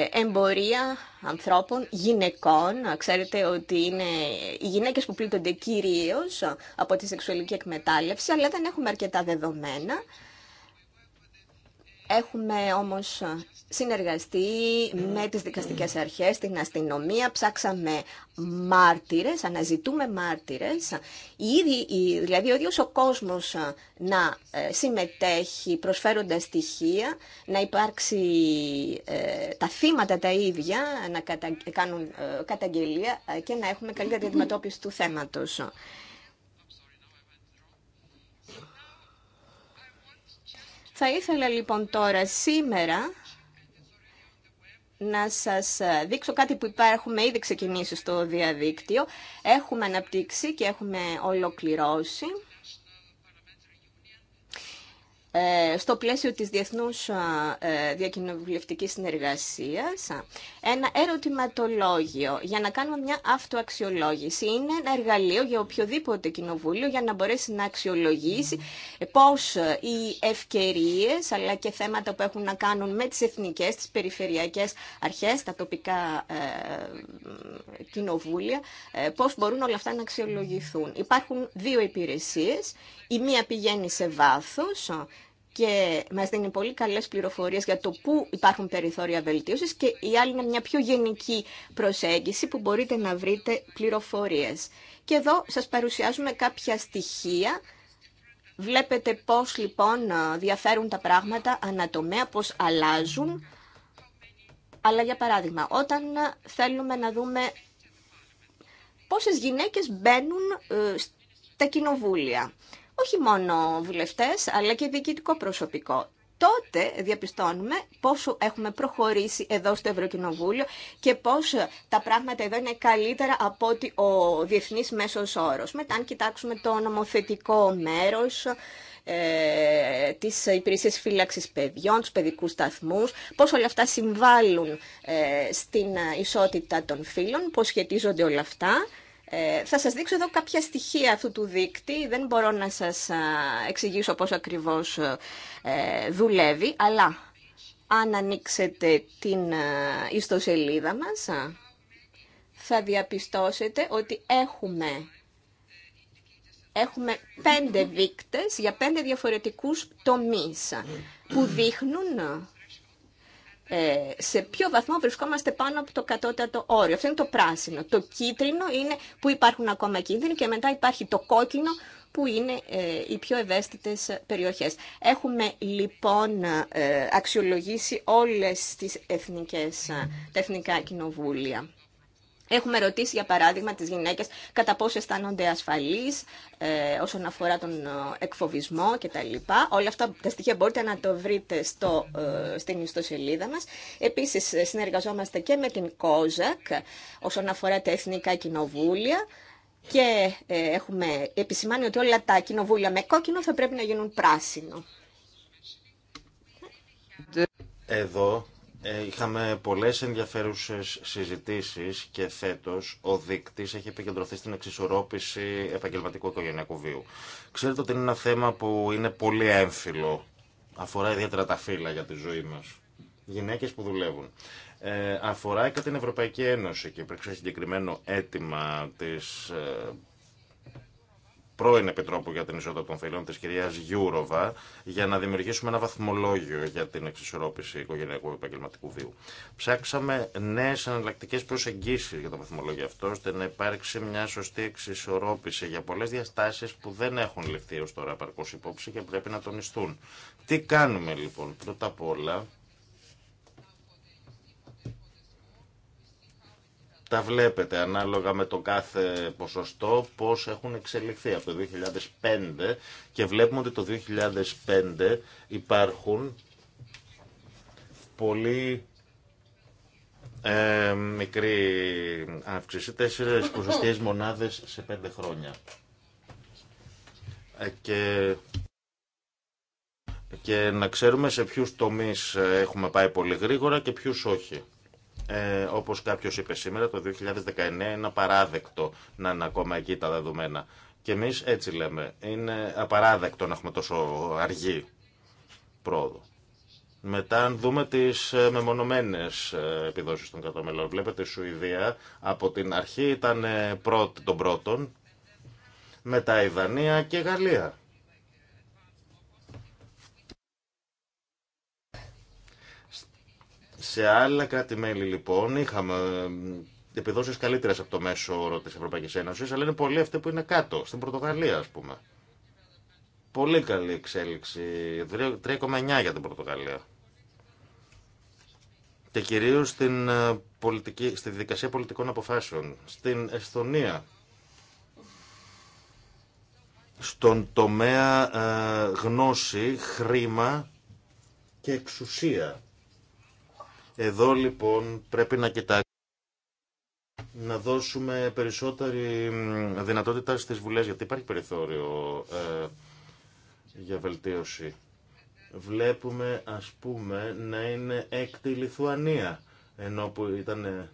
ε, εμπορία ανθρώπων, γυναικών. Ξέρετε ότι είναι οι γυναίκες που πλήττονται κυρίως από τη σεξουαλική εκμετάλλευση, αλλά δεν έχουμε αρκετά δεδομένα. Έχουμε όμως συνεργαστεί με τις δικαστικές αρχές, την αστυνομία, ψάξαμε μάρτυρες, αναζητούμε μάρτυρες, ήδη, δηλαδή ο ίδιος ο κόσμος να ε, συμμετέχει προσφέροντας στοιχεία, να υπάρξει ε, τα θύματα τα ίδια, να κάνουν ε, καταγγελία και να έχουμε καλύτερη αντιμετώπιση του θέματος. Θα ήθελα λοιπόν τώρα σήμερα να σας ε, δείξω κάτι που υπάρχουμε ήδη ξεκινήσει στο διαδίκτυο. Έχουμε αναπτύξει και έχουμε ολοκληρώσει ε, στο πλαίσιο της διεθνούς ε, διακοινοβουλευτικής συνεργασίας ένα ερωτηματολόγιο για να κάνουμε μια αυτοαξιολόγηση. Είναι ένα εργαλείο για οποιοδήποτε κοινοβούλιο για να μπορέσει να αξιολογήσει πώς ε, οι ευκαιρίες αλλά και θέματα που έχουν να κάνουν με τις εθνικές, τις περιφερειακές αρχές, τα τοπικά κοινοβούλια, πώς μπορούν όλα αυτά να αξιολογηθούν. Υπάρχουν δύο υπηρεσίες. Η μία πηγαίνει σε βάθος, και μας δίνει πολύ καλές πληροφορίες για το πού υπάρχουν περιθώρια βελτίωσης και η άλλη είναι μια πιο γενική προσέγγιση που μπορείτε να βρείτε πληροφορίες. Και εδώ σας παρουσιάζουμε κάποια στοιχεία. Βλέπετε πώς λοιπόν διαφέρουν τα πράγματα ανατομέα, πώς αλλάζουν. Αλλά για παράδειγμα, όταν θέλουμε να δούμε πόσες γυναίκες μπαίνουν ε, στα κοινοβούλια όχι μόνο βουλευτές, αλλά και διοικητικό προσωπικό τότε διαπιστώνουμε πόσο έχουμε προχωρήσει εδώ στο Ευρωκοινοβούλιο και πώς τα πράγματα εδώ είναι καλύτερα από ότι ο διεθνής μέσος όρος. Μετά αν κοιτάξουμε το νομοθετικό μέρος, ε, τις φυλαξη φύλαξης παιδιών, του παιδικού σταθμού, πώς όλα αυτά συμβάλλουν ε, στην ισότητα των φύλων, πώς σχετίζονται όλα αυτά. Ε, θα σας δείξω εδώ κάποια στοιχεία αυτού του δίκτυ. Δεν μπορώ να σας εξηγήσω πώς ακριβώς ε, δουλεύει, αλλά αν ανοίξετε την ιστοσελίδα μας, θα διαπιστώσετε ότι έχουμε έχουμε πέντε mm-hmm. δείκτες για πέντε διαφορετικούς τομείς mm-hmm. που δείχνουν ε, σε ποιο βαθμό βρισκόμαστε πάνω από το κατώτατο όριο. Αυτό είναι το πράσινο. Το κίτρινο είναι που υπάρχουν ακόμα κίνδυνοι και μετά υπάρχει το κόκκινο που είναι ε, οι πιο ευαίσθητες περιοχές. Έχουμε λοιπόν ε, αξιολογήσει όλες τις εθνικές, τα εθνικά κοινοβούλια. Έχουμε ρωτήσει, για παράδειγμα, τις γυναίκες κατά πόσο αισθάνονται ασφαλείς ε, όσον αφορά τον ε, εκφοβισμό κτλ. Όλα αυτά τα στοιχεία μπορείτε να το βρείτε στο, ε, στην ιστοσελίδα μας. Επίσης, ε, συνεργαζόμαστε και με την ΚΟΖΑΚ όσον αφορά τα εθνικά κοινοβούλια και έχουμε επισημάνει ότι όλα τα κοινοβούλια με κόκκινο θα πρέπει να γίνουν πράσινο. Εδώ ε, είχαμε πολλές ενδιαφέρουσες συζητήσεις και φέτος ο δείκτης έχει επικεντρωθεί στην εξισορρόπηση επαγγελματικού οικογενειακού βίου. Ξέρετε ότι είναι ένα θέμα που είναι πολύ έμφυλο, αφορά ιδιαίτερα τα φύλλα για τη ζωή μας, γυναίκες που δουλεύουν. Ε, αφορά και την Ευρωπαϊκή Ένωση και υπήρξε συγκεκριμένο αίτημα της ε, πρώην Επιτρόπου για την Ισότητα των Φίλων, τη κυρία Γιούροβα, για να δημιουργήσουμε ένα βαθμολόγιο για την εξισορρόπηση οικογενειακού επαγγελματικού βίου. Ψάξαμε νέε εναλλακτικέ προσεγγίσει για το βαθμολόγιο αυτό, ώστε να υπάρξει μια σωστή εξισορρόπηση για πολλέ διαστάσει που δεν έχουν ληφθεί ω τώρα παρκώ υπόψη και πρέπει να τονιστούν. Τι κάνουμε λοιπόν, πρώτα απ' όλα, τα βλέπετε ανάλογα με το κάθε ποσοστό πώς έχουν εξελιχθεί από το 2005 και βλέπουμε ότι το 2005 υπάρχουν πολύ ε, μικρή αύξηση, τέσσερις ποσοστιαίες μονάδες σε πέντε χρόνια. Ε, και και να ξέρουμε σε ποιους τομείς έχουμε πάει πολύ γρήγορα και ποιους όχι. Ε, όπως κάποιος είπε σήμερα, το 2019 είναι απαράδεκτο να είναι ακόμα εκεί τα δεδομένα. Και εμεί έτσι λέμε, είναι απαράδεκτο να έχουμε τόσο αργή πρόοδο. Μετά, αν δούμε τι ε, μεμονωμένε ε, επιδόσει των κρατομελών, βλέπετε η Σουηδία από την αρχή ήταν ε, πρώτη των πρώτων, μετά η Δανία και η Γαλλία. Σε άλλα κράτη-μέλη λοιπόν είχαμε επιδόσει καλύτερε από το μέσο όρο τη Ευρωπαϊκή Ένωση, αλλά είναι πολλοί αυτοί που είναι κάτω, στην Πορτογαλία α πούμε. Πολύ καλή εξέλιξη. 3,9 για την Πορτογαλία. Και κυρίω ε, πολιτική, στη δικασία πολιτικών αποφάσεων. Στην Εσθονία. Στον τομέα ε, γνώση, χρήμα και εξουσία. Εδώ λοιπόν πρέπει να κοιτάξουμε να δώσουμε περισσότερη δυνατότητα στις βουλές, γιατί υπάρχει περιθώριο ε, για βελτίωση. Βλέπουμε, ας πούμε, να είναι έκτη Λιθουανία, ενώ που ήταν... Ε,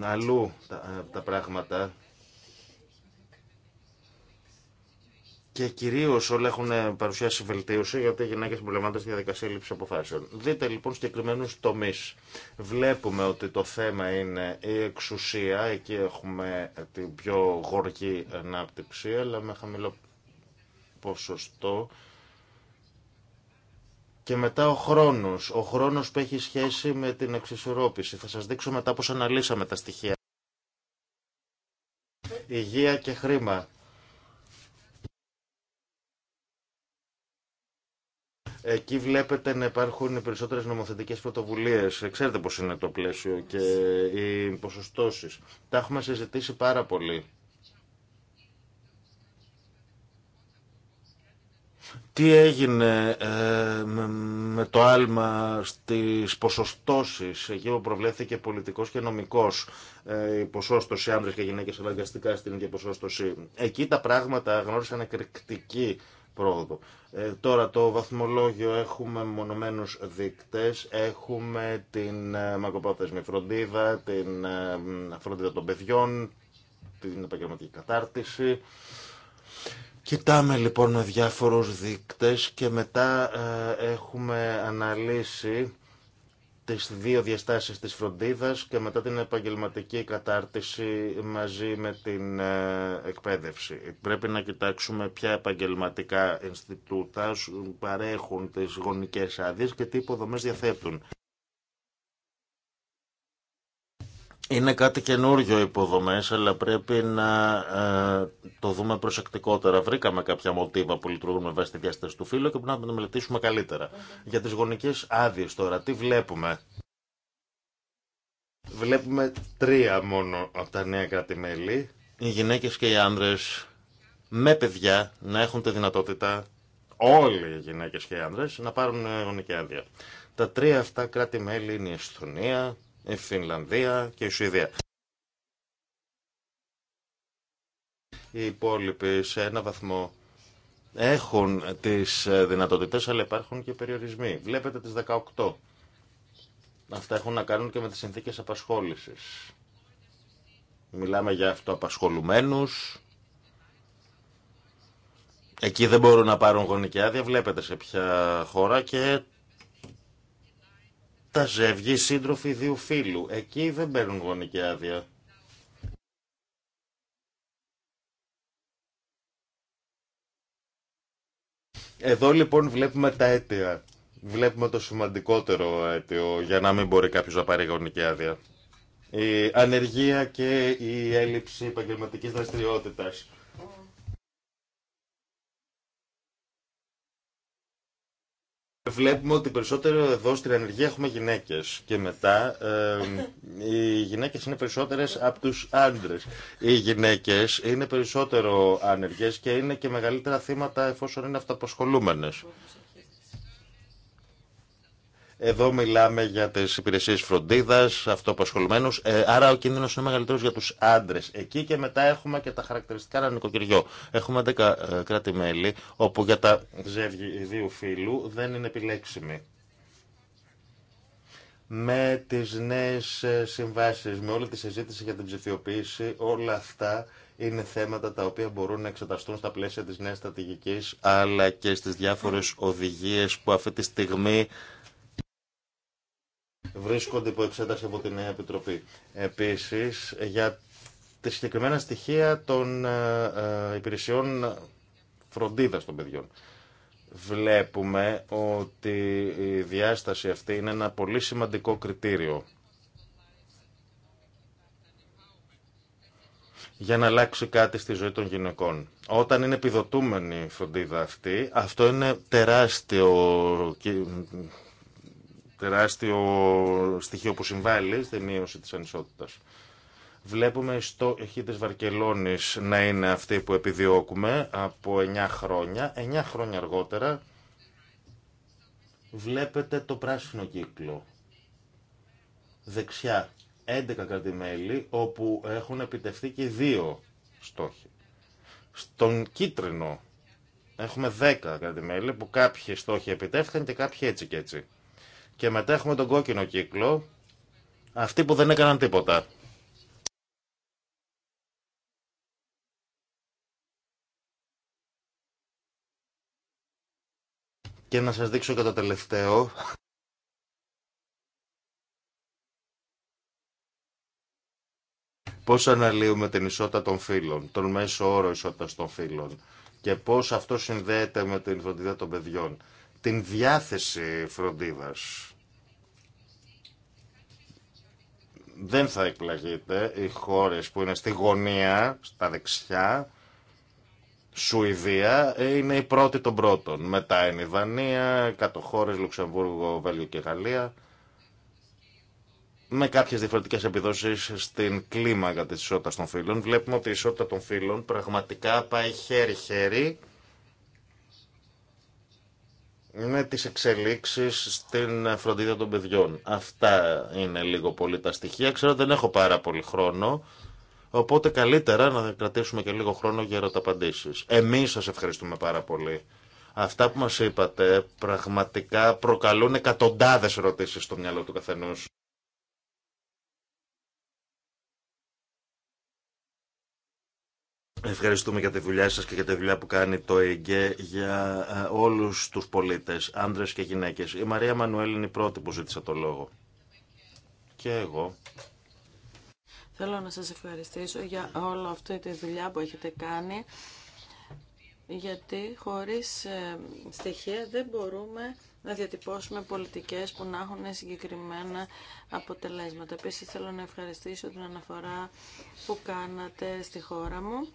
αλλού τα, ε, τα πράγματα Και κυρίω όλα έχουν ε, παρουσιάσει βελτίωση γιατί οι γυναίκε συμπληρωμάτων στη διαδικασία λήψη αποφάσεων. Δείτε λοιπόν συγκεκριμένου τομεί. Βλέπουμε ότι το θέμα είναι η εξουσία. Εκεί έχουμε ε, την πιο γοργή ανάπτυξη, αλλά με χαμηλό ποσοστό. Και μετά ο χρόνο. Ο χρόνο που έχει σχέση με την εξισορρόπηση. Θα σα δείξω μετά πώ αναλύσαμε τα στοιχεία. Υγεία και χρήμα Εκεί βλέπετε να υπάρχουν οι περισσότερες νομοθετικές πρωτοβουλίες. Ξέρετε πώς είναι το πλαίσιο και οι ποσοστώσεις. Τα έχουμε συζητήσει πάρα πολύ. Τι έγινε ε, με, το άλμα στις ποσοστώσεις, εκεί όπου προβλέφθηκε πολιτικός και νομικός ε, η ποσόστοση άνδρες και γυναίκες αναγκαστικά στην ίδια ποσόστοση. Εκεί τα πράγματα γνώρισαν εκρηκτική πρόοδο. Ε, τώρα το βαθμολόγιο έχουμε μονομένους δείκτες, έχουμε την ε, μακροπρόθεσμη φροντίδα, την ε, φροντίδα των παιδιών, την επαγγελματική κατάρτιση. Κοιτάμε λοιπόν με διάφορους δείκτες και μετά ε, έχουμε αναλύσει τις δύο διαστάσεις της φροντίδας και μετά την επαγγελματική κατάρτιση μαζί με την ε, εκπαίδευση. Πρέπει να κοιτάξουμε ποια επαγγελματικά Ινστιτούτα παρέχουν τις γονικές άδειες και τι υποδομές διαθέτουν. Είναι κάτι καινούριο υποδομές, αλλά πρέπει να ε, το δούμε προσεκτικότερα. Βρήκαμε κάποια μοτίβα που λειτουργούν με βάση τη διάσταση του φύλλου και πρέπει να το μελετήσουμε καλύτερα. Για τις γονικές άδειες τώρα, τι βλέπουμε. Βλέπουμε τρία μόνο από τα νέα κράτη-μέλη. Οι γυναίκες και οι άνδρες με παιδιά να έχουν τη δυνατότητα, όλοι οι γυναίκες και οι άνδρες, να πάρουν γονική άδεια. Τα τρία αυτά κράτη-μέλη είναι η Εσθονία, η Φινλανδία και η Σουηδία. Οι υπόλοιποι σε ένα βαθμό έχουν τις δυνατότητες, αλλά υπάρχουν και περιορισμοί. Βλέπετε τις 18. Αυτά έχουν να κάνουν και με τις συνθήκες απασχόλησης. Μιλάμε για αυτοαπασχολουμένους. Εκεί δεν μπορούν να πάρουν γονική άδεια. Βλέπετε σε ποια χώρα και τα ζεύγη σύντροφοι φίλου. Εκεί δεν παίρνουν γονική άδεια. Εδώ λοιπόν βλέπουμε τα αίτια. Βλέπουμε το σημαντικότερο αίτιο για να μην μπορεί κάποιο να πάρει γονική άδεια. Η ανεργία και η έλλειψη επαγγελματική δραστηριότητας. Βλέπουμε ότι περισσότερο εδώ στην ανεργία έχουμε γυναίκες Και μετά οι γυναίκες είναι περισσότερες από τους άντρες. Οι γυναίκες είναι περισσότερο ανεργές και είναι και μεγαλύτερα θύματα εφόσον είναι αυτοαπασχολούμενες. Εδώ μιλάμε για τι υπηρεσίε φροντίδα, αυτοαπασχολουμένου. Ε, άρα ο κίνδυνο είναι μεγαλύτερο για του άντρε. Εκεί και μετά έχουμε και τα χαρακτηριστικά ένα νοικοκυριό. Έχουμε 10 ε, κράτη-μέλη, όπου για τα ζεύγη δύο φύλου δεν είναι επιλέξιμη. Με τι νέε συμβάσει, με όλη τη συζήτηση για την ψηφιοποίηση, όλα αυτά είναι θέματα τα οποία μπορούν να εξεταστούν στα πλαίσια τη νέα στρατηγική, αλλά και στι διάφορε οδηγίε που αυτή τη στιγμή βρίσκονται υπό εξέταση από τη Νέα Επιτροπή. Επίσης, για τη συγκεκριμένα στοιχεία των ε, ε, υπηρεσιών φροντίδας των παιδιών. Βλέπουμε ότι η διάσταση αυτή είναι ένα πολύ σημαντικό κριτήριο για να αλλάξει κάτι στη ζωή των γυναικών. Όταν είναι επιδοτούμενη η φροντίδα αυτή, αυτό είναι τεράστιο τεράστιο στοιχείο που συμβάλλει στη μείωση της ανισότητας. Βλέπουμε οι στόχοι της Βαρκελόνης να είναι αυτοί που επιδιώκουμε από 9 χρόνια. 9 χρόνια αργότερα βλέπετε το πράσινο κύκλο. Δεξιά 11 κρατημέλη όπου έχουν επιτευχθεί και δύο στόχοι. Στον κίτρινο έχουμε 10 κρατημέλη που κάποιοι στόχοι επιτεύχθηκαν και κάποιοι έτσι και έτσι. Και μετά έχουμε τον κόκκινο κύκλο, αυτοί που δεν έκαναν τίποτα. Και να σας δείξω και το τελευταίο. Πώς αναλύουμε την ισότητα των φύλων, τον μέσο όρο ισότητας των φύλων και πώς αυτό συνδέεται με την φροντίδα των παιδιών την διάθεση φροντίδας. Δεν θα εκπλαγείτε οι χώρες που είναι στη γωνία, στα δεξιά, Σουηδία είναι η πρώτη των πρώτων. Μετά είναι η Δανία, κάτω χώρες, Λουξεμβούργο, Βέλγιο και Γαλλία. Με κάποιες διαφορετικές επιδόσεις στην κλίμακα της ισότητας των φύλων, βλέπουμε ότι η ισότητα των φύλων πραγματικά πάει χέρι-χέρι με τις εξελίξεις στην φροντίδα των παιδιών. Αυτά είναι λίγο πολύ τα στοιχεία. Ξέρω δεν έχω πάρα πολύ χρόνο, οπότε καλύτερα να κρατήσουμε και λίγο χρόνο για ερωταπαντήσεις. Εμείς σας ευχαριστούμε πάρα πολύ. Αυτά που μας είπατε πραγματικά προκαλούν εκατοντάδες ερωτήσεις στο μυαλό του καθενός. Ευχαριστούμε για τη δουλειά σας και για τη δουλειά που κάνει το ΕΓΚΕ για ε, όλους τους πολίτες, άνδρες και γυναίκες. Η Μαρία Μανουέλ είναι η πρώτη που ζήτησε το λόγο. Και εγώ. Θέλω να σας ευχαριστήσω για όλο αυτή τη δουλειά που έχετε κάνει, γιατί χωρίς ε, στοιχεία δεν μπορούμε να διατυπώσουμε πολιτικές που να έχουν συγκεκριμένα αποτελέσματα. Επίσης θέλω να ευχαριστήσω την αναφορά που κάνατε στη χώρα μου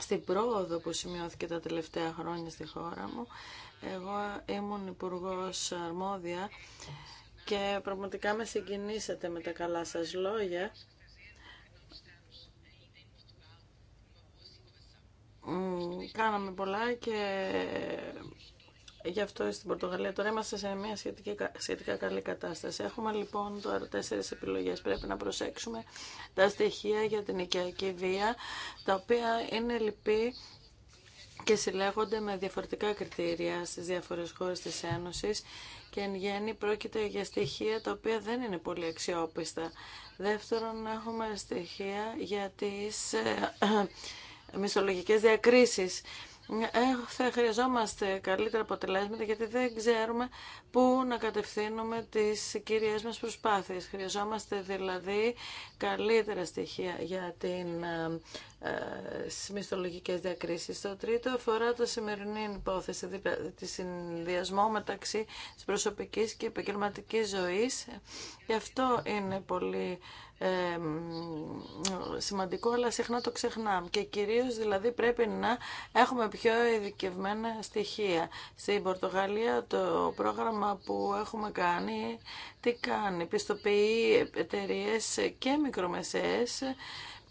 στην πρόοδο που σημειώθηκε τα τελευταία χρόνια στη χώρα μου. Εγώ ήμουν υπουργό αρμόδια και πραγματικά με συγκινήσατε με τα καλά σας λόγια. Κάναμε πολλά και γι' αυτό στην Πορτογαλία τώρα είμαστε σε μια σχετικά, σχετικά καλή κατάσταση. Έχουμε λοιπόν τώρα τέσσερι επιλογέ. Πρέπει να προσέξουμε τα στοιχεία για την οικιακή βία, τα οποία είναι λυπή και συλλέγονται με διαφορετικά κριτήρια στι διάφορες χώρε τη Ένωση και εν γέννη πρόκειται για στοιχεία τα οποία δεν είναι πολύ αξιόπιστα. Δεύτερον, έχουμε στοιχεία για τι ε, μισολογικέ διακρίσει θα χρειαζόμαστε καλύτερα αποτελέσματα γιατί δεν ξέρουμε πού να κατευθύνουμε τις κυρίες μας προσπάθειες. Χρειαζόμαστε δηλαδή καλύτερα στοιχεία για την ε, ε, μισθολογικέ διακρίσει διακρίσεις. Το τρίτο αφορά το σημερινή υπόθεση, τη συνδυασμό μεταξύ της προσωπικής και επαγγελματικής ζωής. Γι' αυτό είναι πολύ σημαντικό, αλλά συχνά το ξεχνάμε. Και κυρίως δηλαδή πρέπει να έχουμε πιο ειδικευμένα στοιχεία. Στην Πορτογαλία το πρόγραμμα που έχουμε κάνει, τι κάνει, πιστοποιεί εταιρείε και μικρομεσαίες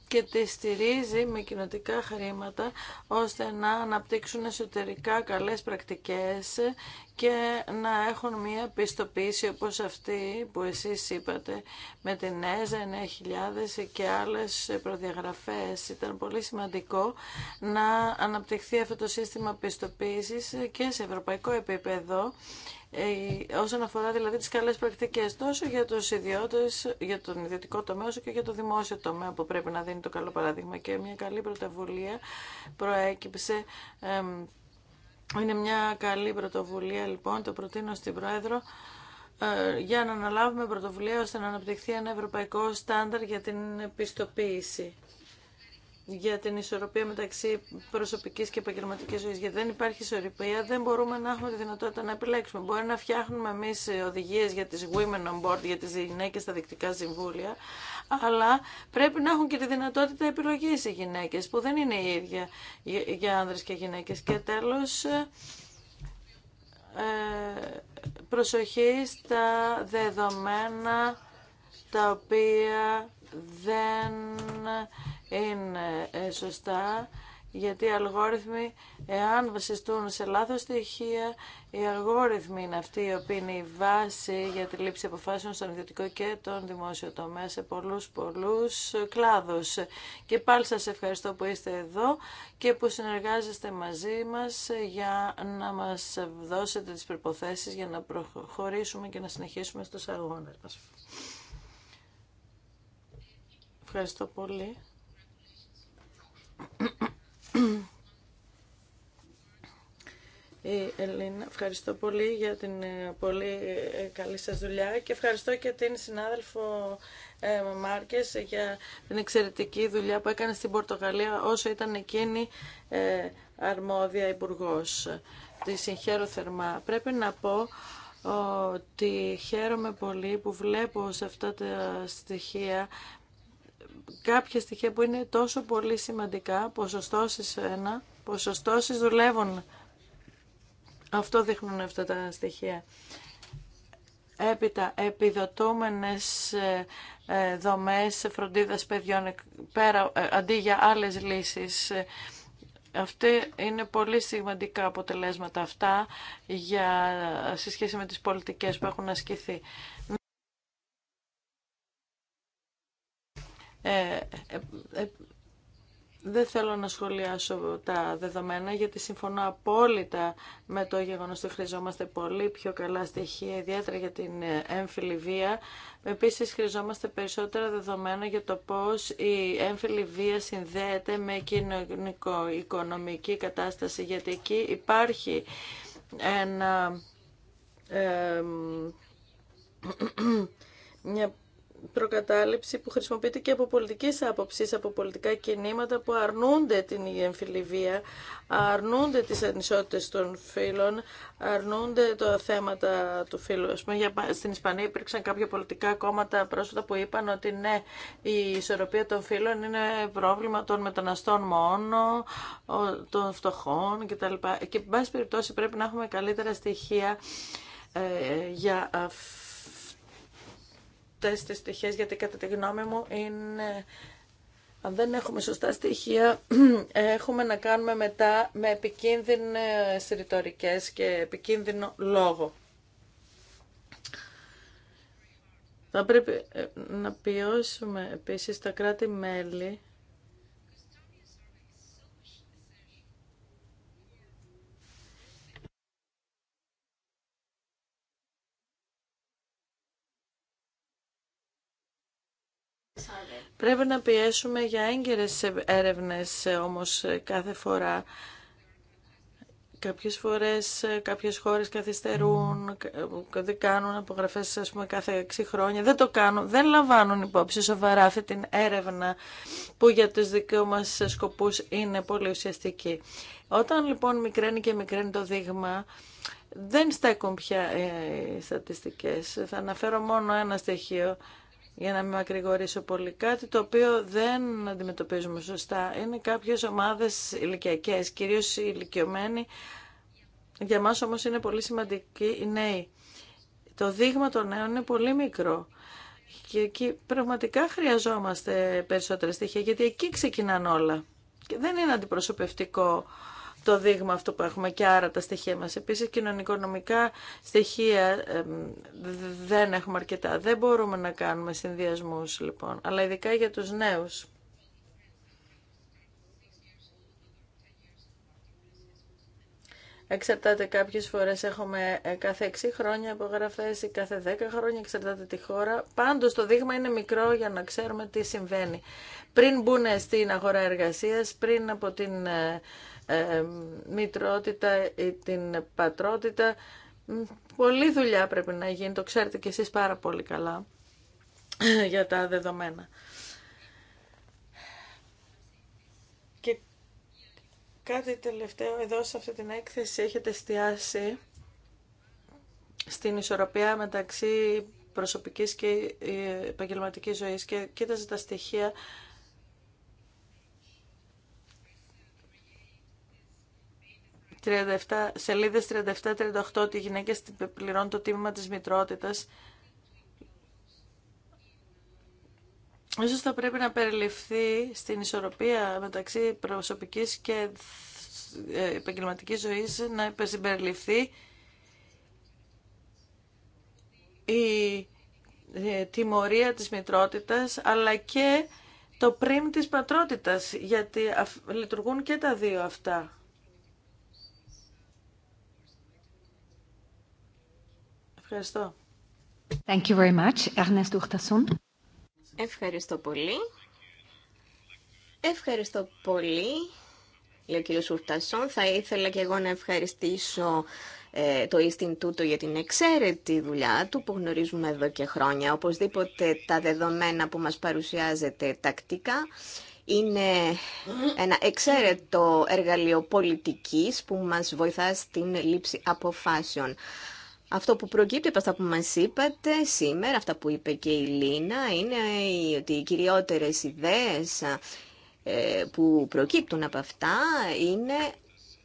και τη στηρίζει με κοινοτικά χρήματα ώστε να αναπτύξουν εσωτερικά καλές πρακτικές και να έχουν μια πιστοποίηση όπως αυτή που εσείς είπατε με την ΕΖΑ 9000 και άλλες προδιαγραφές. Ήταν πολύ σημαντικό να αναπτυχθεί αυτό το σύστημα πιστοποίησης και σε ευρωπαϊκό επίπεδο ε, όσον αφορά δηλαδή τις καλές πρακτικές τόσο για τους ιδιώτες, για τον ιδιωτικό τομέα όσο και για το δημόσιο τομέα που πρέπει να δίνει το καλό παράδειγμα και μια καλή πρωτοβουλία προέκυψε είναι μια καλή πρωτοβουλία λοιπόν, το προτείνω στην Πρόεδρο ε, για να αναλάβουμε πρωτοβουλία ώστε να αναπτυχθεί ένα ευρωπαϊκό στάνταρ για την πιστοποίηση για την ισορροπία μεταξύ προσωπική και επαγγελματική ζωή. Γιατί δεν υπάρχει ισορροπία, δεν μπορούμε να έχουμε τη δυνατότητα να επιλέξουμε. Μπορεί να φτιάχνουμε εμεί οδηγίε για τι women on board, για τι γυναίκε στα δικτικά συμβούλια, αλλά πρέπει να έχουν και τη δυνατότητα επιλογή οι γυναίκε, που δεν είναι η ίδια για άνδρε και γυναίκε. Και τέλο. Ε, προσοχή στα δεδομένα τα οποία δεν είναι ε, σωστά γιατί οι αλγόριθμοι, εάν βασιστούν σε λάθος στοιχεία, οι αλγόριθμοι είναι αυτοί οι οποίοι είναι η βάση για τη λήψη αποφάσεων στον ιδιωτικό και τον δημόσιο τομέα σε πολλούς πολλούς κλάδους. Και πάλι σας ευχαριστώ που είστε εδώ και που συνεργάζεστε μαζί μας για να μας δώσετε τις προποθέσεις για να προχωρήσουμε και να συνεχίσουμε στους αγώνες μας. Ευχαριστώ πολύ. Η ευχαριστώ πολύ για την ε, πολύ ε, καλή σας δουλειά και ευχαριστώ και την συνάδελφο ε, Μάρκες για την εξαιρετική δουλειά που έκανε στην Πορτογαλία όσο ήταν εκείνη αρμόδια υπουργό. Τη συγχαίρω θερμά. Πρέπει να πω ότι χαίρομαι πολύ που βλέπω σε αυτά τα στοιχεία κάποια στοιχεία που είναι τόσο πολύ σημαντικά, ποσοστώσεις ένα, ποσοστώσεις δουλεύουν. Αυτό δείχνουν αυτά τα στοιχεία. Έπειτα, επιδοτούμενες ε, ε, δομές φροντίδας παιδιών πέρα, ε, αντί για άλλες λύσεις. Αυτή είναι πολύ σημαντικά αποτελέσματα αυτά για, σε σχέση με τις πολιτικές που έχουν ασκηθεί. Ε, ε, ε, δεν θέλω να σχολιάσω τα δεδομένα γιατί συμφωνώ απόλυτα με το γεγονός ότι χρειαζόμαστε πολύ πιο καλά στοιχεία, ιδιαίτερα για την έμφυλη βία. Επίσης χρειαζόμαστε περισσότερα δεδομένα για το πώς η έμφυλη βία συνδέεται με κοινωνικο-οικονομική κατάσταση γιατί εκεί υπάρχει ένα, ε, [clears throat] μια προκατάληψη που χρησιμοποιείται και από πολιτικές άποψεις, από πολιτικά κινήματα που αρνούνται την βία, αρνούνται τις ανισότητες των φύλων, αρνούνται τα θέματα του φύλου. στην Ισπανία υπήρξαν κάποια πολιτικά κόμματα πρόσφατα που είπαν ότι ναι, η ισορροπία των φύλων είναι πρόβλημα των μεταναστών μόνο, των φτωχών κτλ. Και, εν πάση περιπτώσει πρέπει να έχουμε καλύτερα στοιχεία ε, για αυτό Τέσσερι τις στοιχείες, γιατί κατά τη γνώμη μου είναι... Αν δεν έχουμε σωστά στοιχεία, [clears throat] έχουμε να κάνουμε μετά με επικίνδυνες ρητορικές και επικίνδυνο λόγο. Θα πρέπει ε, να πιώσουμε επίσης τα κράτη-μέλη Πρέπει να πιέσουμε για έγκαιρες έρευνες όμως κάθε φορά. Κάποιες φορές κάποιες χώρες καθυστερούν, ε, δεν κάνουν απογραφές ας πούμε, κάθε 6 χρόνια. Δεν το κάνουν, δεν λαμβάνουν υπόψη σοβαρά αυτή την έρευνα που για τους δικούς μας σκοπούς είναι πολύ ουσιαστική. Όταν λοιπόν μικραίνει και μικραίνει το δείγμα, δεν στέκουν πια ε, οι στατιστικές. Θα αναφέρω μόνο ένα στοιχείο για να μην ακρηγορήσω πολύ, κάτι το οποίο δεν αντιμετωπίζουμε σωστά. Είναι κάποιες ομάδες ηλικιακέ, κυρίως οι ηλικιωμένοι, για μας όμως είναι πολύ σημαντικοί οι νέοι. Το δείγμα των νέων είναι πολύ μικρό και εκεί πραγματικά χρειαζόμαστε περισσότερα στοιχεία, γιατί εκεί ξεκινάνε όλα. Και δεν είναι αντιπροσωπευτικό το δείγμα αυτό που έχουμε και άρα τα στοιχεία μας. Επίσης, κοινωνικονομικά στοιχεία δεν έχουμε αρκετά. Δεν μπορούμε να κάνουμε συνδυασμούς, λοιπόν, αλλά ειδικά για τους νέους. Εξαρτάται κάποιες φορές έχουμε ε, κάθε 6 χρόνια υπογραφές ή κάθε 10 χρόνια, εξαρτάται τη χώρα. Πάντως το δείγμα είναι μικρό για να ξέρουμε τι συμβαίνει. Πριν μπουν στην αγορά εργασίας, πριν από την ε, μητρότητα ή ε, την πατρότητα. Πολύ δουλειά πρέπει να γίνει, το ξέρετε κι εσείς πάρα πολύ καλά [clears throat] για τα δεδομένα. Και κάτι τελευταίο, εδώ σε αυτή την έκθεση έχετε εστιάσει στην ισορροπία μεταξύ προσωπικής και ε, επαγγελματικής ζωής και κοίταζε τα στοιχεία 37, σελίδες 37-38 ότι οι γυναίκες πληρώνουν το τίμημα της μητρότητας. Ίσως θα πρέπει να περιληφθεί στην ισορροπία μεταξύ προσωπικής και ε, επαγγελματικής ζωής να συμπεριληφθεί η ε, τιμωρία της μητρότητας αλλά και το πριμ της πατρότητας γιατί λειτουργούν και τα δύο αυτά. Ευχαριστώ. Thank you very much. Ευχαριστώ πολύ. Ευχαριστώ πολύ, λέει ο κύριο Θα ήθελα και εγώ να ευχαριστήσω ε, το Ιστιντούτο για την εξαίρετη δουλειά του που γνωρίζουμε εδώ και χρόνια. Οπωσδήποτε τα δεδομένα που μας παρουσιάζεται τακτικά είναι ένα εξαίρετο εργαλείο πολιτικής που μας βοηθά στην λήψη αποφάσεων. Αυτό που προκύπτει από αυτά που μας είπατε σήμερα, αυτά που είπε και η Λίνα, είναι ότι οι κυριότερες ιδέες ε, που προκύπτουν από αυτά είναι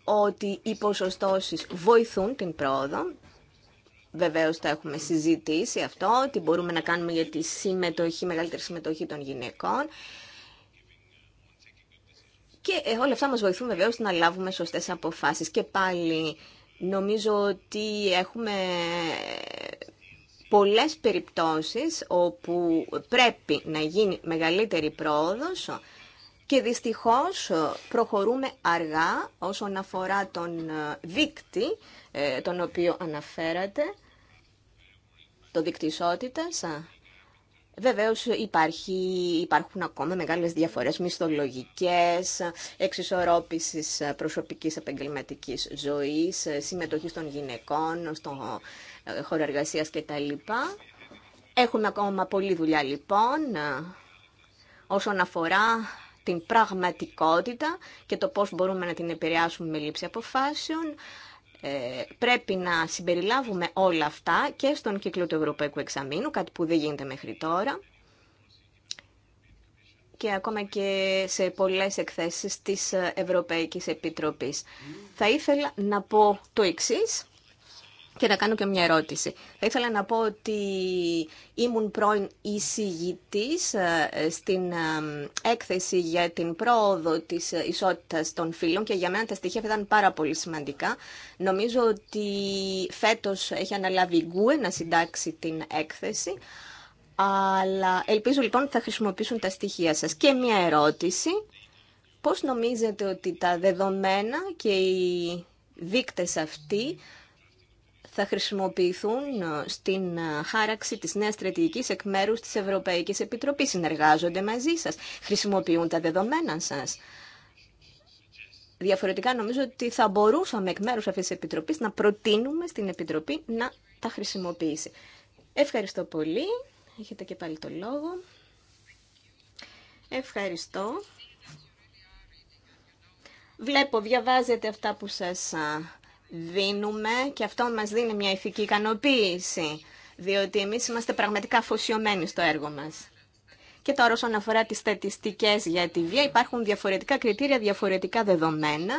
ότι οι ποσοστώσεις βοηθούν την πρόοδο. Βεβαίως τα έχουμε συζητήσει αυτό, ότι μπορούμε να κάνουμε για τη συμμετοχή, μεγαλύτερη συμμετοχή των γυναικών. Και ε, όλα αυτά μας βοηθούν βεβαίως να λάβουμε σωστές αποφάσεις. Και πάλι Νομίζω ότι έχουμε πολλές περιπτώσεις όπου πρέπει να γίνει μεγαλύτερη πρόοδος και δυστυχώς προχωρούμε αργά όσον αφορά τον δίκτυ ε, τον οποίο αναφέρατε, το δίκτυ Βεβαίω, υπάρχουν ακόμα μεγάλες διαφορές μισθολογικέ, εξισορρόπηση προσωπικής επαγγελματική ζωής, συμμετοχή των γυναικών στον χώρο εργασία κτλ. Έχουμε ακόμα πολλή δουλειά λοιπόν όσον αφορά την πραγματικότητα και το πώς μπορούμε να την επηρεάσουμε με λήψη αποφάσεων. Ε, πρέπει να συμπεριλάβουμε όλα αυτά και στον κύκλο του Ευρωπαϊκού Εξαμήνου, κάτι που δεν γίνεται μέχρι τώρα και ακόμα και σε πολλές εκθέσεις της Ευρωπαϊκής Επιτροπής. Θα ήθελα να πω το εξής και να κάνω και μια ερώτηση. Θα ήθελα να πω ότι ήμουν πρώην εισηγητής ε, στην ε, έκθεση για την πρόοδο της ισότητας των φύλων και για μένα τα στοιχεία ήταν πάρα πολύ σημαντικά. Νομίζω ότι φέτος έχει αναλάβει η Γκουε να συντάξει την έκθεση. Αλλά ελπίζω λοιπόν ότι θα χρησιμοποιήσουν τα στοιχεία σας. Και μια ερώτηση. Πώς νομίζετε ότι τα δεδομένα και οι δείκτες αυτοί θα χρησιμοποιηθούν ε, στην ε, χάραξη της νέας στρατηγικής εκ μέρους της Ευρωπαϊκής Επιτροπής. Συνεργάζονται μαζί σας, χρησιμοποιούν τα δεδομένα σας. Διαφορετικά νομίζω ότι θα μπορούσαμε εκ μέρους αυτής της Επιτροπής να προτείνουμε στην Επιτροπή να τα χρησιμοποιήσει. Ευχαριστώ πολύ. Έχετε και πάλι το λόγο. Ευχαριστώ. Βλέπω, διαβάζετε αυτά που σας δίνουμε και αυτό μας δίνει μια ηθική ικανοποίηση, διότι εμείς είμαστε πραγματικά αφοσιωμένοι στο έργο μας. Και τώρα όσον αφορά τις στατιστικές για τη βία, υπάρχουν διαφορετικά κριτήρια, διαφορετικά δεδομένα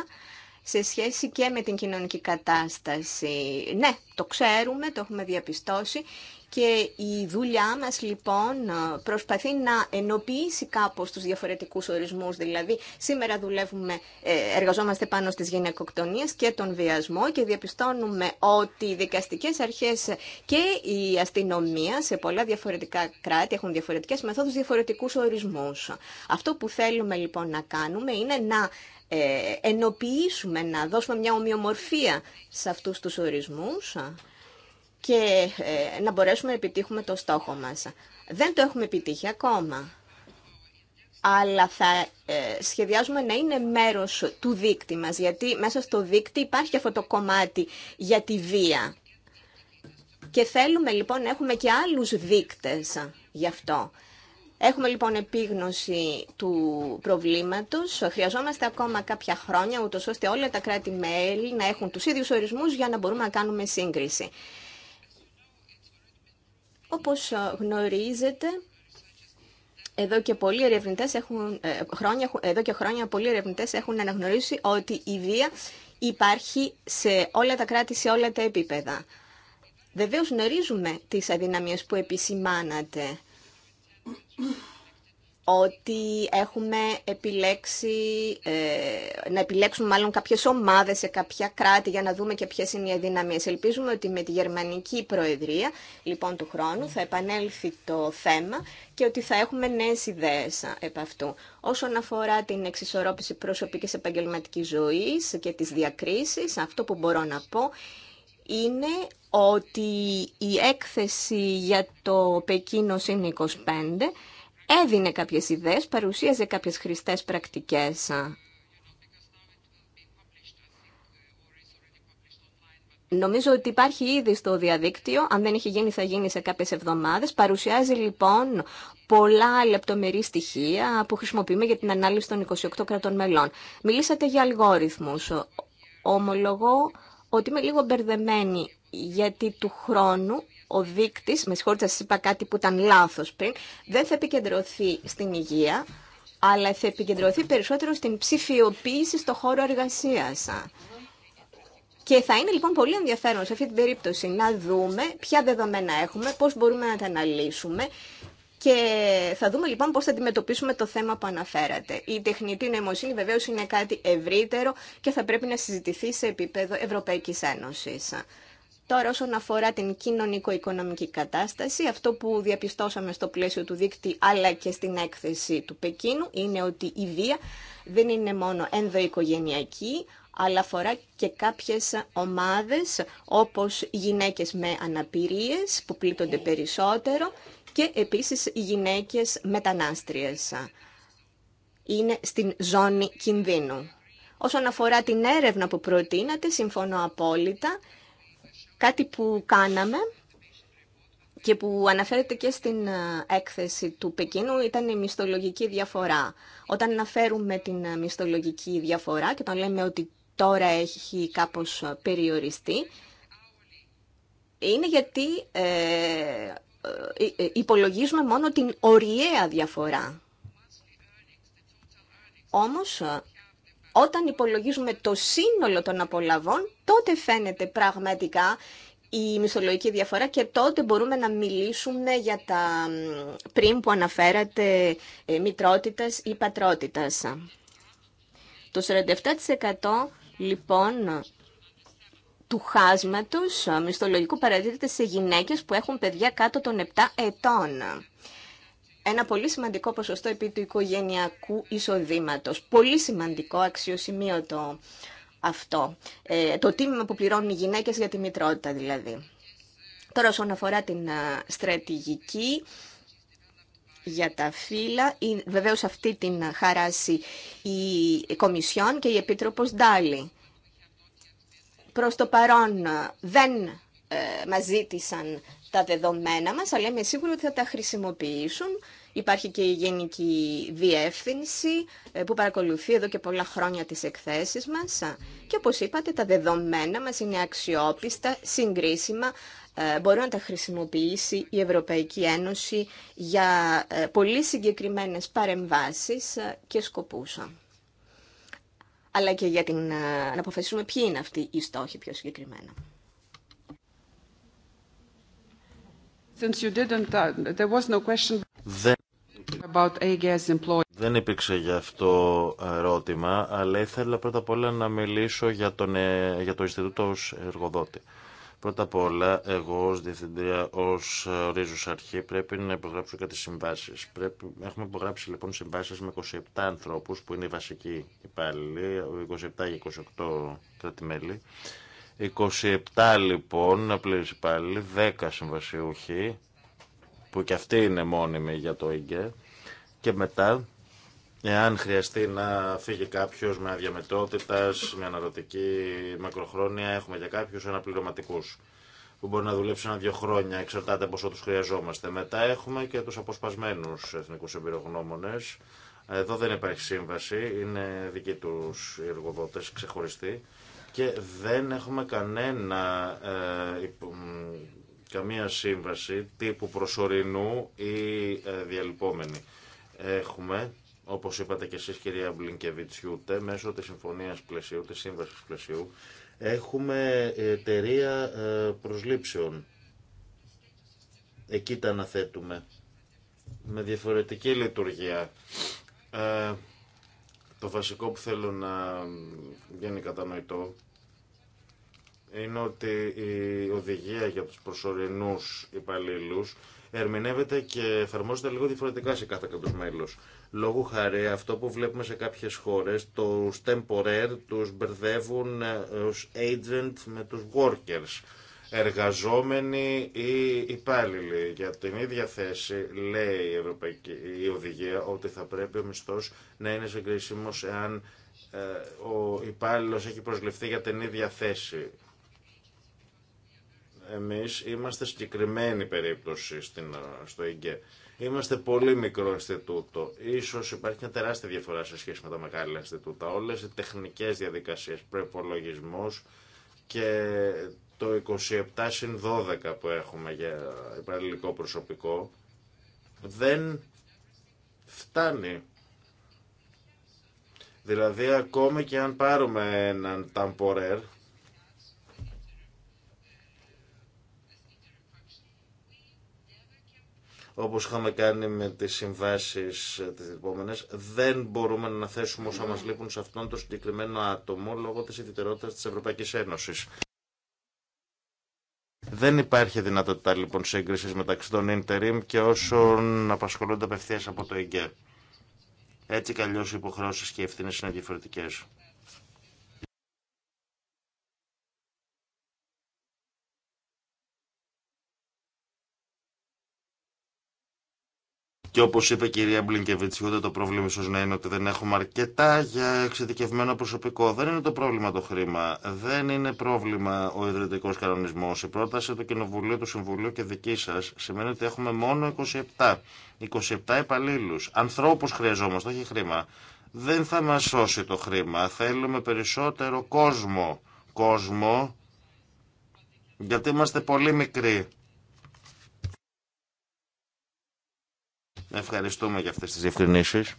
σε σχέση και με την κοινωνική κατάσταση. Ναι, το ξέρουμε, το έχουμε διαπιστώσει και η δουλειά μας λοιπόν ε, προσπαθεί να ενοποιήσει κάπως τους διαφορετικούς ορισμούς. Δηλαδή σήμερα δουλεύουμε, ε, εργαζόμαστε πάνω στις γυναικοκτονίες και τον βιασμό και διαπιστώνουμε ότι οι δικαστικές αρχές και η αστυνομία σε πολλά διαφορετικά κράτη έχουν διαφορετικές μεθόδους, διαφορετικούς ορισμούς. Αυτό που θέλουμε λοιπόν να κάνουμε είναι να ε, ενοποιήσουμε, να δώσουμε μια ομοιομορφία σε αυτούς τους ορισμούς και ε, να μπορέσουμε να επιτύχουμε το στόχο μας. Δεν το έχουμε επιτύχει ακόμα, αλλά θα ε, σχεδιάζουμε να είναι μέρος του δίκτυ μας, γιατί μέσα στο δίκτυ υπάρχει αυτό το κομμάτι για τη βία. Και θέλουμε λοιπόν να έχουμε και άλλους δείκτες γι' αυτό. Έχουμε λοιπόν επίγνωση του προβλήματος. Χρειαζόμαστε ακόμα κάποια χρόνια, ούτως ώστε όλα τα κράτη-μέλη να έχουν τους ίδιους ορισμούς για να μπορούμε να κάνουμε σύγκριση. Όπως ε, γνωρίζετε, εδώ και πολλοί ερευνητές έχουν, ε, χρόνια, εδώ και χρόνια πολλοί ερευνητές έχουν αναγνωρίσει ότι η βία υπάρχει σε όλα τα κράτη, σε όλα τα επίπεδα. Βεβαίως γνωρίζουμε τις αδυναμίες που επισημάνατε ότι έχουμε επιλέξει, ε, να επιλέξουμε μάλλον κάποιες ομάδες σε κάποια κράτη για να δούμε και ποιες είναι οι αδυναμίες. Ελπίζουμε ότι με τη γερμανική προεδρία λοιπόν του χρόνου θα επανέλθει το θέμα και ότι θα έχουμε νέες ιδέες επ' αυτού. Όσον αφορά την εξισορρόπηση προσωπικής επαγγελματικής ζωής και τις διακρίσεις, αυτό που μπορώ να πω είναι ότι η έκθεση για το Πεκίνο είναι 25 έδινε κάποιες ιδέες, παρουσίαζε κάποιες χρηστές πρακτικές. Νομίζω ότι υπάρχει ήδη στο διαδίκτυο, αν δεν έχει γίνει θα γίνει σε κάποιες εβδομάδες. Παρουσιάζει λοιπόν πολλά λεπτομερή στοιχεία που χρησιμοποιούμε για την ανάλυση των 28 κρατών μελών. Μιλήσατε για αλγόριθμους. Ομολογώ ότι είμαι λίγο μπερδεμένη γιατί του χρόνου ο δείκτης, με συγχωρείτε σας είπα κάτι που ήταν λάθος πριν, δεν θα επικεντρωθεί στην υγεία, αλλά θα επικεντρωθεί περισσότερο στην ψηφιοποίηση στο χώρο εργασίας. Και θα είναι λοιπόν πολύ ενδιαφέρον σε αυτή την περίπτωση να δούμε ποια δεδομένα έχουμε, πώς μπορούμε να τα αναλύσουμε και θα δούμε λοιπόν πώς θα αντιμετωπίσουμε το θέμα που αναφέρατε. Η τεχνητή νοημοσύνη βεβαίως είναι κάτι ευρύτερο και θα πρέπει να συζητηθεί σε επίπεδο Ευρωπαϊκής Ένωσης. Τώρα όσον αφορά την κοινωνικο-οικονομική κατάσταση, αυτό που διαπιστώσαμε στο πλαίσιο του δίκτυ αλλά και στην έκθεση του Πεκίνου είναι ότι η βία δεν είναι μόνο ενδοοικογενειακή, αλλά αφορά και κάποιες ομάδες όπως γυναίκες με αναπηρίες που πλήττονται περισσότερο και επίσης γυναίκες μετανάστριες. Είναι στην ζώνη κινδύνου. Όσον αφορά την έρευνα που προτείνατε, συμφωνώ απόλυτα. Κάτι που κάναμε και που αναφέρεται και στην ε, έκθεση του Πεκίνου ήταν η μισθολογική διαφορά. Όταν αναφέρουμε την ε, μισθολογική διαφορά και όταν λέμε ότι τώρα έχει κάπως ε, περιοριστεί, είναι γιατί ε, υπολογίζουμε μόνο την οριαία διαφορά. Όμως όταν υπολογίζουμε το σύνολο των απολαβών, τότε φαίνεται πραγματικά η μισθολογική διαφορά και τότε μπορούμε να μιλήσουμε για τα πριν που αναφέρατε ε, μητρότητας ή πατρότητας. Το 47% λοιπόν του χάσματος μισθολογικού παραδίδεται σε γυναίκες που έχουν παιδιά κάτω των 7 ετών ένα πολύ σημαντικό ποσοστό επί του οικογενειακού εισοδήματος. Πολύ σημαντικό, αξιοσημείωτο αυτό. Ε, το τίμημα που πληρώνουν οι γυναίκες για τη μητρότητα δηλαδή. Τώρα όσον αφορά την στρατηγική για τα φύλλα, βεβαίως αυτή την χαράσει η Κομισιόν και η Επίτροπος Ντάλι. Προς το παρόν δεν ε, ζήτησαν τα δεδομένα μας, αλλά είμαι σίγουρη ότι θα τα χρησιμοποιήσουν. Υπάρχει και η Γενική Διεύθυνση ε, που παρακολουθεί εδώ και πολλά χρόνια τις εκθέσεις μας και όπως είπατε τα δεδομένα μας είναι αξιόπιστα, συγκρίσιμα, ε, μπορεί να τα χρησιμοποιήσει η Ευρωπαϊκή Ένωση για ε, πολύ συγκεκριμένες παρεμβάσεις και σκοπούς. Αλλά και για την, να αποφασίσουμε ποιοι είναι αυτοί οι στόχοι πιο συγκεκριμένα. Since you didn't, uh, there was no question δεν... About AGS δεν υπήρξε γι' αυτό ερώτημα, αλλά ήθελα πρώτα απ' όλα να μιλήσω για, τον, ε, για το Ινστιτούτο ως εργοδότη. Πρώτα απ' όλα, εγώ ως Διευθυντήρια, ως ε, ορίζους αρχή, πρέπει να υπογράψω κάτι συμβάσεις. Πρέπει, έχουμε υπογράψει λοιπόν συμβάσεις με 27 ανθρώπους, που είναι οι βασικοί υπάλληλοι, 27 και 28 κράτη-μέλη, 27 λοιπόν, να απλή πάλι, 10 συμβασιούχοι, που και αυτοί είναι μόνιμοι για το ΙΓΚΕ. Και μετά, εάν χρειαστεί να φύγει κάποιο με αδιαμετρότητα, με αναρωτική μακροχρόνια, έχουμε για κάποιου αναπληρωματικού που μπορεί να δουλεψει ενα ένα-δύο χρόνια, εξαρτάται πόσο του χρειαζόμαστε. Μετά έχουμε και του αποσπασμένου εθνικού εμπειρογνώμονε. Εδώ δεν υπάρχει σύμβαση, είναι δικοί του οι εργοδότε, ξεχωριστοί και δεν έχουμε κανένα, ε, καμία σύμβαση τύπου προσωρινού ή ε, διαλυπόμενη. Έχουμε, όπως είπατε και εσείς κυρία Μπλινκεβιτσιούτε, μέσω της συμφωνίας πλαισίου, της σύμβασης πλαισίου, έχουμε εταιρεία ε, προσλήψεων. Εκεί τα αναθέτουμε. Με διαφορετική λειτουργία. Ε, το βασικό που θέλω να είναι κατανοητό είναι ότι η οδηγία για τους προσωρινούς υπαλλήλους ερμηνεύεται και εφαρμόζεται λίγο διαφορετικά σε κάθε κράτος μέλος. Λόγω χαρή αυτό που βλέπουμε σε κάποιες χώρες, τους temporer τους μπερδεύουν ε, ως agent με τους workers, εργαζόμενοι ή υπάλληλοι. Για την ίδια θέση λέει η, Ευρωπαϊκή, η οδηγία ότι θα πρέπει ο μισθός να είναι συγκρίσιμος εάν ε, ο υπάλληλο έχει προσληφθεί για την ίδια θέση. Εμείς είμαστε συγκεκριμένη περίπτωση στην, ε, στο ΙΓΚΕ. Είμαστε πολύ μικρό Ινστιτούτο. Ίσως υπάρχει μια τεράστια διαφορά σε σχέση με τα μεγάλα Ινστιτούτα. Όλες οι τεχνικές διαδικασίες, προπολογισμό και το 27 συν 12 που έχουμε για υπαλληλικό προσωπικό δεν φτάνει Δηλαδή ακόμη και αν πάρουμε έναν ταμπορέρ, όπως είχαμε κάνει με τις συμβάσεις τις επόμενες, δεν μπορούμε να θέσουμε όσα μας λείπουν σε αυτόν τον συγκεκριμένο άτομο λόγω της ιδιαιτερότητας της Ευρωπαϊκής Ένωσης. Δεν υπάρχει δυνατότητα λοιπόν σύγκριση μεταξύ των interim και όσων απασχολούνται απευθείας από το ΕΓΚΕ. Έτσι κι αλλιώς οι υποχρεώσεις και οι ευθύνες είναι διαφορετικές. Και όπω είπε η κυρία Μπλίνκεβιτ, ούτε το πρόβλημα ίσω να είναι ότι δεν έχουμε αρκετά για εξειδικευμένο προσωπικό. Δεν είναι το πρόβλημα το χρήμα. Δεν είναι πρόβλημα ο ιδρυτικό κανονισμό. Η πρόταση του Κοινοβουλίου, του Συμβουλίου και δική σα σημαίνει ότι έχουμε μόνο 27. 27 υπαλλήλου. Ανθρώπου χρειαζόμαστε, όχι χρήμα. Δεν θα μα σώσει το χρήμα. Θέλουμε περισσότερο κόσμο. Κόσμο. Γιατί είμαστε πολύ μικροί Ευχαριστούμε για αυτές τις διευκρινήσεις.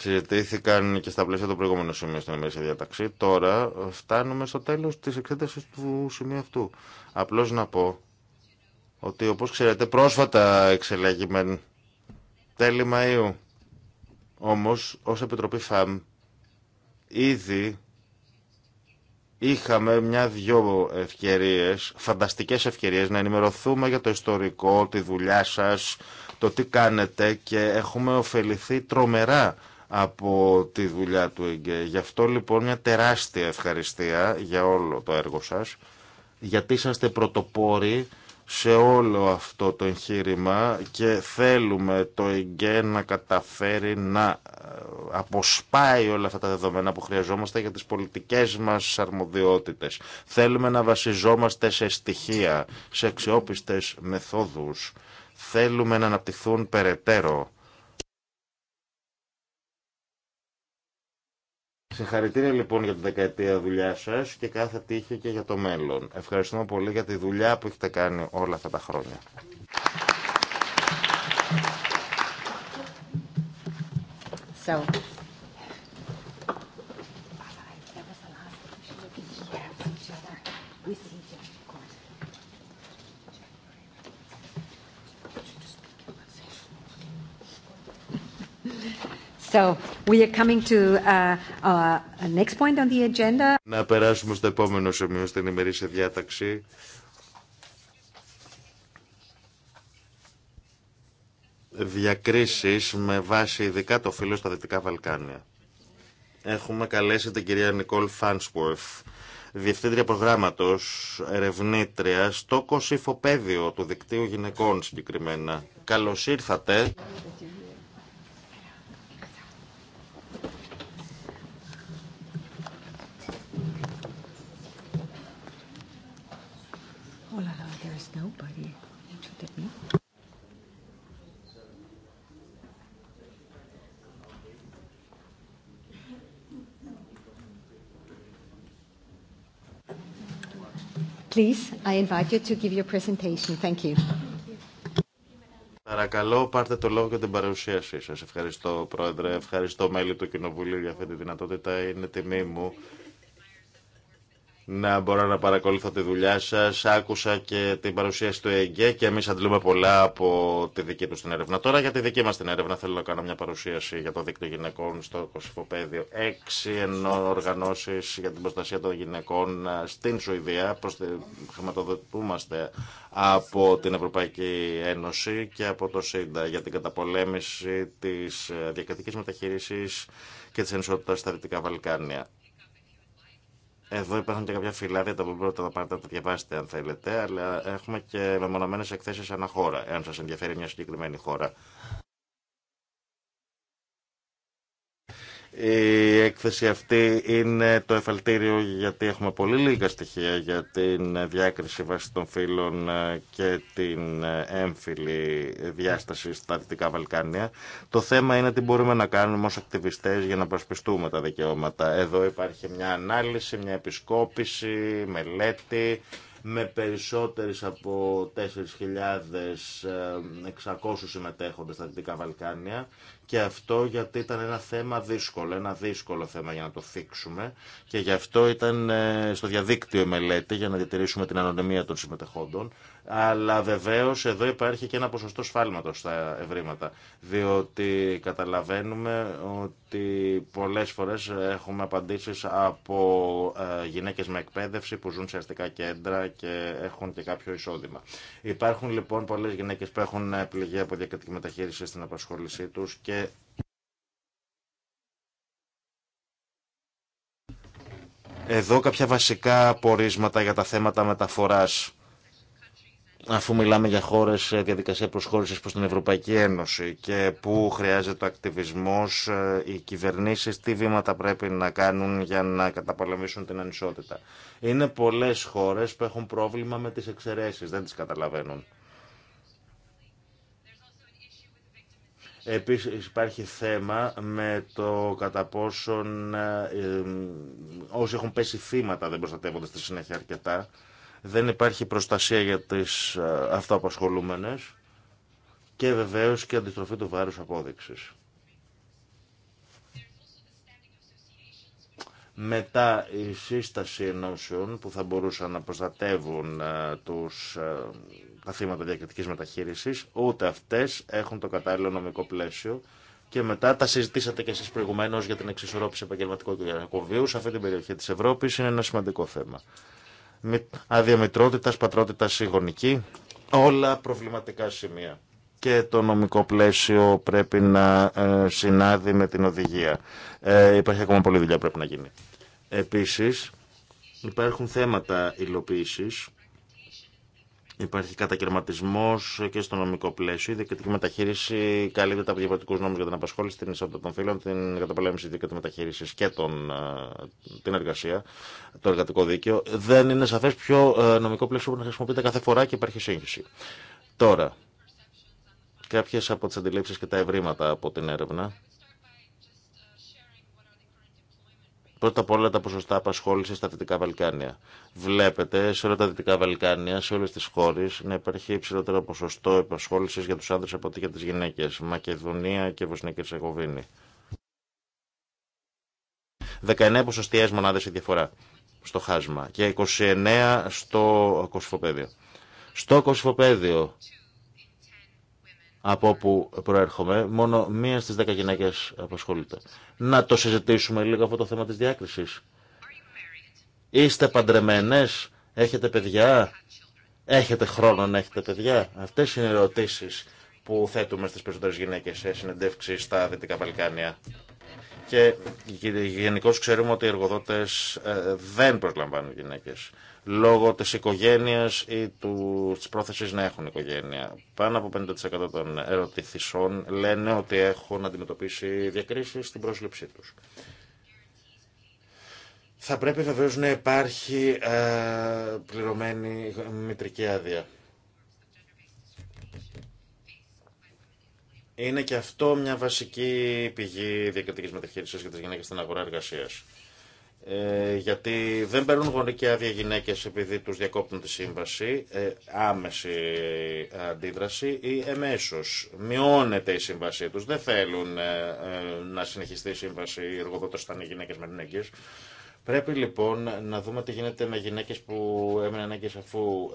συζητήθηκαν και στα πλαίσια του προηγούμενων σημείων στην ημερήσια διαταξή. Τώρα ε, φτάνουμε στο τέλος της εξέτασης του σημείου αυτού. Απλώς να πω ότι όπως ξέρετε πρόσφατα εξελέγημεν τέλη Μαΐου. Όμως ως Επιτροπή ΦΑΜ ήδη είχαμε μια-δυο ευκαιρίες, φανταστικές ευκαιρίες να ενημερωθούμε για το ιστορικό, τη δουλειά σας, το τι κάνετε και έχουμε ωφεληθεί τρομερά από τη δουλειά του ΕΓΚΕ. Γι' αυτό λοιπόν μια τεράστια ευχαριστία για όλο το έργο σας, γιατί είσαστε πρωτοπόροι σε όλο αυτό το εγχείρημα και θέλουμε το ΕΓΚΕ να καταφέρει να ε, αποσπάει όλα αυτά τα δεδομένα που χρειαζόμαστε για τις πολιτικές μας αρμοδιότητες. Θέλουμε να βασιζόμαστε σε στοιχεία, σε αξιόπιστες μεθόδους. Θέλουμε να αναπτυχθούν περαιτέρω Συγχαρητήρια λοιπόν για την δεκαετία δουλειά σα και κάθε τύχη και για το μέλλον. Ευχαριστούμε πολύ για τη δουλειά που έχετε κάνει όλα αυτά τα χρόνια. So. we are coming to uh, uh, next point on the agenda. Να περάσουμε στο επόμενο σημείο στην ημερήσια διάταξη. Διακρίσεις με βάση ειδικά το φύλλο στα Δυτικά Βαλκάνια. Έχουμε καλέσει την κυρία Νικόλ Φάνσουερθ, διευθύντρια προγράμματος, ερευνήτρια στο κοσυφοπέδιο του δικτύου γυναικών συγκεκριμένα. Καλώς ήρθατε. Please, I invite Παρακαλώ, πάρτε το λόγο για την παρουσίασή σα. Ευχαριστώ, Πρόεδρε. Ευχαριστώ, μέλη του Κοινοβουλίου, για αυτή τη δυνατότητα. Είναι τιμή μου να μπορώ να παρακολουθώ τη δουλειά σα. Άκουσα και την παρουσίαση του ΕΓΚΕ και εμεί αντλούμε πολλά από τη δική του την έρευνα. Τώρα για τη δική μα την έρευνα θέλω να κάνω μια παρουσίαση για το δίκτυο γυναικών στο Κωσυφοπαίδιο. Έξι ενώ οργανώσει για την προστασία των γυναικών ε, στην Σουηδία. Προσθε... Χρηματοδοτούμαστε από την Ευρωπαϊκή Ένωση και από το ΣΥΝΤΑ για την καταπολέμηση τη ε, διακριτική μεταχείριση και τη ενισότητα στα Δυτικά Βαλκάνια. Εδώ υπάρχουν και κάποια φυλάδια τα οποία μπορείτε να πάρετε να τα διαβάσετε αν θέλετε, αλλά έχουμε και μεμονωμένε εκθέσει ανά χώρα, εάν σα ενδιαφέρει μια συγκεκριμένη χώρα. Η έκθεση αυτή είναι το εφαλτήριο γιατί έχουμε πολύ λίγα στοιχεία για την διάκριση βάσει των φύλων ε, και την ε, έμφυλη διάσταση στα Δυτικά Βαλκάνια. Το θέμα είναι τι μπορούμε να κάνουμε ως ακτιβιστές για να προσπιστούμε τα δικαιώματα. Εδώ υπάρχει μια ανάλυση, μια επισκόπηση, μελέτη με περισσότερες από 4.600 ε, συμμετέχοντες στα Δυτικά Βαλκάνια και αυτό γιατί ήταν ένα θέμα δύσκολο, ένα δύσκολο θέμα για να το θίξουμε και γι' αυτό ήταν ε, στο διαδίκτυο η μελέτη για να διατηρήσουμε την ανωνυμία των συμμετεχόντων. Αλλά βεβαίω εδώ υπάρχει και ένα ποσοστό σφάλματο στα ευρήματα. Διότι καταλαβαίνουμε ότι πολλέ φορέ έχουμε απαντήσει από ε, γυναίκε με εκπαίδευση που ζουν σε αστικά κέντρα και έχουν και κάποιο εισόδημα. Υπάρχουν λοιπόν πολλέ γυναίκε που έχουν πληγή από διακριτική μεταχείριση στην απασχόλησή του και Εδώ κάποια βασικά πορίσματα για τα θέματα μεταφοράς αφού μιλάμε για χώρες σε διαδικασία προσχώρηση προς την Ευρωπαϊκή Ένωση και πού χρειάζεται ο ακτιβισμός, ε, οι κυβερνήσεις, τι βήματα πρέπει να κάνουν για να καταπολεμήσουν την ανισότητα. Είναι πολλές χώρες που έχουν πρόβλημα με τις εξαιρέσεις, δεν τις καταλαβαίνουν. Επίσης υπάρχει θέμα με το κατά πόσον ε, ε, όσοι έχουν πέσει θύματα δεν προστατεύονται στη συνέχεια αρκετά. Δεν υπάρχει προστασία για τις ε, αυτοαπασχολούμενες και βεβαίως και αντιστροφή του βάρους απόδειξης. μετά η σύσταση ενώσεων που θα μπορούσαν να προστατεύουν ε, τους, ε, τα θύματα διακριτικής μεταχείρισης, ούτε αυτές έχουν το κατάλληλο νομικό πλαίσιο και μετά τα συζητήσατε και εσείς προηγουμένως για την εξισορρόπηση επαγγελματικού και γενικού σε αυτή την περιοχή της Ευρώπης είναι ένα σημαντικό θέμα. Αδιαμητρότητας, πατρότητας, γονική, όλα προβληματικά σημεία και το νομικό πλαίσιο πρέπει να ε, συνάδει με την οδηγία. Ε, υπάρχει ακόμα πολλή δουλειά που πρέπει να γίνει. Επίσης, υπάρχουν θέματα υλοποίηση. Υπάρχει κατακαιρματισμό και στο νομικό πλαίσιο. Η διοικητική μεταχείριση καλύπτεται από διαφορετικού νόμου για την απασχόληση, την ισότητα των φύλων, την καταπολέμηση τη μεταχείριση και τον, ε, την εργασία, το εργατικό δίκαιο. Δεν είναι σαφέ ποιο ε, νομικό πλαίσιο που να χρησιμοποιείται κάθε φορά και υπάρχει σύγχυση. Τώρα, κάποιες από τις αντιλήψεις και τα ευρήματα από την έρευνα. Πρώτα απ' όλα τα ποσοστά απασχόληση στα Δυτικά Βαλκάνια. Βλέπετε σε όλα τα Δυτικά Βαλκάνια, σε όλε τι χώρε, να υπάρχει υψηλότερο ποσοστό απασχόληση για του άντρε από ότι για τι γυναίκε. Μακεδονία και Βοσνία και Ερσεγοβίνη. 19 ποσοστιαίε μονάδε η διαφορά στο χάσμα και 29 στο κοσφοπέδιο. Στο κοσφοπέδιο από όπου προέρχομαι, μόνο μία στις δέκα γυναίκες απασχολείται. Να το συζητήσουμε λίγο αυτό το θέμα της διάκρισης. Είστε παντρεμένες, έχετε παιδιά, έχετε χρόνο να έχετε παιδιά. Αυτές είναι οι ερωτήσεις που θέτουμε στις περισσότερες γυναίκες σε συνεντεύξεις στα Δυτικά Βαλκάνια. Και γενικώ ξέρουμε ότι οι εργοδότες ε, δεν προσλαμβάνουν γυναίκες λόγω της οικογένειας ή τη πρόθεση να έχουν οικογένεια. Πάνω από 50% των ερωτηθισών λένε ότι έχουν αντιμετωπίσει διακρίσεις στην πρόσληψή τους. Θα πρέπει βεβαίω να υπάρχει ε, πληρωμένη ε, μητρική άδεια. είναι και αυτό μια βασική πηγή διακριτική μεταχείριση για τι γυναίκε στην αγορά εργασία. Ε, γιατί δεν παίρνουν γονική άδεια γυναίκε επειδή του διακόπτουν τη σύμβαση, ε, άμεση αντίδραση ή εμέσω. Μειώνεται η σύμβασή του. Δεν θέλουν ε, ε, να συνεχιστεί η σύμβαση οι εργοδότε όταν είναι γυναίκε με γυναίκε. Πρέπει λοιπόν να δούμε τι γίνεται με γυναίκε που έμειναν ανάγκε αφού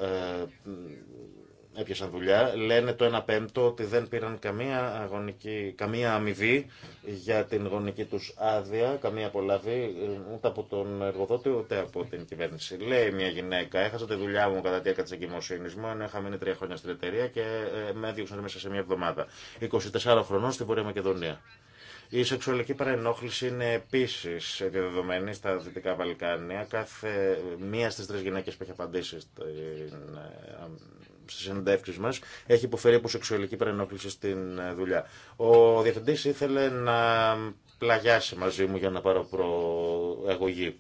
έπιασαν δουλειά. Λένε το 1 πέμπτο ότι δεν πήραν καμία, αγωνική, καμία αμοιβή για την γονική τους άδεια, καμία απολαβή, ούτε από τον εργοδότη ούτε από την κυβέρνηση. Λέει μια γυναίκα, έχασα τη δουλειά μου κατά τη διάρκεια της εγκυμοσύνης μου, ενώ είχα μείνει τρία χρόνια στην εταιρεία και ε, με έδιωξαν μέσα σε μια εβδομάδα. 24 χρονών στη Βόρεια Μακεδονία. Η σεξουαλική παρενόχληση είναι επίση διαδεδομένη στα Δυτικά Βαλκάνια. Κάθε μία στι τρει γυναίκε που έχει απαντήσει στην ε, στι συνεντεύξει μα, έχει υποφέρει από σεξουαλική παρενόχληση στην ε, δουλειά. Ο διευθυντή ήθελε να πλαγιάσει μαζί μου για να πάρω προαγωγή.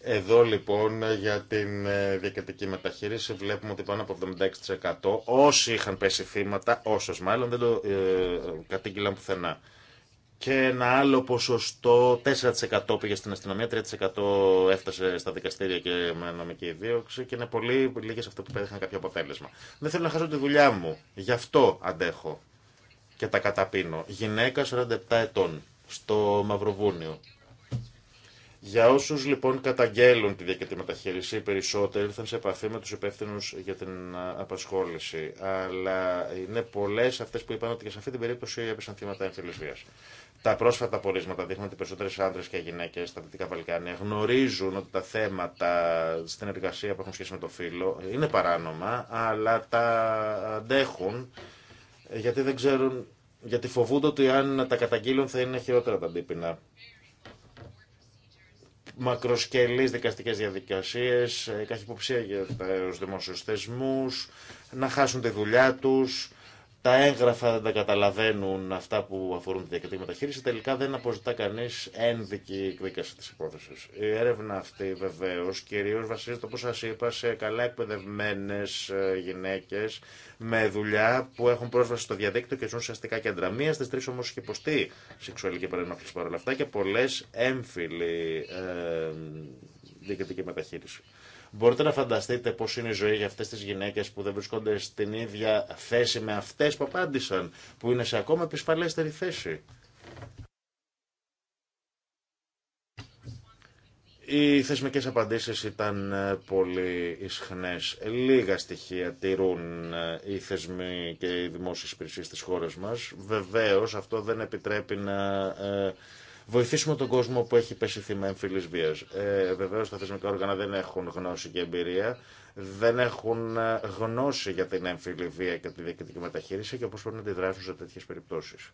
Εδώ λοιπόν για την ε, διακριτική μεταχείριση βλέπουμε ότι πάνω από 76% όσοι είχαν πέσει θύματα, όσες μάλλον δεν το ε, κατήγγυλαν πουθενά και ένα άλλο ποσοστό, 4% πήγε στην αστυνομία, 3% έφτασε στα δικαστήρια και με νομική δίωξη και είναι πολύ λίγες αυτό που πέτυχαν κάποιο αποτέλεσμα. Δεν θέλω να χάσω τη δουλειά μου, γι' αυτό αντέχω και τα καταπίνω. Γυναίκα 47 ετών στο Μαυροβούνιο για όσου λοιπόν καταγγέλουν τη διακριτή μεταχείριση, οι περισσότεροι ήρθαν σε επαφή με του υπεύθυνου για την απασχόληση. Αλλά είναι πολλέ αυτέ που είπαν ότι και σε αυτή την περίπτωση έπεσαν θύματα έμφυλη βία. Τα πρόσφατα πορίσματα δείχνουν ότι περισσότερε άντρε και γυναίκε στα Δυτικά Βαλκάνια γνωρίζουν ότι τα θέματα στην εργασία που έχουν σχέση με το φύλλο είναι παράνομα, αλλά τα αντέχουν γιατί δεν ξέρουν, γιατί φοβούνται ότι αν τα καταγγείλουν θα είναι χειρότερα τα αντίπεινα μακροσκελείς δικαστικέ διαδικασίες, ε, καχυποψία για του δημοσίου θεσμού, να χάσουν τη δουλειά του τα έγγραφα δεν τα καταλαβαίνουν αυτά που αφορούν τη διακριτική μεταχείριση, τελικά δεν αποζητά κανεί ένδικη εκδίκαση τη υπόθεση. Η έρευνα αυτή βεβαίω κυρίω βασίζεται, όπω σα είπα, σε καλά εκπαιδευμένε ε, γυναίκε με δουλειά που έχουν πρόσβαση στο διαδίκτυο και ζουν σε αστικά κέντρα. Μία στι τρει όμω έχει υποστεί σεξουαλική παρενόχληση παρόλα αυτά και πολλέ έμφυλοι ε, διακριτική μεταχείριση. Μπορείτε να φανταστείτε πώ είναι η ζωή για αυτέ τι γυναίκε που δεν βρισκόνται στην ίδια θέση με αυτέ που απάντησαν, που είναι σε ακόμα επισφαλέστερη θέση. Οι θεσμικές απαντήσεις ήταν ε, πολύ ισχνές. Λίγα στοιχεία τηρούν ε, οι θεσμοί και οι δημόσιες υπηρεσίες της χώρας μας. Βεβαίως αυτό δεν επιτρέπει να ε, βοηθήσουμε τον κόσμο που έχει πέσει θύμα εμφυλής βίας. Ε, βεβαίως τα θεσμικά όργανα δεν έχουν γνώση και εμπειρία, δεν έχουν ε, γνώση για την εμφυλή βία και τη διοικητική μεταχείριση και πώς πρέπει να αντιδράσουν σε τέτοιες περιπτώσεις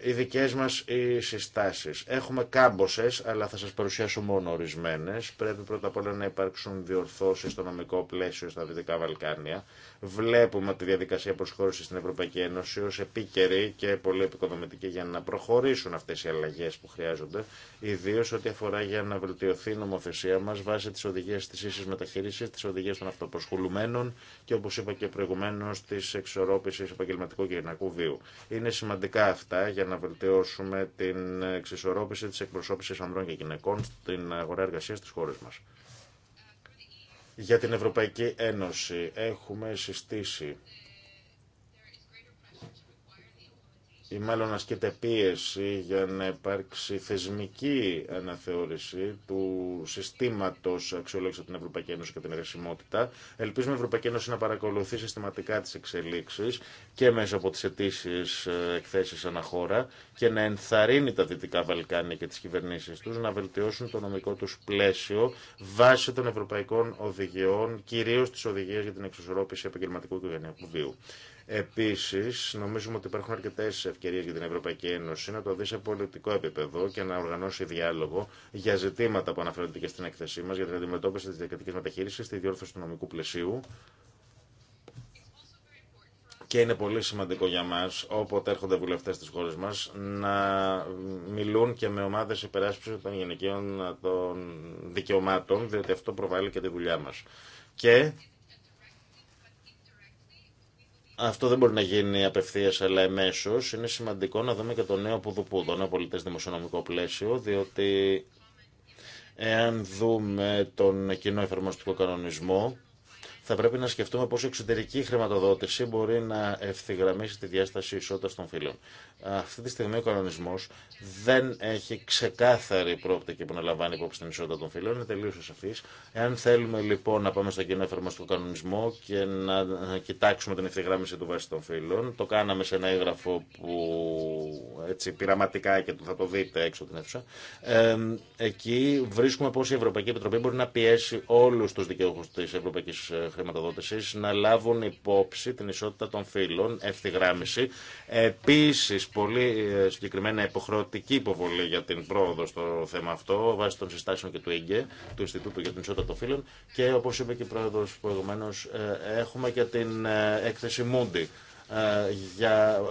οι δικές μας οι συστάσεις. Έχουμε κάμποσες, αλλά θα σας παρουσιάσω μόνο ορισμένες. Πρέπει πρώτα απ' όλα να υπάρξουν διορθώσεις στο νομικό πλαίσιο στα Δυτικά Βαλκάνια. Βλέπουμε τη διαδικασία προσχώρησης στην Ευρωπαϊκή Ένωση ως επίκαιρη και πολύ επικοδομητική για να προχωρήσουν αυτές οι αλλαγές που χρειάζονται, ιδίω ό,τι αφορά για να βελτιωθεί η νομοθεσία μας βάσει τις οδηγίες της ίσης μεταχείρισης, τις οδηγίες των αυτοπροσχολουμένων και όπως είπα και προηγουμένω της εξορρόπησης επαγγελματικού και βίου. Είναι σημαντικά αυτά να βελτιώσουμε την εξισορρόπηση της εκπροσώπησης ανδρών και γυναικών στην αγορά εργασίας της χώρα μας. Για την Ευρωπαϊκή Ένωση έχουμε συστήσει ή μάλλον ασκείται πίεση για να υπάρξει θεσμική αναθεώρηση του συστήματος αξιολόγηση από την Ευρωπαϊκή Ένωση και την εργασιμότητα. Ελπίζουμε η Ευρωπαϊκή Ένωση να παρακολουθεί συστηματικά τις εξελίξεις και μέσα από τις αιτήσει ε, εκθέσεις αναχώρα και να ενθαρρύνει τα Δυτικά Βαλκάνια και τις κυβερνήσεις τους να βελτιώσουν το νομικό τους πλαίσιο βάσει των ευρωπαϊκών οδηγιών, κυρίως τις οδηγίες για την εξισορρόπηση επαγγελματικού και βίου. Επίση, νομίζουμε ότι υπάρχουν αρκετέ ευκαιρίε για την Ευρωπαϊκή Ένωση να το δει σε πολιτικό επίπεδο και να οργανώσει διάλογο για ζητήματα που αναφέρονται και στην έκθεσή μα για την αντιμετώπιση τη διακριτική μεταχείριση, τη διόρθωση του νομικού πλαισίου. Και είναι πολύ σημαντικό για μα, όποτε έρχονται βουλευτέ τη χώρα μα, να μιλούν και με ομάδε υπεράσπιση των γενικών των δικαιωμάτων, διότι αυτό προβάλλει και τη δουλειά μα. Και αυτό δεν μπορεί να γίνει απευθεία, αλλά εμέσω. Είναι σημαντικό να δούμε και το νέο πουδουπού, το νέο πολιτέ δημοσιονομικό πλαίσιο, διότι εάν δούμε τον κοινό εφαρμοστικό κανονισμό, θα πρέπει να σκεφτούμε πώ η εξωτερική χρηματοδότηση μπορεί να ευθυγραμμίσει τη διάσταση ισότητα των φύλων. Αυτή τη στιγμή ο κανονισμό δεν έχει ξεκάθαρη πρόπτικη που να λαμβάνει υπόψη την ισότητα των φύλων. Είναι τελείω ασαφή. Εάν θέλουμε λοιπόν να πάμε στο κοινό εφαρμοστικό κανονισμό και να κοιτάξουμε την ευθυγράμμιση του βάση των φύλων, το κάναμε σε ένα έγγραφο που έτσι πειραματικά και θα το δείτε έξω την αίθουσα. Ε, εκεί βρίσκουμε πώ η Ευρωπαϊκή Επιτροπή μπορεί να πιέσει όλου του δικαιούχου τη Ευρωπαϊκή ε, Χρηματοδότηση να λάβουν υπόψη την ισότητα των φίλων, ευθυγράμμιση. Επίση, πολύ ε, συγκεκριμένα υποχρεωτική υποβολή για την πρόοδο στο θέμα αυτό, βάσει των συστάσεων και του ΙΓΚΕ, του Ινστιτούτου για την Ισότητα των Φύλων. Και όπω είπε και η πρόεδρο προηγουμένω, ε, έχουμε και την ε, έκθεση Μούντι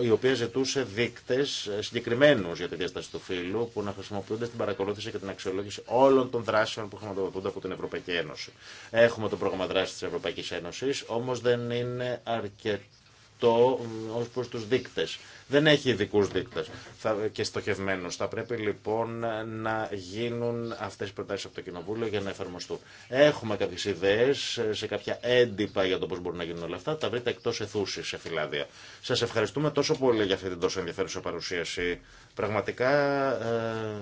η οποία ζητούσε δείκτε συγκεκριμένου για τη διάσταση του φύλου που να χρησιμοποιούνται στην παρακολούθηση και την αξιολόγηση όλων των δράσεων που χρηματοδοτούνται από την Ευρωπαϊκή Ένωση. Έχουμε το πρόγραμμα δράση τη Ευρωπαϊκή Ένωση, όμω δεν είναι αρκετό το, ω προ του δείκτε. Δεν έχει ειδικού δείκτε και στοχευμένου. Θα πρέπει λοιπόν να γίνουν αυτέ οι προτάσει από το Κοινοβούλιο για να εφαρμοστούν. Έχουμε κάποιε ιδέε σε κάποια έντυπα για το πώ μπορούν να γίνουν όλα αυτά. Τα βρείτε εκτό εθούση σε φυλάδια. Σα ευχαριστούμε τόσο πολύ για αυτή την τόσο ενδιαφέρουσα παρουσίαση. Πραγματικά. Ε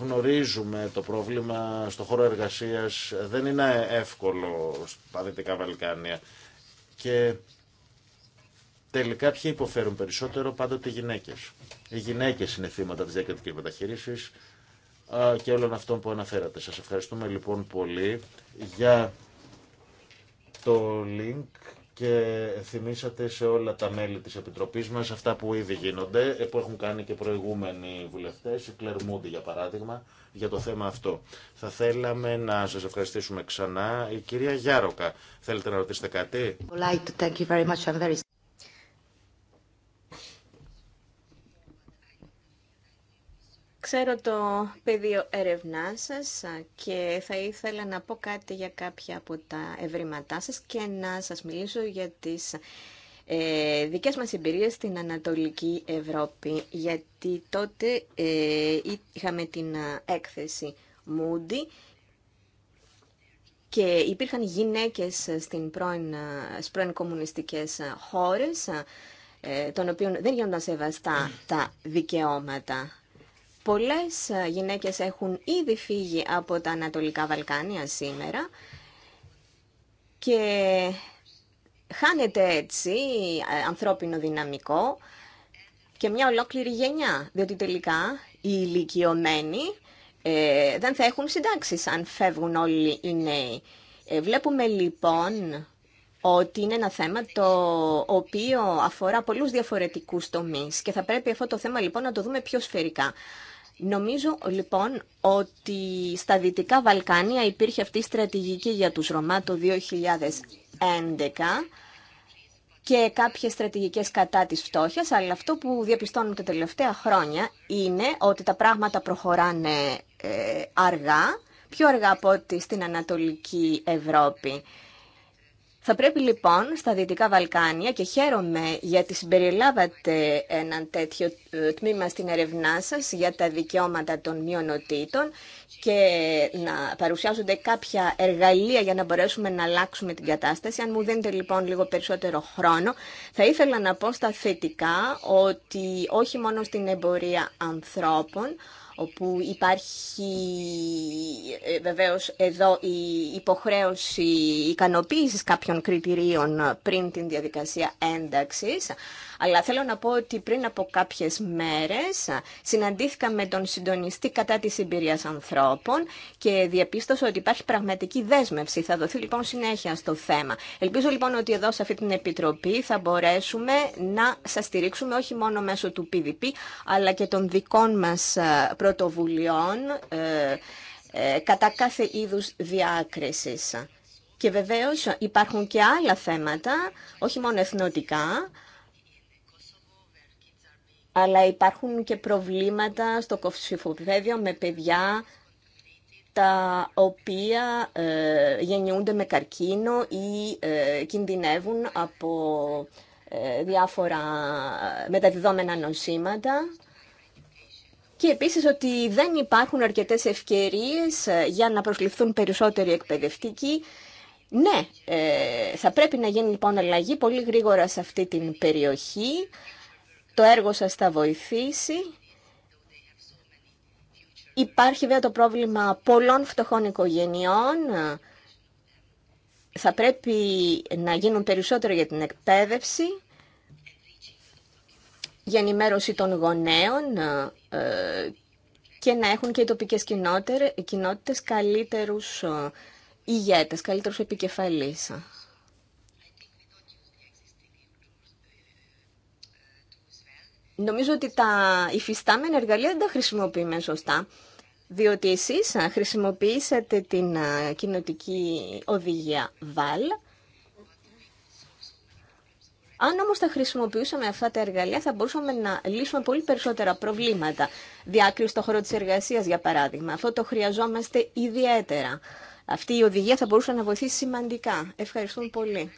γνωρίζουμε το πρόβλημα στο χώρο εργασίας δεν είναι εύκολο στα Δυτικά Βαλκάνια και τελικά ποιοι υποφέρουν περισσότερο, πάντοτε οι γυναίκες. Οι γυναίκες είναι θύματα της διακριτική μεταχείριση και όλων αυτών που αναφέρατε. Σας ευχαριστούμε λοιπόν πολύ για το link και θυμήσατε σε όλα τα μέλη της Επιτροπής μας αυτά που ήδη γίνονται, ε, που έχουν κάνει και προηγούμενοι βουλευτές, η Μούντι για παράδειγμα, για το θέμα αυτό. Θα θέλαμε να σας ευχαριστήσουμε ξανά. Η κυρία Γιάροκα, θέλετε να ρωτήσετε κάτι? Ξέρω το πεδίο έρευνά σα και θα ήθελα να πω κάτι για κάποια από τα ευρήματά σα και να σα μιλήσω για τι ε, δικές μας εμπειρίες στην Ανατολική Ευρώπη, γιατί τότε ε, είχαμε την ε, έκθεση Moody και υπήρχαν γυναίκες στην πρώην, ε, πρώην κομμουνιστικές χώρες, ε, των οποίων δεν γίνονταν σεβαστά τα δικαιώματα Πολλές ε, γυναίκες έχουν ήδη φύγει από τα Ανατολικά Βαλκάνια σήμερα και χάνεται έτσι ε, ανθρώπινο δυναμικό και μια ολόκληρη γενιά, διότι τελικά οι ηλικιωμένοι ε, δεν θα έχουν συντάξεις αν φεύγουν όλοι οι νέοι. Ε, βλέπουμε λοιπόν ότι είναι ένα θέμα το οποίο αφορά πολλούς διαφορετικούς τομείς και θα πρέπει αυτό το θέμα λοιπόν να το δούμε πιο σφαιρικά. Νομίζω λοιπόν ότι στα Δυτικά Βαλκάνια υπήρχε αυτή η στρατηγική για τους Ρωμά το 2011 και κάποιες στρατηγικές κατά της φτώχειας, αλλά αυτό που διαπιστώνουμε τα τελευταία χρόνια είναι ότι τα πράγματα προχωράνε ε, αργά, πιο αργά από ό,τι στην Ανατολική Ευρώπη. Θα πρέπει λοιπόν στα Δυτικά Βαλκάνια και χαίρομαι γιατί συμπεριλάβατε ένα τέτοιο ε, τμήμα στην ερευνά σας για τα δικαιώματα των μειονοτήτων και να παρουσιάζονται κάποια εργαλεία για να μπορέσουμε να αλλάξουμε την κατάσταση. Αν μου δίνετε λοιπόν λίγο περισσότερο χρόνο, θα ήθελα να πω στα θετικά ότι όχι μόνο στην εμπορία ανθρώπων, όπου υπάρχει ε, βεβαίως εδώ η υποχρέωση ικανοποίησης κάποιων κριτηρίων πριν την διαδικασία ένταξης. Αλλά θέλω να πω ότι πριν από κάποιες μέρες συναντήθηκα με τον συντονιστή κατά της εμπειρίας ανθρώπων και διαπίστωσα ότι υπάρχει πραγματική δέσμευση. Θα δοθεί λοιπόν συνέχεια στο θέμα. Ελπίζω λοιπόν ότι εδώ σε αυτή την Επιτροπή θα μπορέσουμε να σας στηρίξουμε όχι μόνο μέσω του PDP αλλά και των δικών μας προ ε, πρωτοβουλειών ε, ε, κατά κάθε είδους διάκρισης. Και βεβαίως υπάρχουν και άλλα θέματα, όχι μόνο εθνοτικά, αλλά υπάρχουν και προβλήματα στο κοψηφοπέδιο με παιδιά τα οποία ε, γεννιούνται με καρκίνο ή ε, κινδυνεύουν από ε, διάφορα μεταδιδόμενα νοσήματα και επίσης ότι δεν υπάρχουν αρκετές ευκαιρίες ε, για να προσληφθούν περισσότεροι εκπαιδευτικοί. Ναι, ε, θα πρέπει να γίνει λοιπόν αλλαγή πολύ γρήγορα σε αυτή την περιοχή. Το έργο σας θα βοηθήσει. Υπάρχει βέβαια το πρόβλημα πολλών φτωχών οικογενειών. Θα πρέπει να γίνουν περισσότερο για την εκπαίδευση για ενημέρωση των γονέων ε, ε, και να έχουν και οι τοπικές κοινότητες καλύτερους ε, ηγέτες, καλύτερους επικεφαλής. Νομίζω ότι τα υφιστάμενα εργαλεία δεν τα χρησιμοποιούμε σωστά, διότι εσείς χρησιμοποιήσατε την κοινοτική οδηγία ΒΑΛ, αν όμω τα χρησιμοποιούσαμε αυτά τα εργαλεία, θα μπορούσαμε να λύσουμε πολύ περισσότερα προβλήματα. Διάκριση στο χώρο τη εργασία, για παράδειγμα. Αυτό το χρειαζόμαστε ιδιαίτερα. Αυτή η οδηγία θα μπορούσε να βοηθήσει σημαντικά. Ευχαριστούμε πολύ.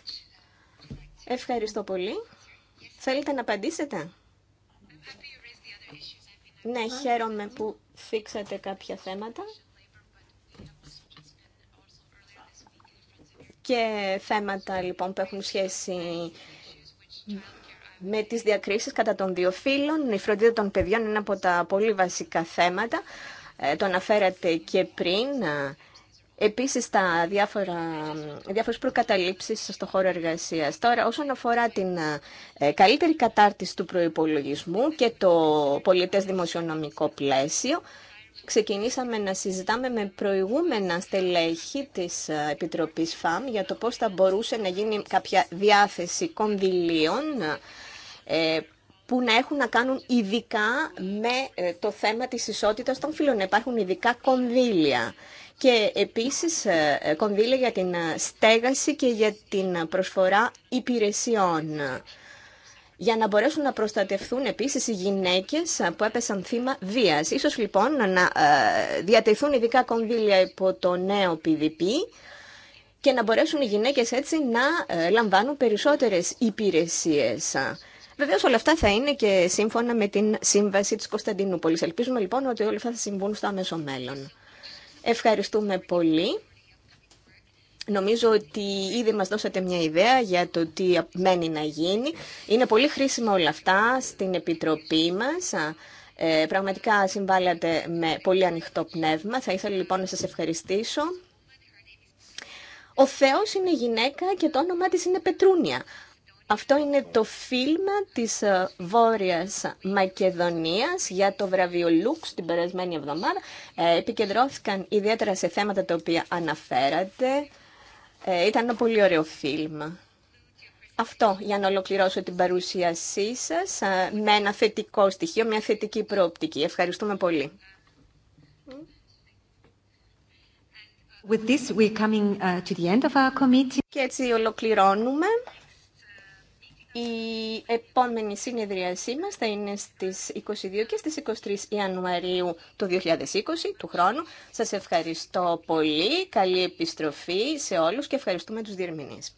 Ευχαριστώ πολύ. Θέλετε να απαντήσετε. Ναι, χαίρομαι που θίξατε κάποια θέματα. Και θέματα λοιπόν που έχουν σχέση με τις διακρίσεις κατά των δύο φύλων. Η φροντίδα των παιδιών είναι από τα πολύ βασικά θέματα. Ε, το αναφέρατε και πριν. Ε, επίσης, τα διάφορα, διάφορες προκαταλήψεις στον χώρο εργασίας. Τώρα, όσον αφορά την ε, καλύτερη κατάρτιση του προϋπολογισμού και το πολιτές δημοσιονομικό πλαίσιο, ξεκινήσαμε να συζητάμε με προηγούμενα στελέχη της ε, Επιτροπής ΦΑΜ για το πώς θα μπορούσε να γίνει κάποια διάθεση κονδυλίων ε, που να έχουν να κάνουν ειδικά με ε, το θέμα της ισότητας των φύλων. Να υπάρχουν ειδικά κονδύλια και επίσης κονδύλια για την στέγαση και για την προσφορά υπηρεσιών για να μπορέσουν να προστατευθούν επίσης οι γυναίκες που έπεσαν θύμα βία. Ίσως λοιπόν να ε, διατεθούν ειδικά κονδύλια υπό το νέο PDP και να μπορέσουν οι γυναίκες έτσι να ε, λαμβάνουν περισσότερες υπηρεσίες. Βεβαίω όλα αυτά θα είναι και σύμφωνα με την σύμβαση τη Κωνσταντινούπολη. Ελπίζουμε λοιπόν ότι όλα αυτά θα συμβούν στο άμεσο μέλλον. Ευχαριστούμε πολύ. Νομίζω ότι ήδη μας δώσατε μια ιδέα για το τι μένει να γίνει. Είναι πολύ χρήσιμα όλα αυτά στην Επιτροπή μας. Ε, πραγματικά συμβάλλατε με πολύ ανοιχτό πνεύμα. Θα ήθελα λοιπόν να σας ευχαριστήσω. Ο Θεός είναι γυναίκα και το όνομά της είναι Πετρούνια. Αυτό είναι το φίλμ της ε, Βόρειας Μακεδονίας για το βραβείο Λουξ την περασμένη εβδομάδα. Ε, επικεντρώθηκαν ιδιαίτερα σε θέματα τα οποία αναφέρατε ε, ήταν ένα πολύ ωραίο φιλμ. Αυτό για να ολοκληρώσω την παρουσίασή σας ε, με ένα θετικό στοιχείο, μια θετική προοπτική. Ευχαριστούμε πολύ. Και έτσι ολοκληρώνουμε. Η επόμενη συνεδρίασή μας θα είναι στις 22 και στις 23 Ιανουαρίου του 2020 του χρόνου. Σας ευχαριστώ πολύ. Καλή επιστροφή σε όλους και ευχαριστούμε τους διερμηνείς.